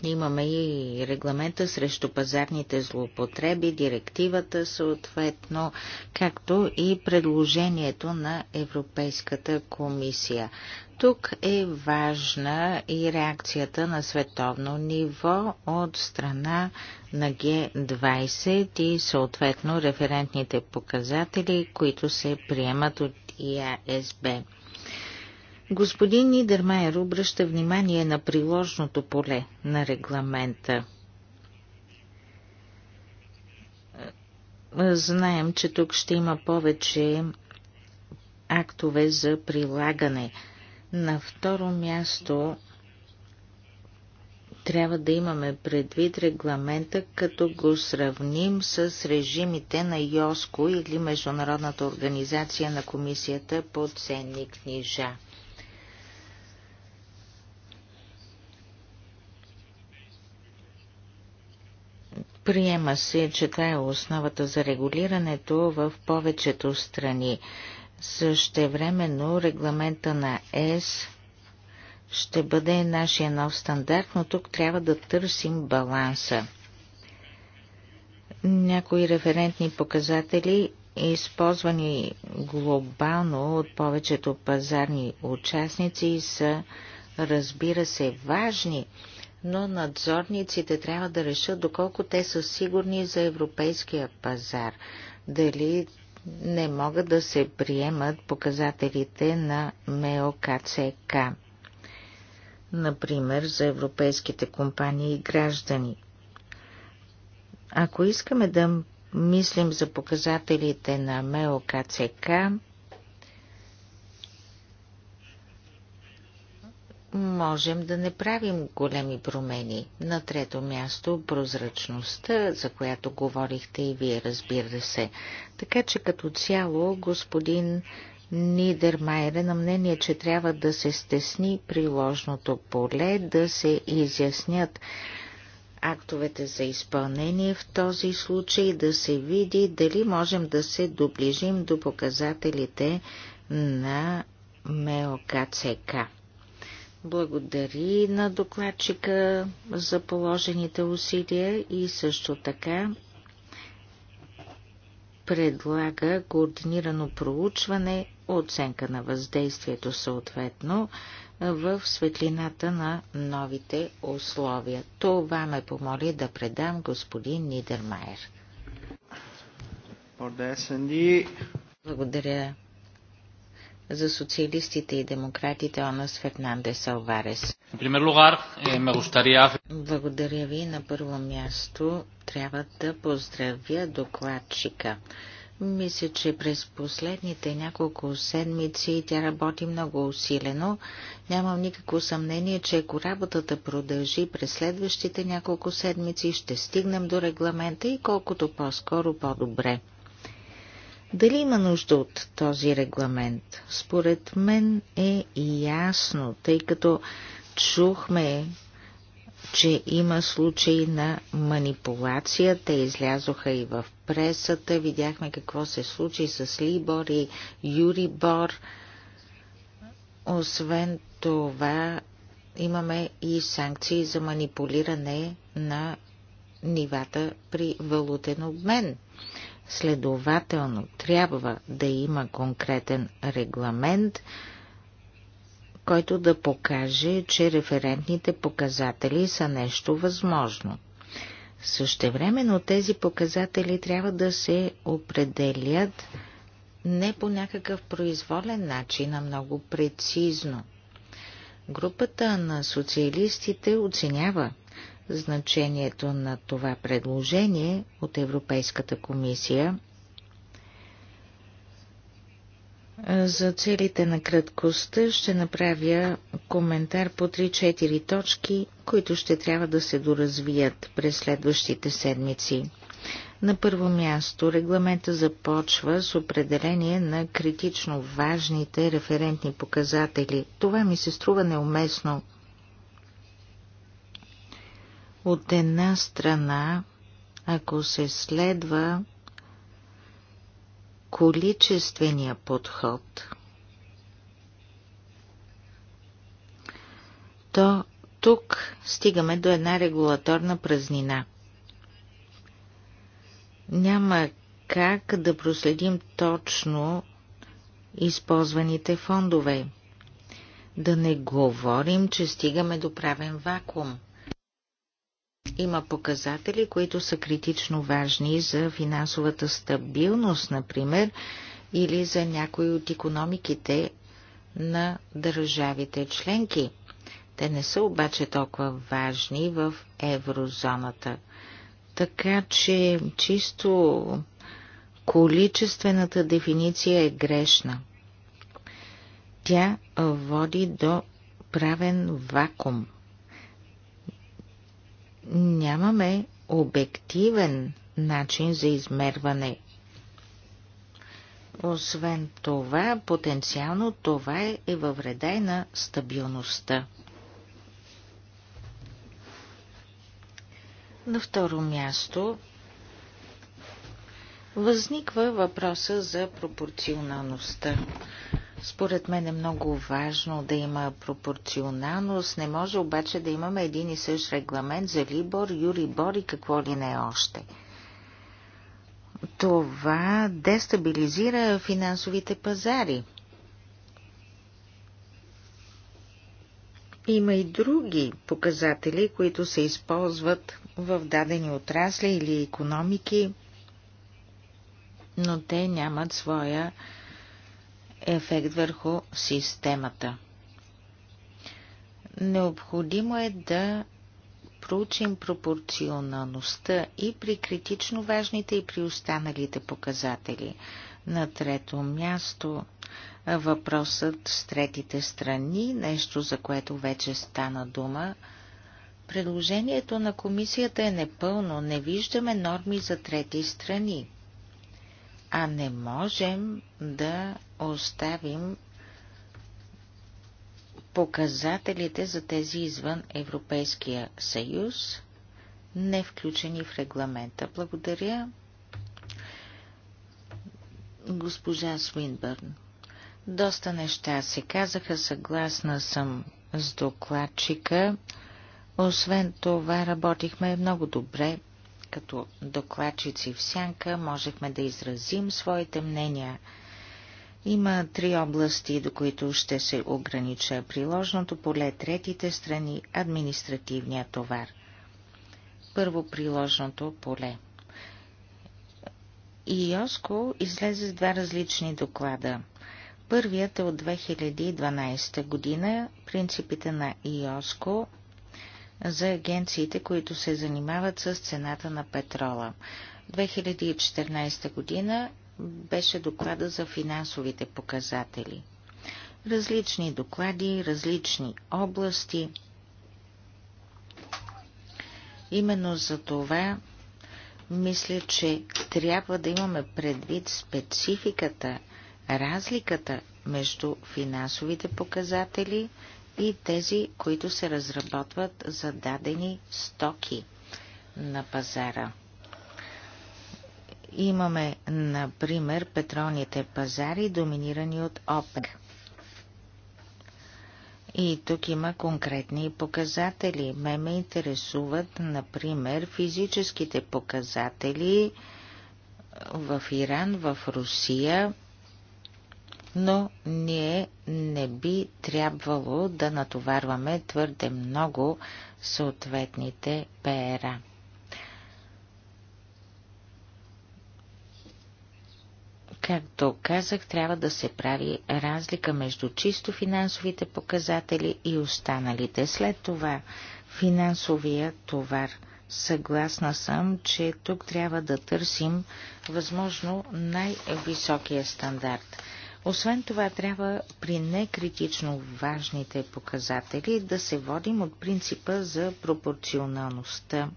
Имаме и регламента срещу пазарните злоупотреби, директивата съответно, както и предложението на Европейската комисия. Тук е важна и реакцията на световно ниво от страна на Г20 и съответно референтните показатели, които се приемат от ИАСБ. Господин Нидермайер обръща внимание на приложното поле на регламента. Знаем, че тук ще има повече актове за прилагане – на второ място трябва да имаме предвид регламента, като го сравним с режимите на ЙОСКО или Международната организация на комисията по ценни книжа. Приема се, че това е основата за регулирането в повечето страни. Същевременно регламента на ЕС ще бъде нашия нов стандарт, но тук трябва да търсим баланса. Някои референтни показатели, използвани глобално от повечето пазарни участници, са, разбира се, важни, но надзорниците трябва да решат доколко те са сигурни за европейския пазар. Дали не могат да се приемат показателите на МОКЦК, например за европейските компании и граждани. Ако искаме да мислим за показателите на МОКЦК, можем да не правим големи промени. На трето място прозрачността, за която говорихте и вие, разбира се. Така че като цяло господин Нидермайер е на мнение, че трябва да се стесни приложното поле, да се изяснят актовете за изпълнение в този случай, да се види дали можем да се доближим до показателите на МЕОКЦК благодари на докладчика за положените усилия и също така предлага координирано проучване, оценка на въздействието съответно в светлината на новите условия. Това ме помоли да предам господин Нидермайер. Благодаря, за социалистите и демократите Онас Фернандес Алварес. Е, Благодаря ви. На първо място трябва да поздравя докладчика. Мисля, че през последните няколко седмици тя работи много усилено. Нямам никакво съмнение, че ако работата продължи през следващите няколко седмици, ще стигнем до регламента и колкото по-скоро по-добре. Дали има нужда от този регламент? Според мен е ясно, тъй като чухме, че има случаи на манипулация. Те излязоха и в пресата. Видяхме какво се случи с Либор и Юрибор. Освен това, имаме и санкции за манипулиране на нивата при валутен обмен. Следователно, трябва да има конкретен регламент, който да покаже, че референтните показатели са нещо възможно. Същевременно тези показатели трябва да се определят не по някакъв произволен начин, а много прецизно. Групата на социалистите оценява значението на това предложение от Европейската комисия за целите на краткостта ще направя коментар по 3-4 точки, които ще трябва да се доразвият през следващите седмици. На първо място регламента започва с определение на критично важните референтни показатели. Това ми се струва неуместно – от една страна, ако се следва количествения подход, то тук стигаме до една регулаторна празнина. Няма как да проследим точно използваните фондове. Да не говорим, че стигаме до правен вакуум. Има показатели, които са критично важни за финансовата стабилност, например, или за някои от економиките на държавите членки. Те не са обаче толкова важни в еврозоната. Така че чисто количествената дефиниция е грешна. Тя води до правен вакуум нямаме обективен начин за измерване. Освен това, потенциално това е във вреда и на стабилността. На второ място възниква въпроса за пропорционалността. Според мен е много важно да има пропорционалност, не може обаче да имаме един и същ регламент за Либор, Юрибор и какво ли не още. Това дестабилизира финансовите пазари. Има и други показатели, които се използват в дадени отрасли или економики, но те нямат своя ефект върху системата. Необходимо е да проучим пропорционалността и при критично важните и при останалите показатели. На трето място въпросът с третите страни, нещо за което вече стана дума. Предложението на комисията е непълно, не виждаме норми за трети страни, а не можем да оставим показателите за тези извън Европейския съюз, не включени в регламента. Благодаря, госпожа Свинбърн. Доста неща се казаха, съгласна съм с докладчика. Освен това, работихме много добре като докладчици в сянка, можехме да изразим своите мнения – има три области, до които ще се огранича приложното поле третите страни административния товар. Първо приложното поле. ИОСКО излезе с два различни доклада. Първият е от 2012 година принципите на ИОСКО за агенциите, които се занимават с цената на петрола. 2014 година беше доклада за финансовите показатели. Различни доклади, различни области. Именно за това мисля, че трябва да имаме предвид спецификата, разликата между финансовите показатели и тези, които се разработват за дадени стоки на пазара. Имаме, например, петролните пазари, доминирани от ОПЕК. И тук има конкретни показатели. Ме ме интересуват, например, физическите показатели в Иран, в Русия, но ние не би трябвало да натоварваме твърде много съответните пера. Както казах, трябва да се прави разлика между чисто финансовите показатели и останалите. След това финансовия товар. Съгласна съм, че тук трябва да търсим възможно най-високия стандарт. Освен това, трябва при некритично важните показатели да се водим от принципа за пропорционалността.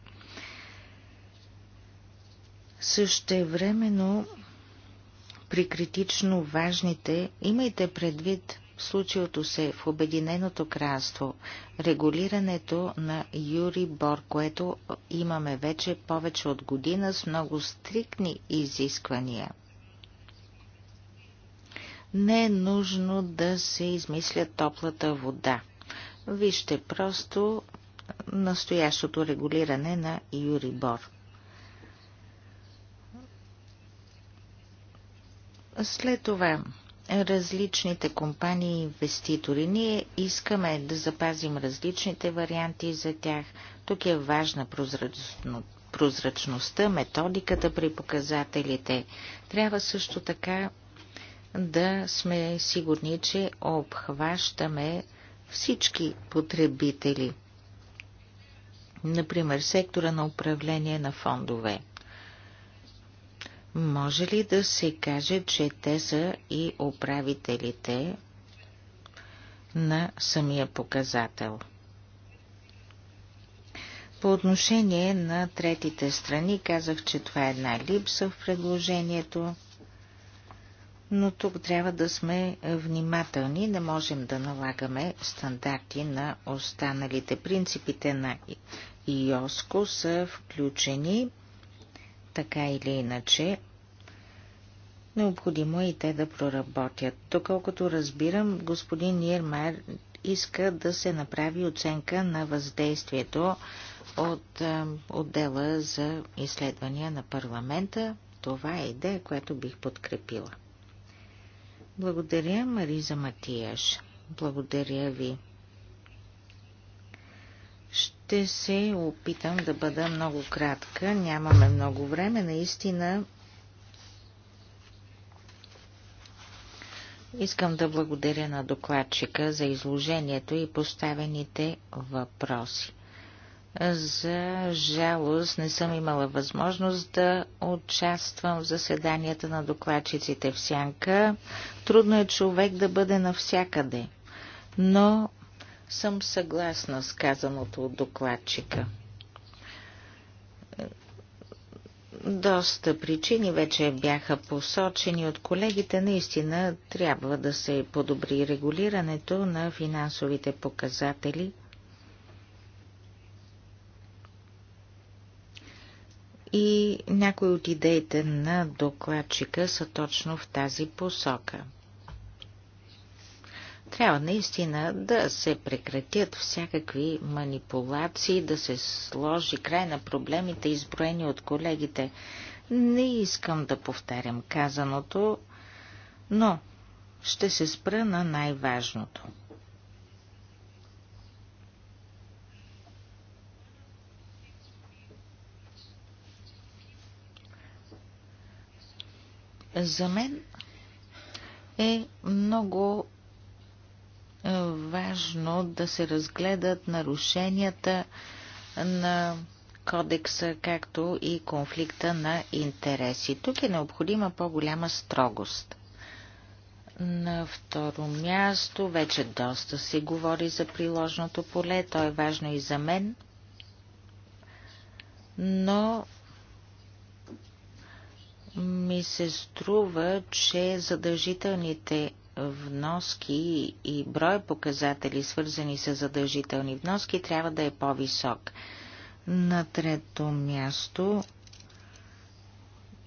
Същевременно времено при критично важните, имайте предвид случилото се в Обединеното кралство, регулирането на Юри Бор, което имаме вече повече от година с много стрикни изисквания. Не е нужно да се измисля топлата вода. Вижте просто настоящото регулиране на Юрибор. След това различните компании и инвеститори. Ние искаме да запазим различните варианти за тях. Тук е важна прозрачно, прозрачността, методиката при показателите. Трябва също така да сме сигурни, че обхващаме всички потребители. Например, сектора на управление на фондове – може ли да се каже, че те са и управителите на самия показател? По отношение на третите страни казах, че това е една липса в предложението, но тук трябва да сме внимателни, не можем да налагаме стандарти на останалите. Принципите на ИОСКО са включени така или иначе, необходимо е и те да проработят. Доколкото разбирам, господин Ниермайер иска да се направи оценка на въздействието от отдела за изследвания на парламента. Това е идея, която бих подкрепила. Благодаря, Мариза Матияш. Благодаря ви. Ще се опитам да бъда много кратка. Нямаме много време. Наистина Искам да благодаря на докладчика за изложението и поставените въпроси. За жалост не съм имала възможност да участвам в заседанията на докладчиците в Сянка. Трудно е човек да бъде навсякъде, но съм съгласна с казаното от докладчика. Доста причини вече бяха посочени от колегите. Наистина трябва да се подобри регулирането на финансовите показатели. И някои от идеите на докладчика са точно в тази посока – трябва наистина да се прекратят всякакви манипулации, да се сложи край на проблемите, изброени от колегите. Не искам да повтарям казаното, но ще се спра на най-важното. За мен е много важно да се разгледат нарушенията на кодекса, както и конфликта на интереси. Тук е необходима по-голяма строгост. На второ място вече доста се говори за приложното поле, то е важно и за мен, но ми се струва, че задължителните вноски и броя показатели, свързани с задължителни вноски, трябва да е по-висок. На трето място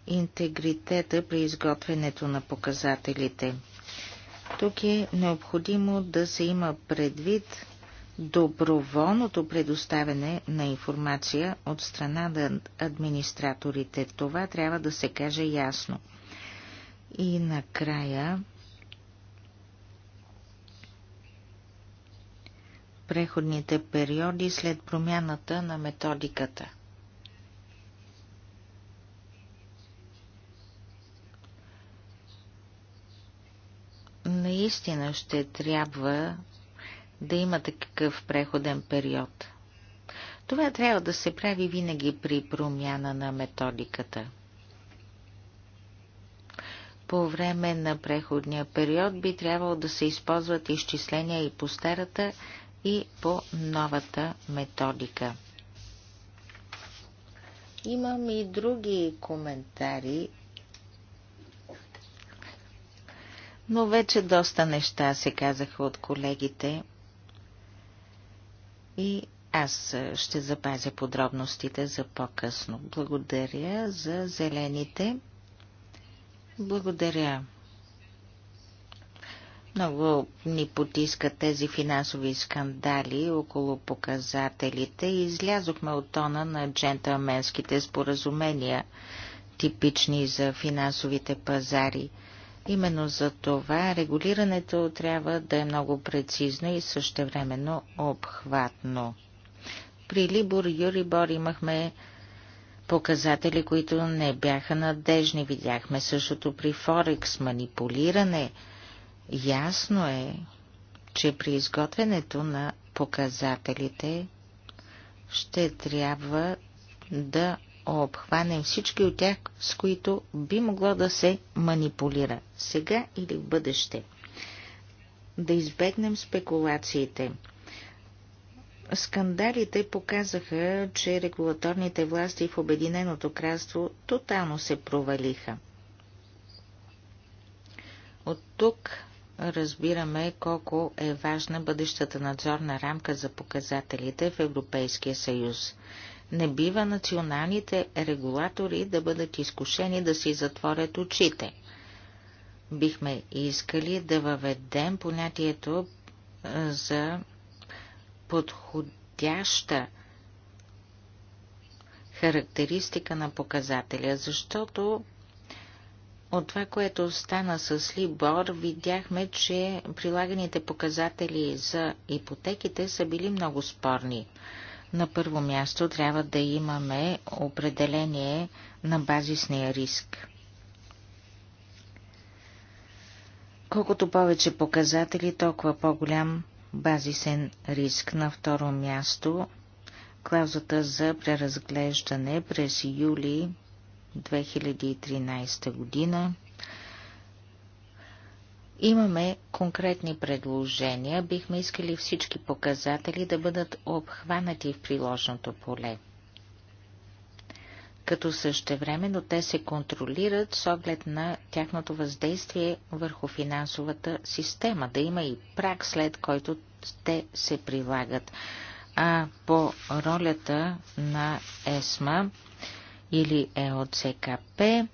интегритета при изготвянето на показателите. Тук е необходимо да се има предвид доброволното предоставяне на информация от страна на администраторите. Това трябва да се каже ясно. И накрая преходните периоди след промяната на методиката. Наистина ще трябва да има такъв преходен период. Това трябва да се прави винаги при промяна на методиката. По време на преходния период би трябвало да се използват изчисления и по старата и по новата методика. Имам и други коментари, но вече доста неща се казаха от колегите и аз ще запазя подробностите за по-късно. Благодаря за зелените. Благодаря. Много ни потискат тези финансови скандали около показателите и излязохме от тона на джентълменските споразумения, типични за финансовите пазари. Именно за това регулирането трябва да е много прецизно и същевременно обхватно. При Либор Юрибор имахме показатели, които не бяха надежни. Видяхме същото при Форекс, манипулиране – Ясно е, че при изготвянето на показателите ще трябва да обхванем всички от тях, с които би могло да се манипулира сега или в бъдеще. Да избегнем спекулациите. Скандалите показаха, че регулаторните власти в Обединеното кралство тотално се провалиха. От тук разбираме колко е важна бъдещата надзорна рамка за показателите в Европейския съюз. Не бива националните регулатори да бъдат изкушени да си затворят очите. Бихме искали да въведем понятието е, за подходяща характеристика на показателя, защото от това, което стана с Либор, видяхме, че прилаганите показатели за ипотеките са били много спорни. На първо място трябва да имаме определение на базисния риск. Колкото повече показатели, толкова по-голям базисен риск. На второ място, клаузата за преразглеждане през юли 2013 година. Имаме конкретни предложения. Бихме искали всички показатели да бъдат обхванати в приложното поле. Като същевременно те се контролират с оглед на тяхното въздействие върху финансовата система, да има и прак след който те се прилагат. А по ролята на ЕСМА или ЕОЦКП.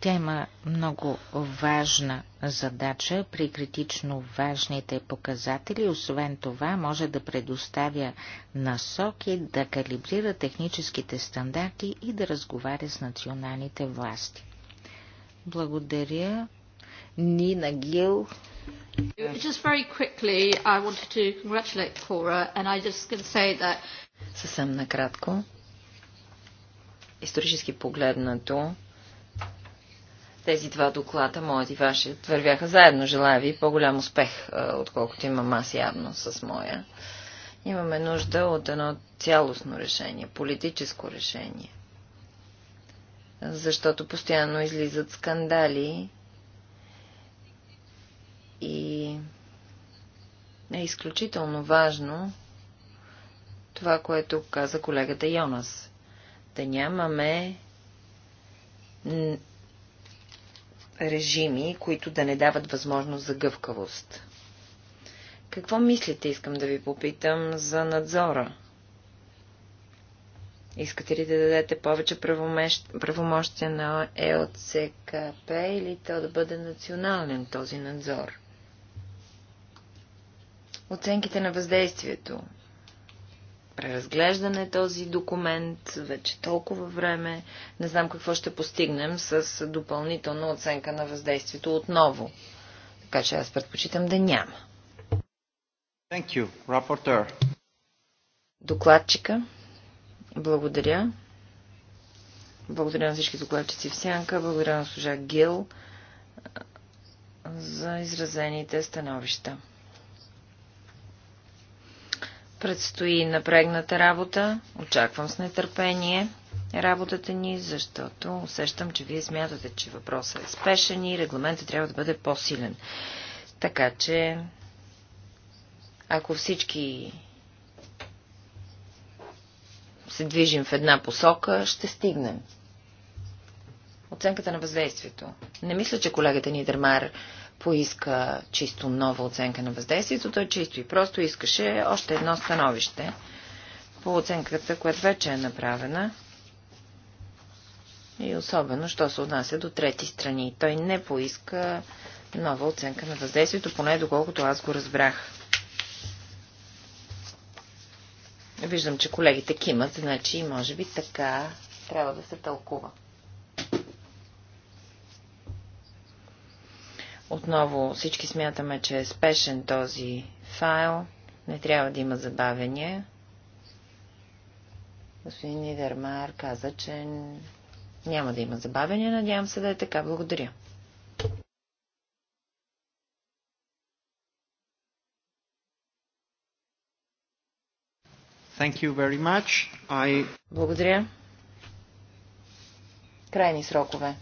Тя има много важна задача при критично важните показатели. Освен това, може да предоставя насоки, да калибрира техническите стандарти и да разговаря с националните власти. Благодаря. Нина Гил. Just very quickly, I wanted to congratulate Cora and I just can say that... Съвсем накратко, исторически погледнато, тези два доклада, моят и вашият, вървяха заедно. Желая ви по-голям успех, е, отколкото имам аз явно с моя. Имаме нужда от едно цялостно решение, политическо решение. Защото постоянно излизат скандали и е изключително важно това, което каза колегата Йонас да нямаме режими, които да не дават възможност за гъвкавост. Какво мислите, искам да ви попитам, за надзора? Искате ли да дадете повече правомощия на ЕОЦКП или то да бъде национален този надзор? Оценките на въздействието преразглеждане този документ вече толкова време. Не знам какво ще постигнем с допълнителна оценка на въздействието отново. Така че аз предпочитам да няма. Thank you, rapporteur. Докладчика. Благодаря. Благодаря на всички докладчици в Сянка. Благодаря на служа Гил за изразените становища. Предстои напрегната работа. Очаквам с нетърпение работата ни, защото усещам, че вие смятате, че въпросът е спешен и регламентът трябва да бъде по-силен. Така че, ако всички се движим в една посока, ще стигнем. Оценката на въздействието. Не мисля, че колегата ни Дермар поиска чисто нова оценка на въздействието, той чисто и просто искаше още едно становище по оценката, която вече е направена. И особено, що се отнася до трети страни. Той не поиска нова оценка на въздействието, поне доколкото аз го разбрах. Виждам, че колегите кимат, значи може би така трябва да се тълкува. Отново всички смятаме, че е спешен този файл. Не трябва да има забавение. Господин Нидермар каза, че няма да има забавение. Надявам се да е така. Благодаря. Thank you very much. I... Благодаря. Крайни срокове.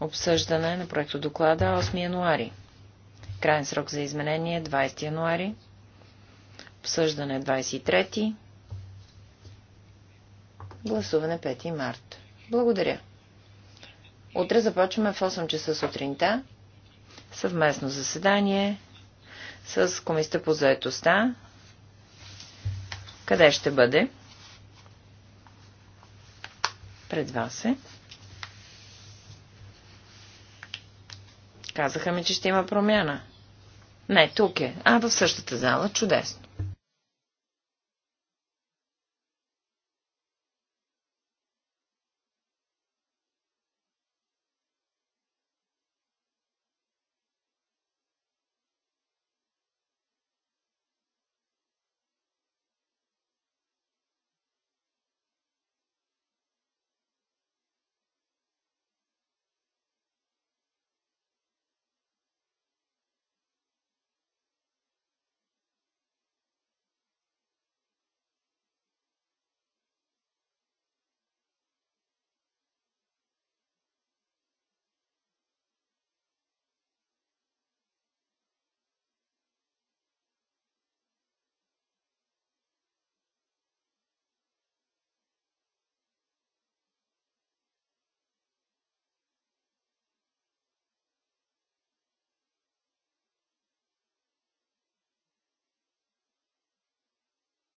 Обсъждане на проекто доклада 8 януари. Крайен срок за изменение 20 е януари. Обсъждане 23. Е Гласуване 5 е март. Благодаря. Утре започваме в 8 часа сутринта. Съвместно заседание с Комисията по заетостта. Къде ще бъде? Пред вас е. Казаха ми, че ще има промяна. Не, тук е. А, в същата зала. Чудесно.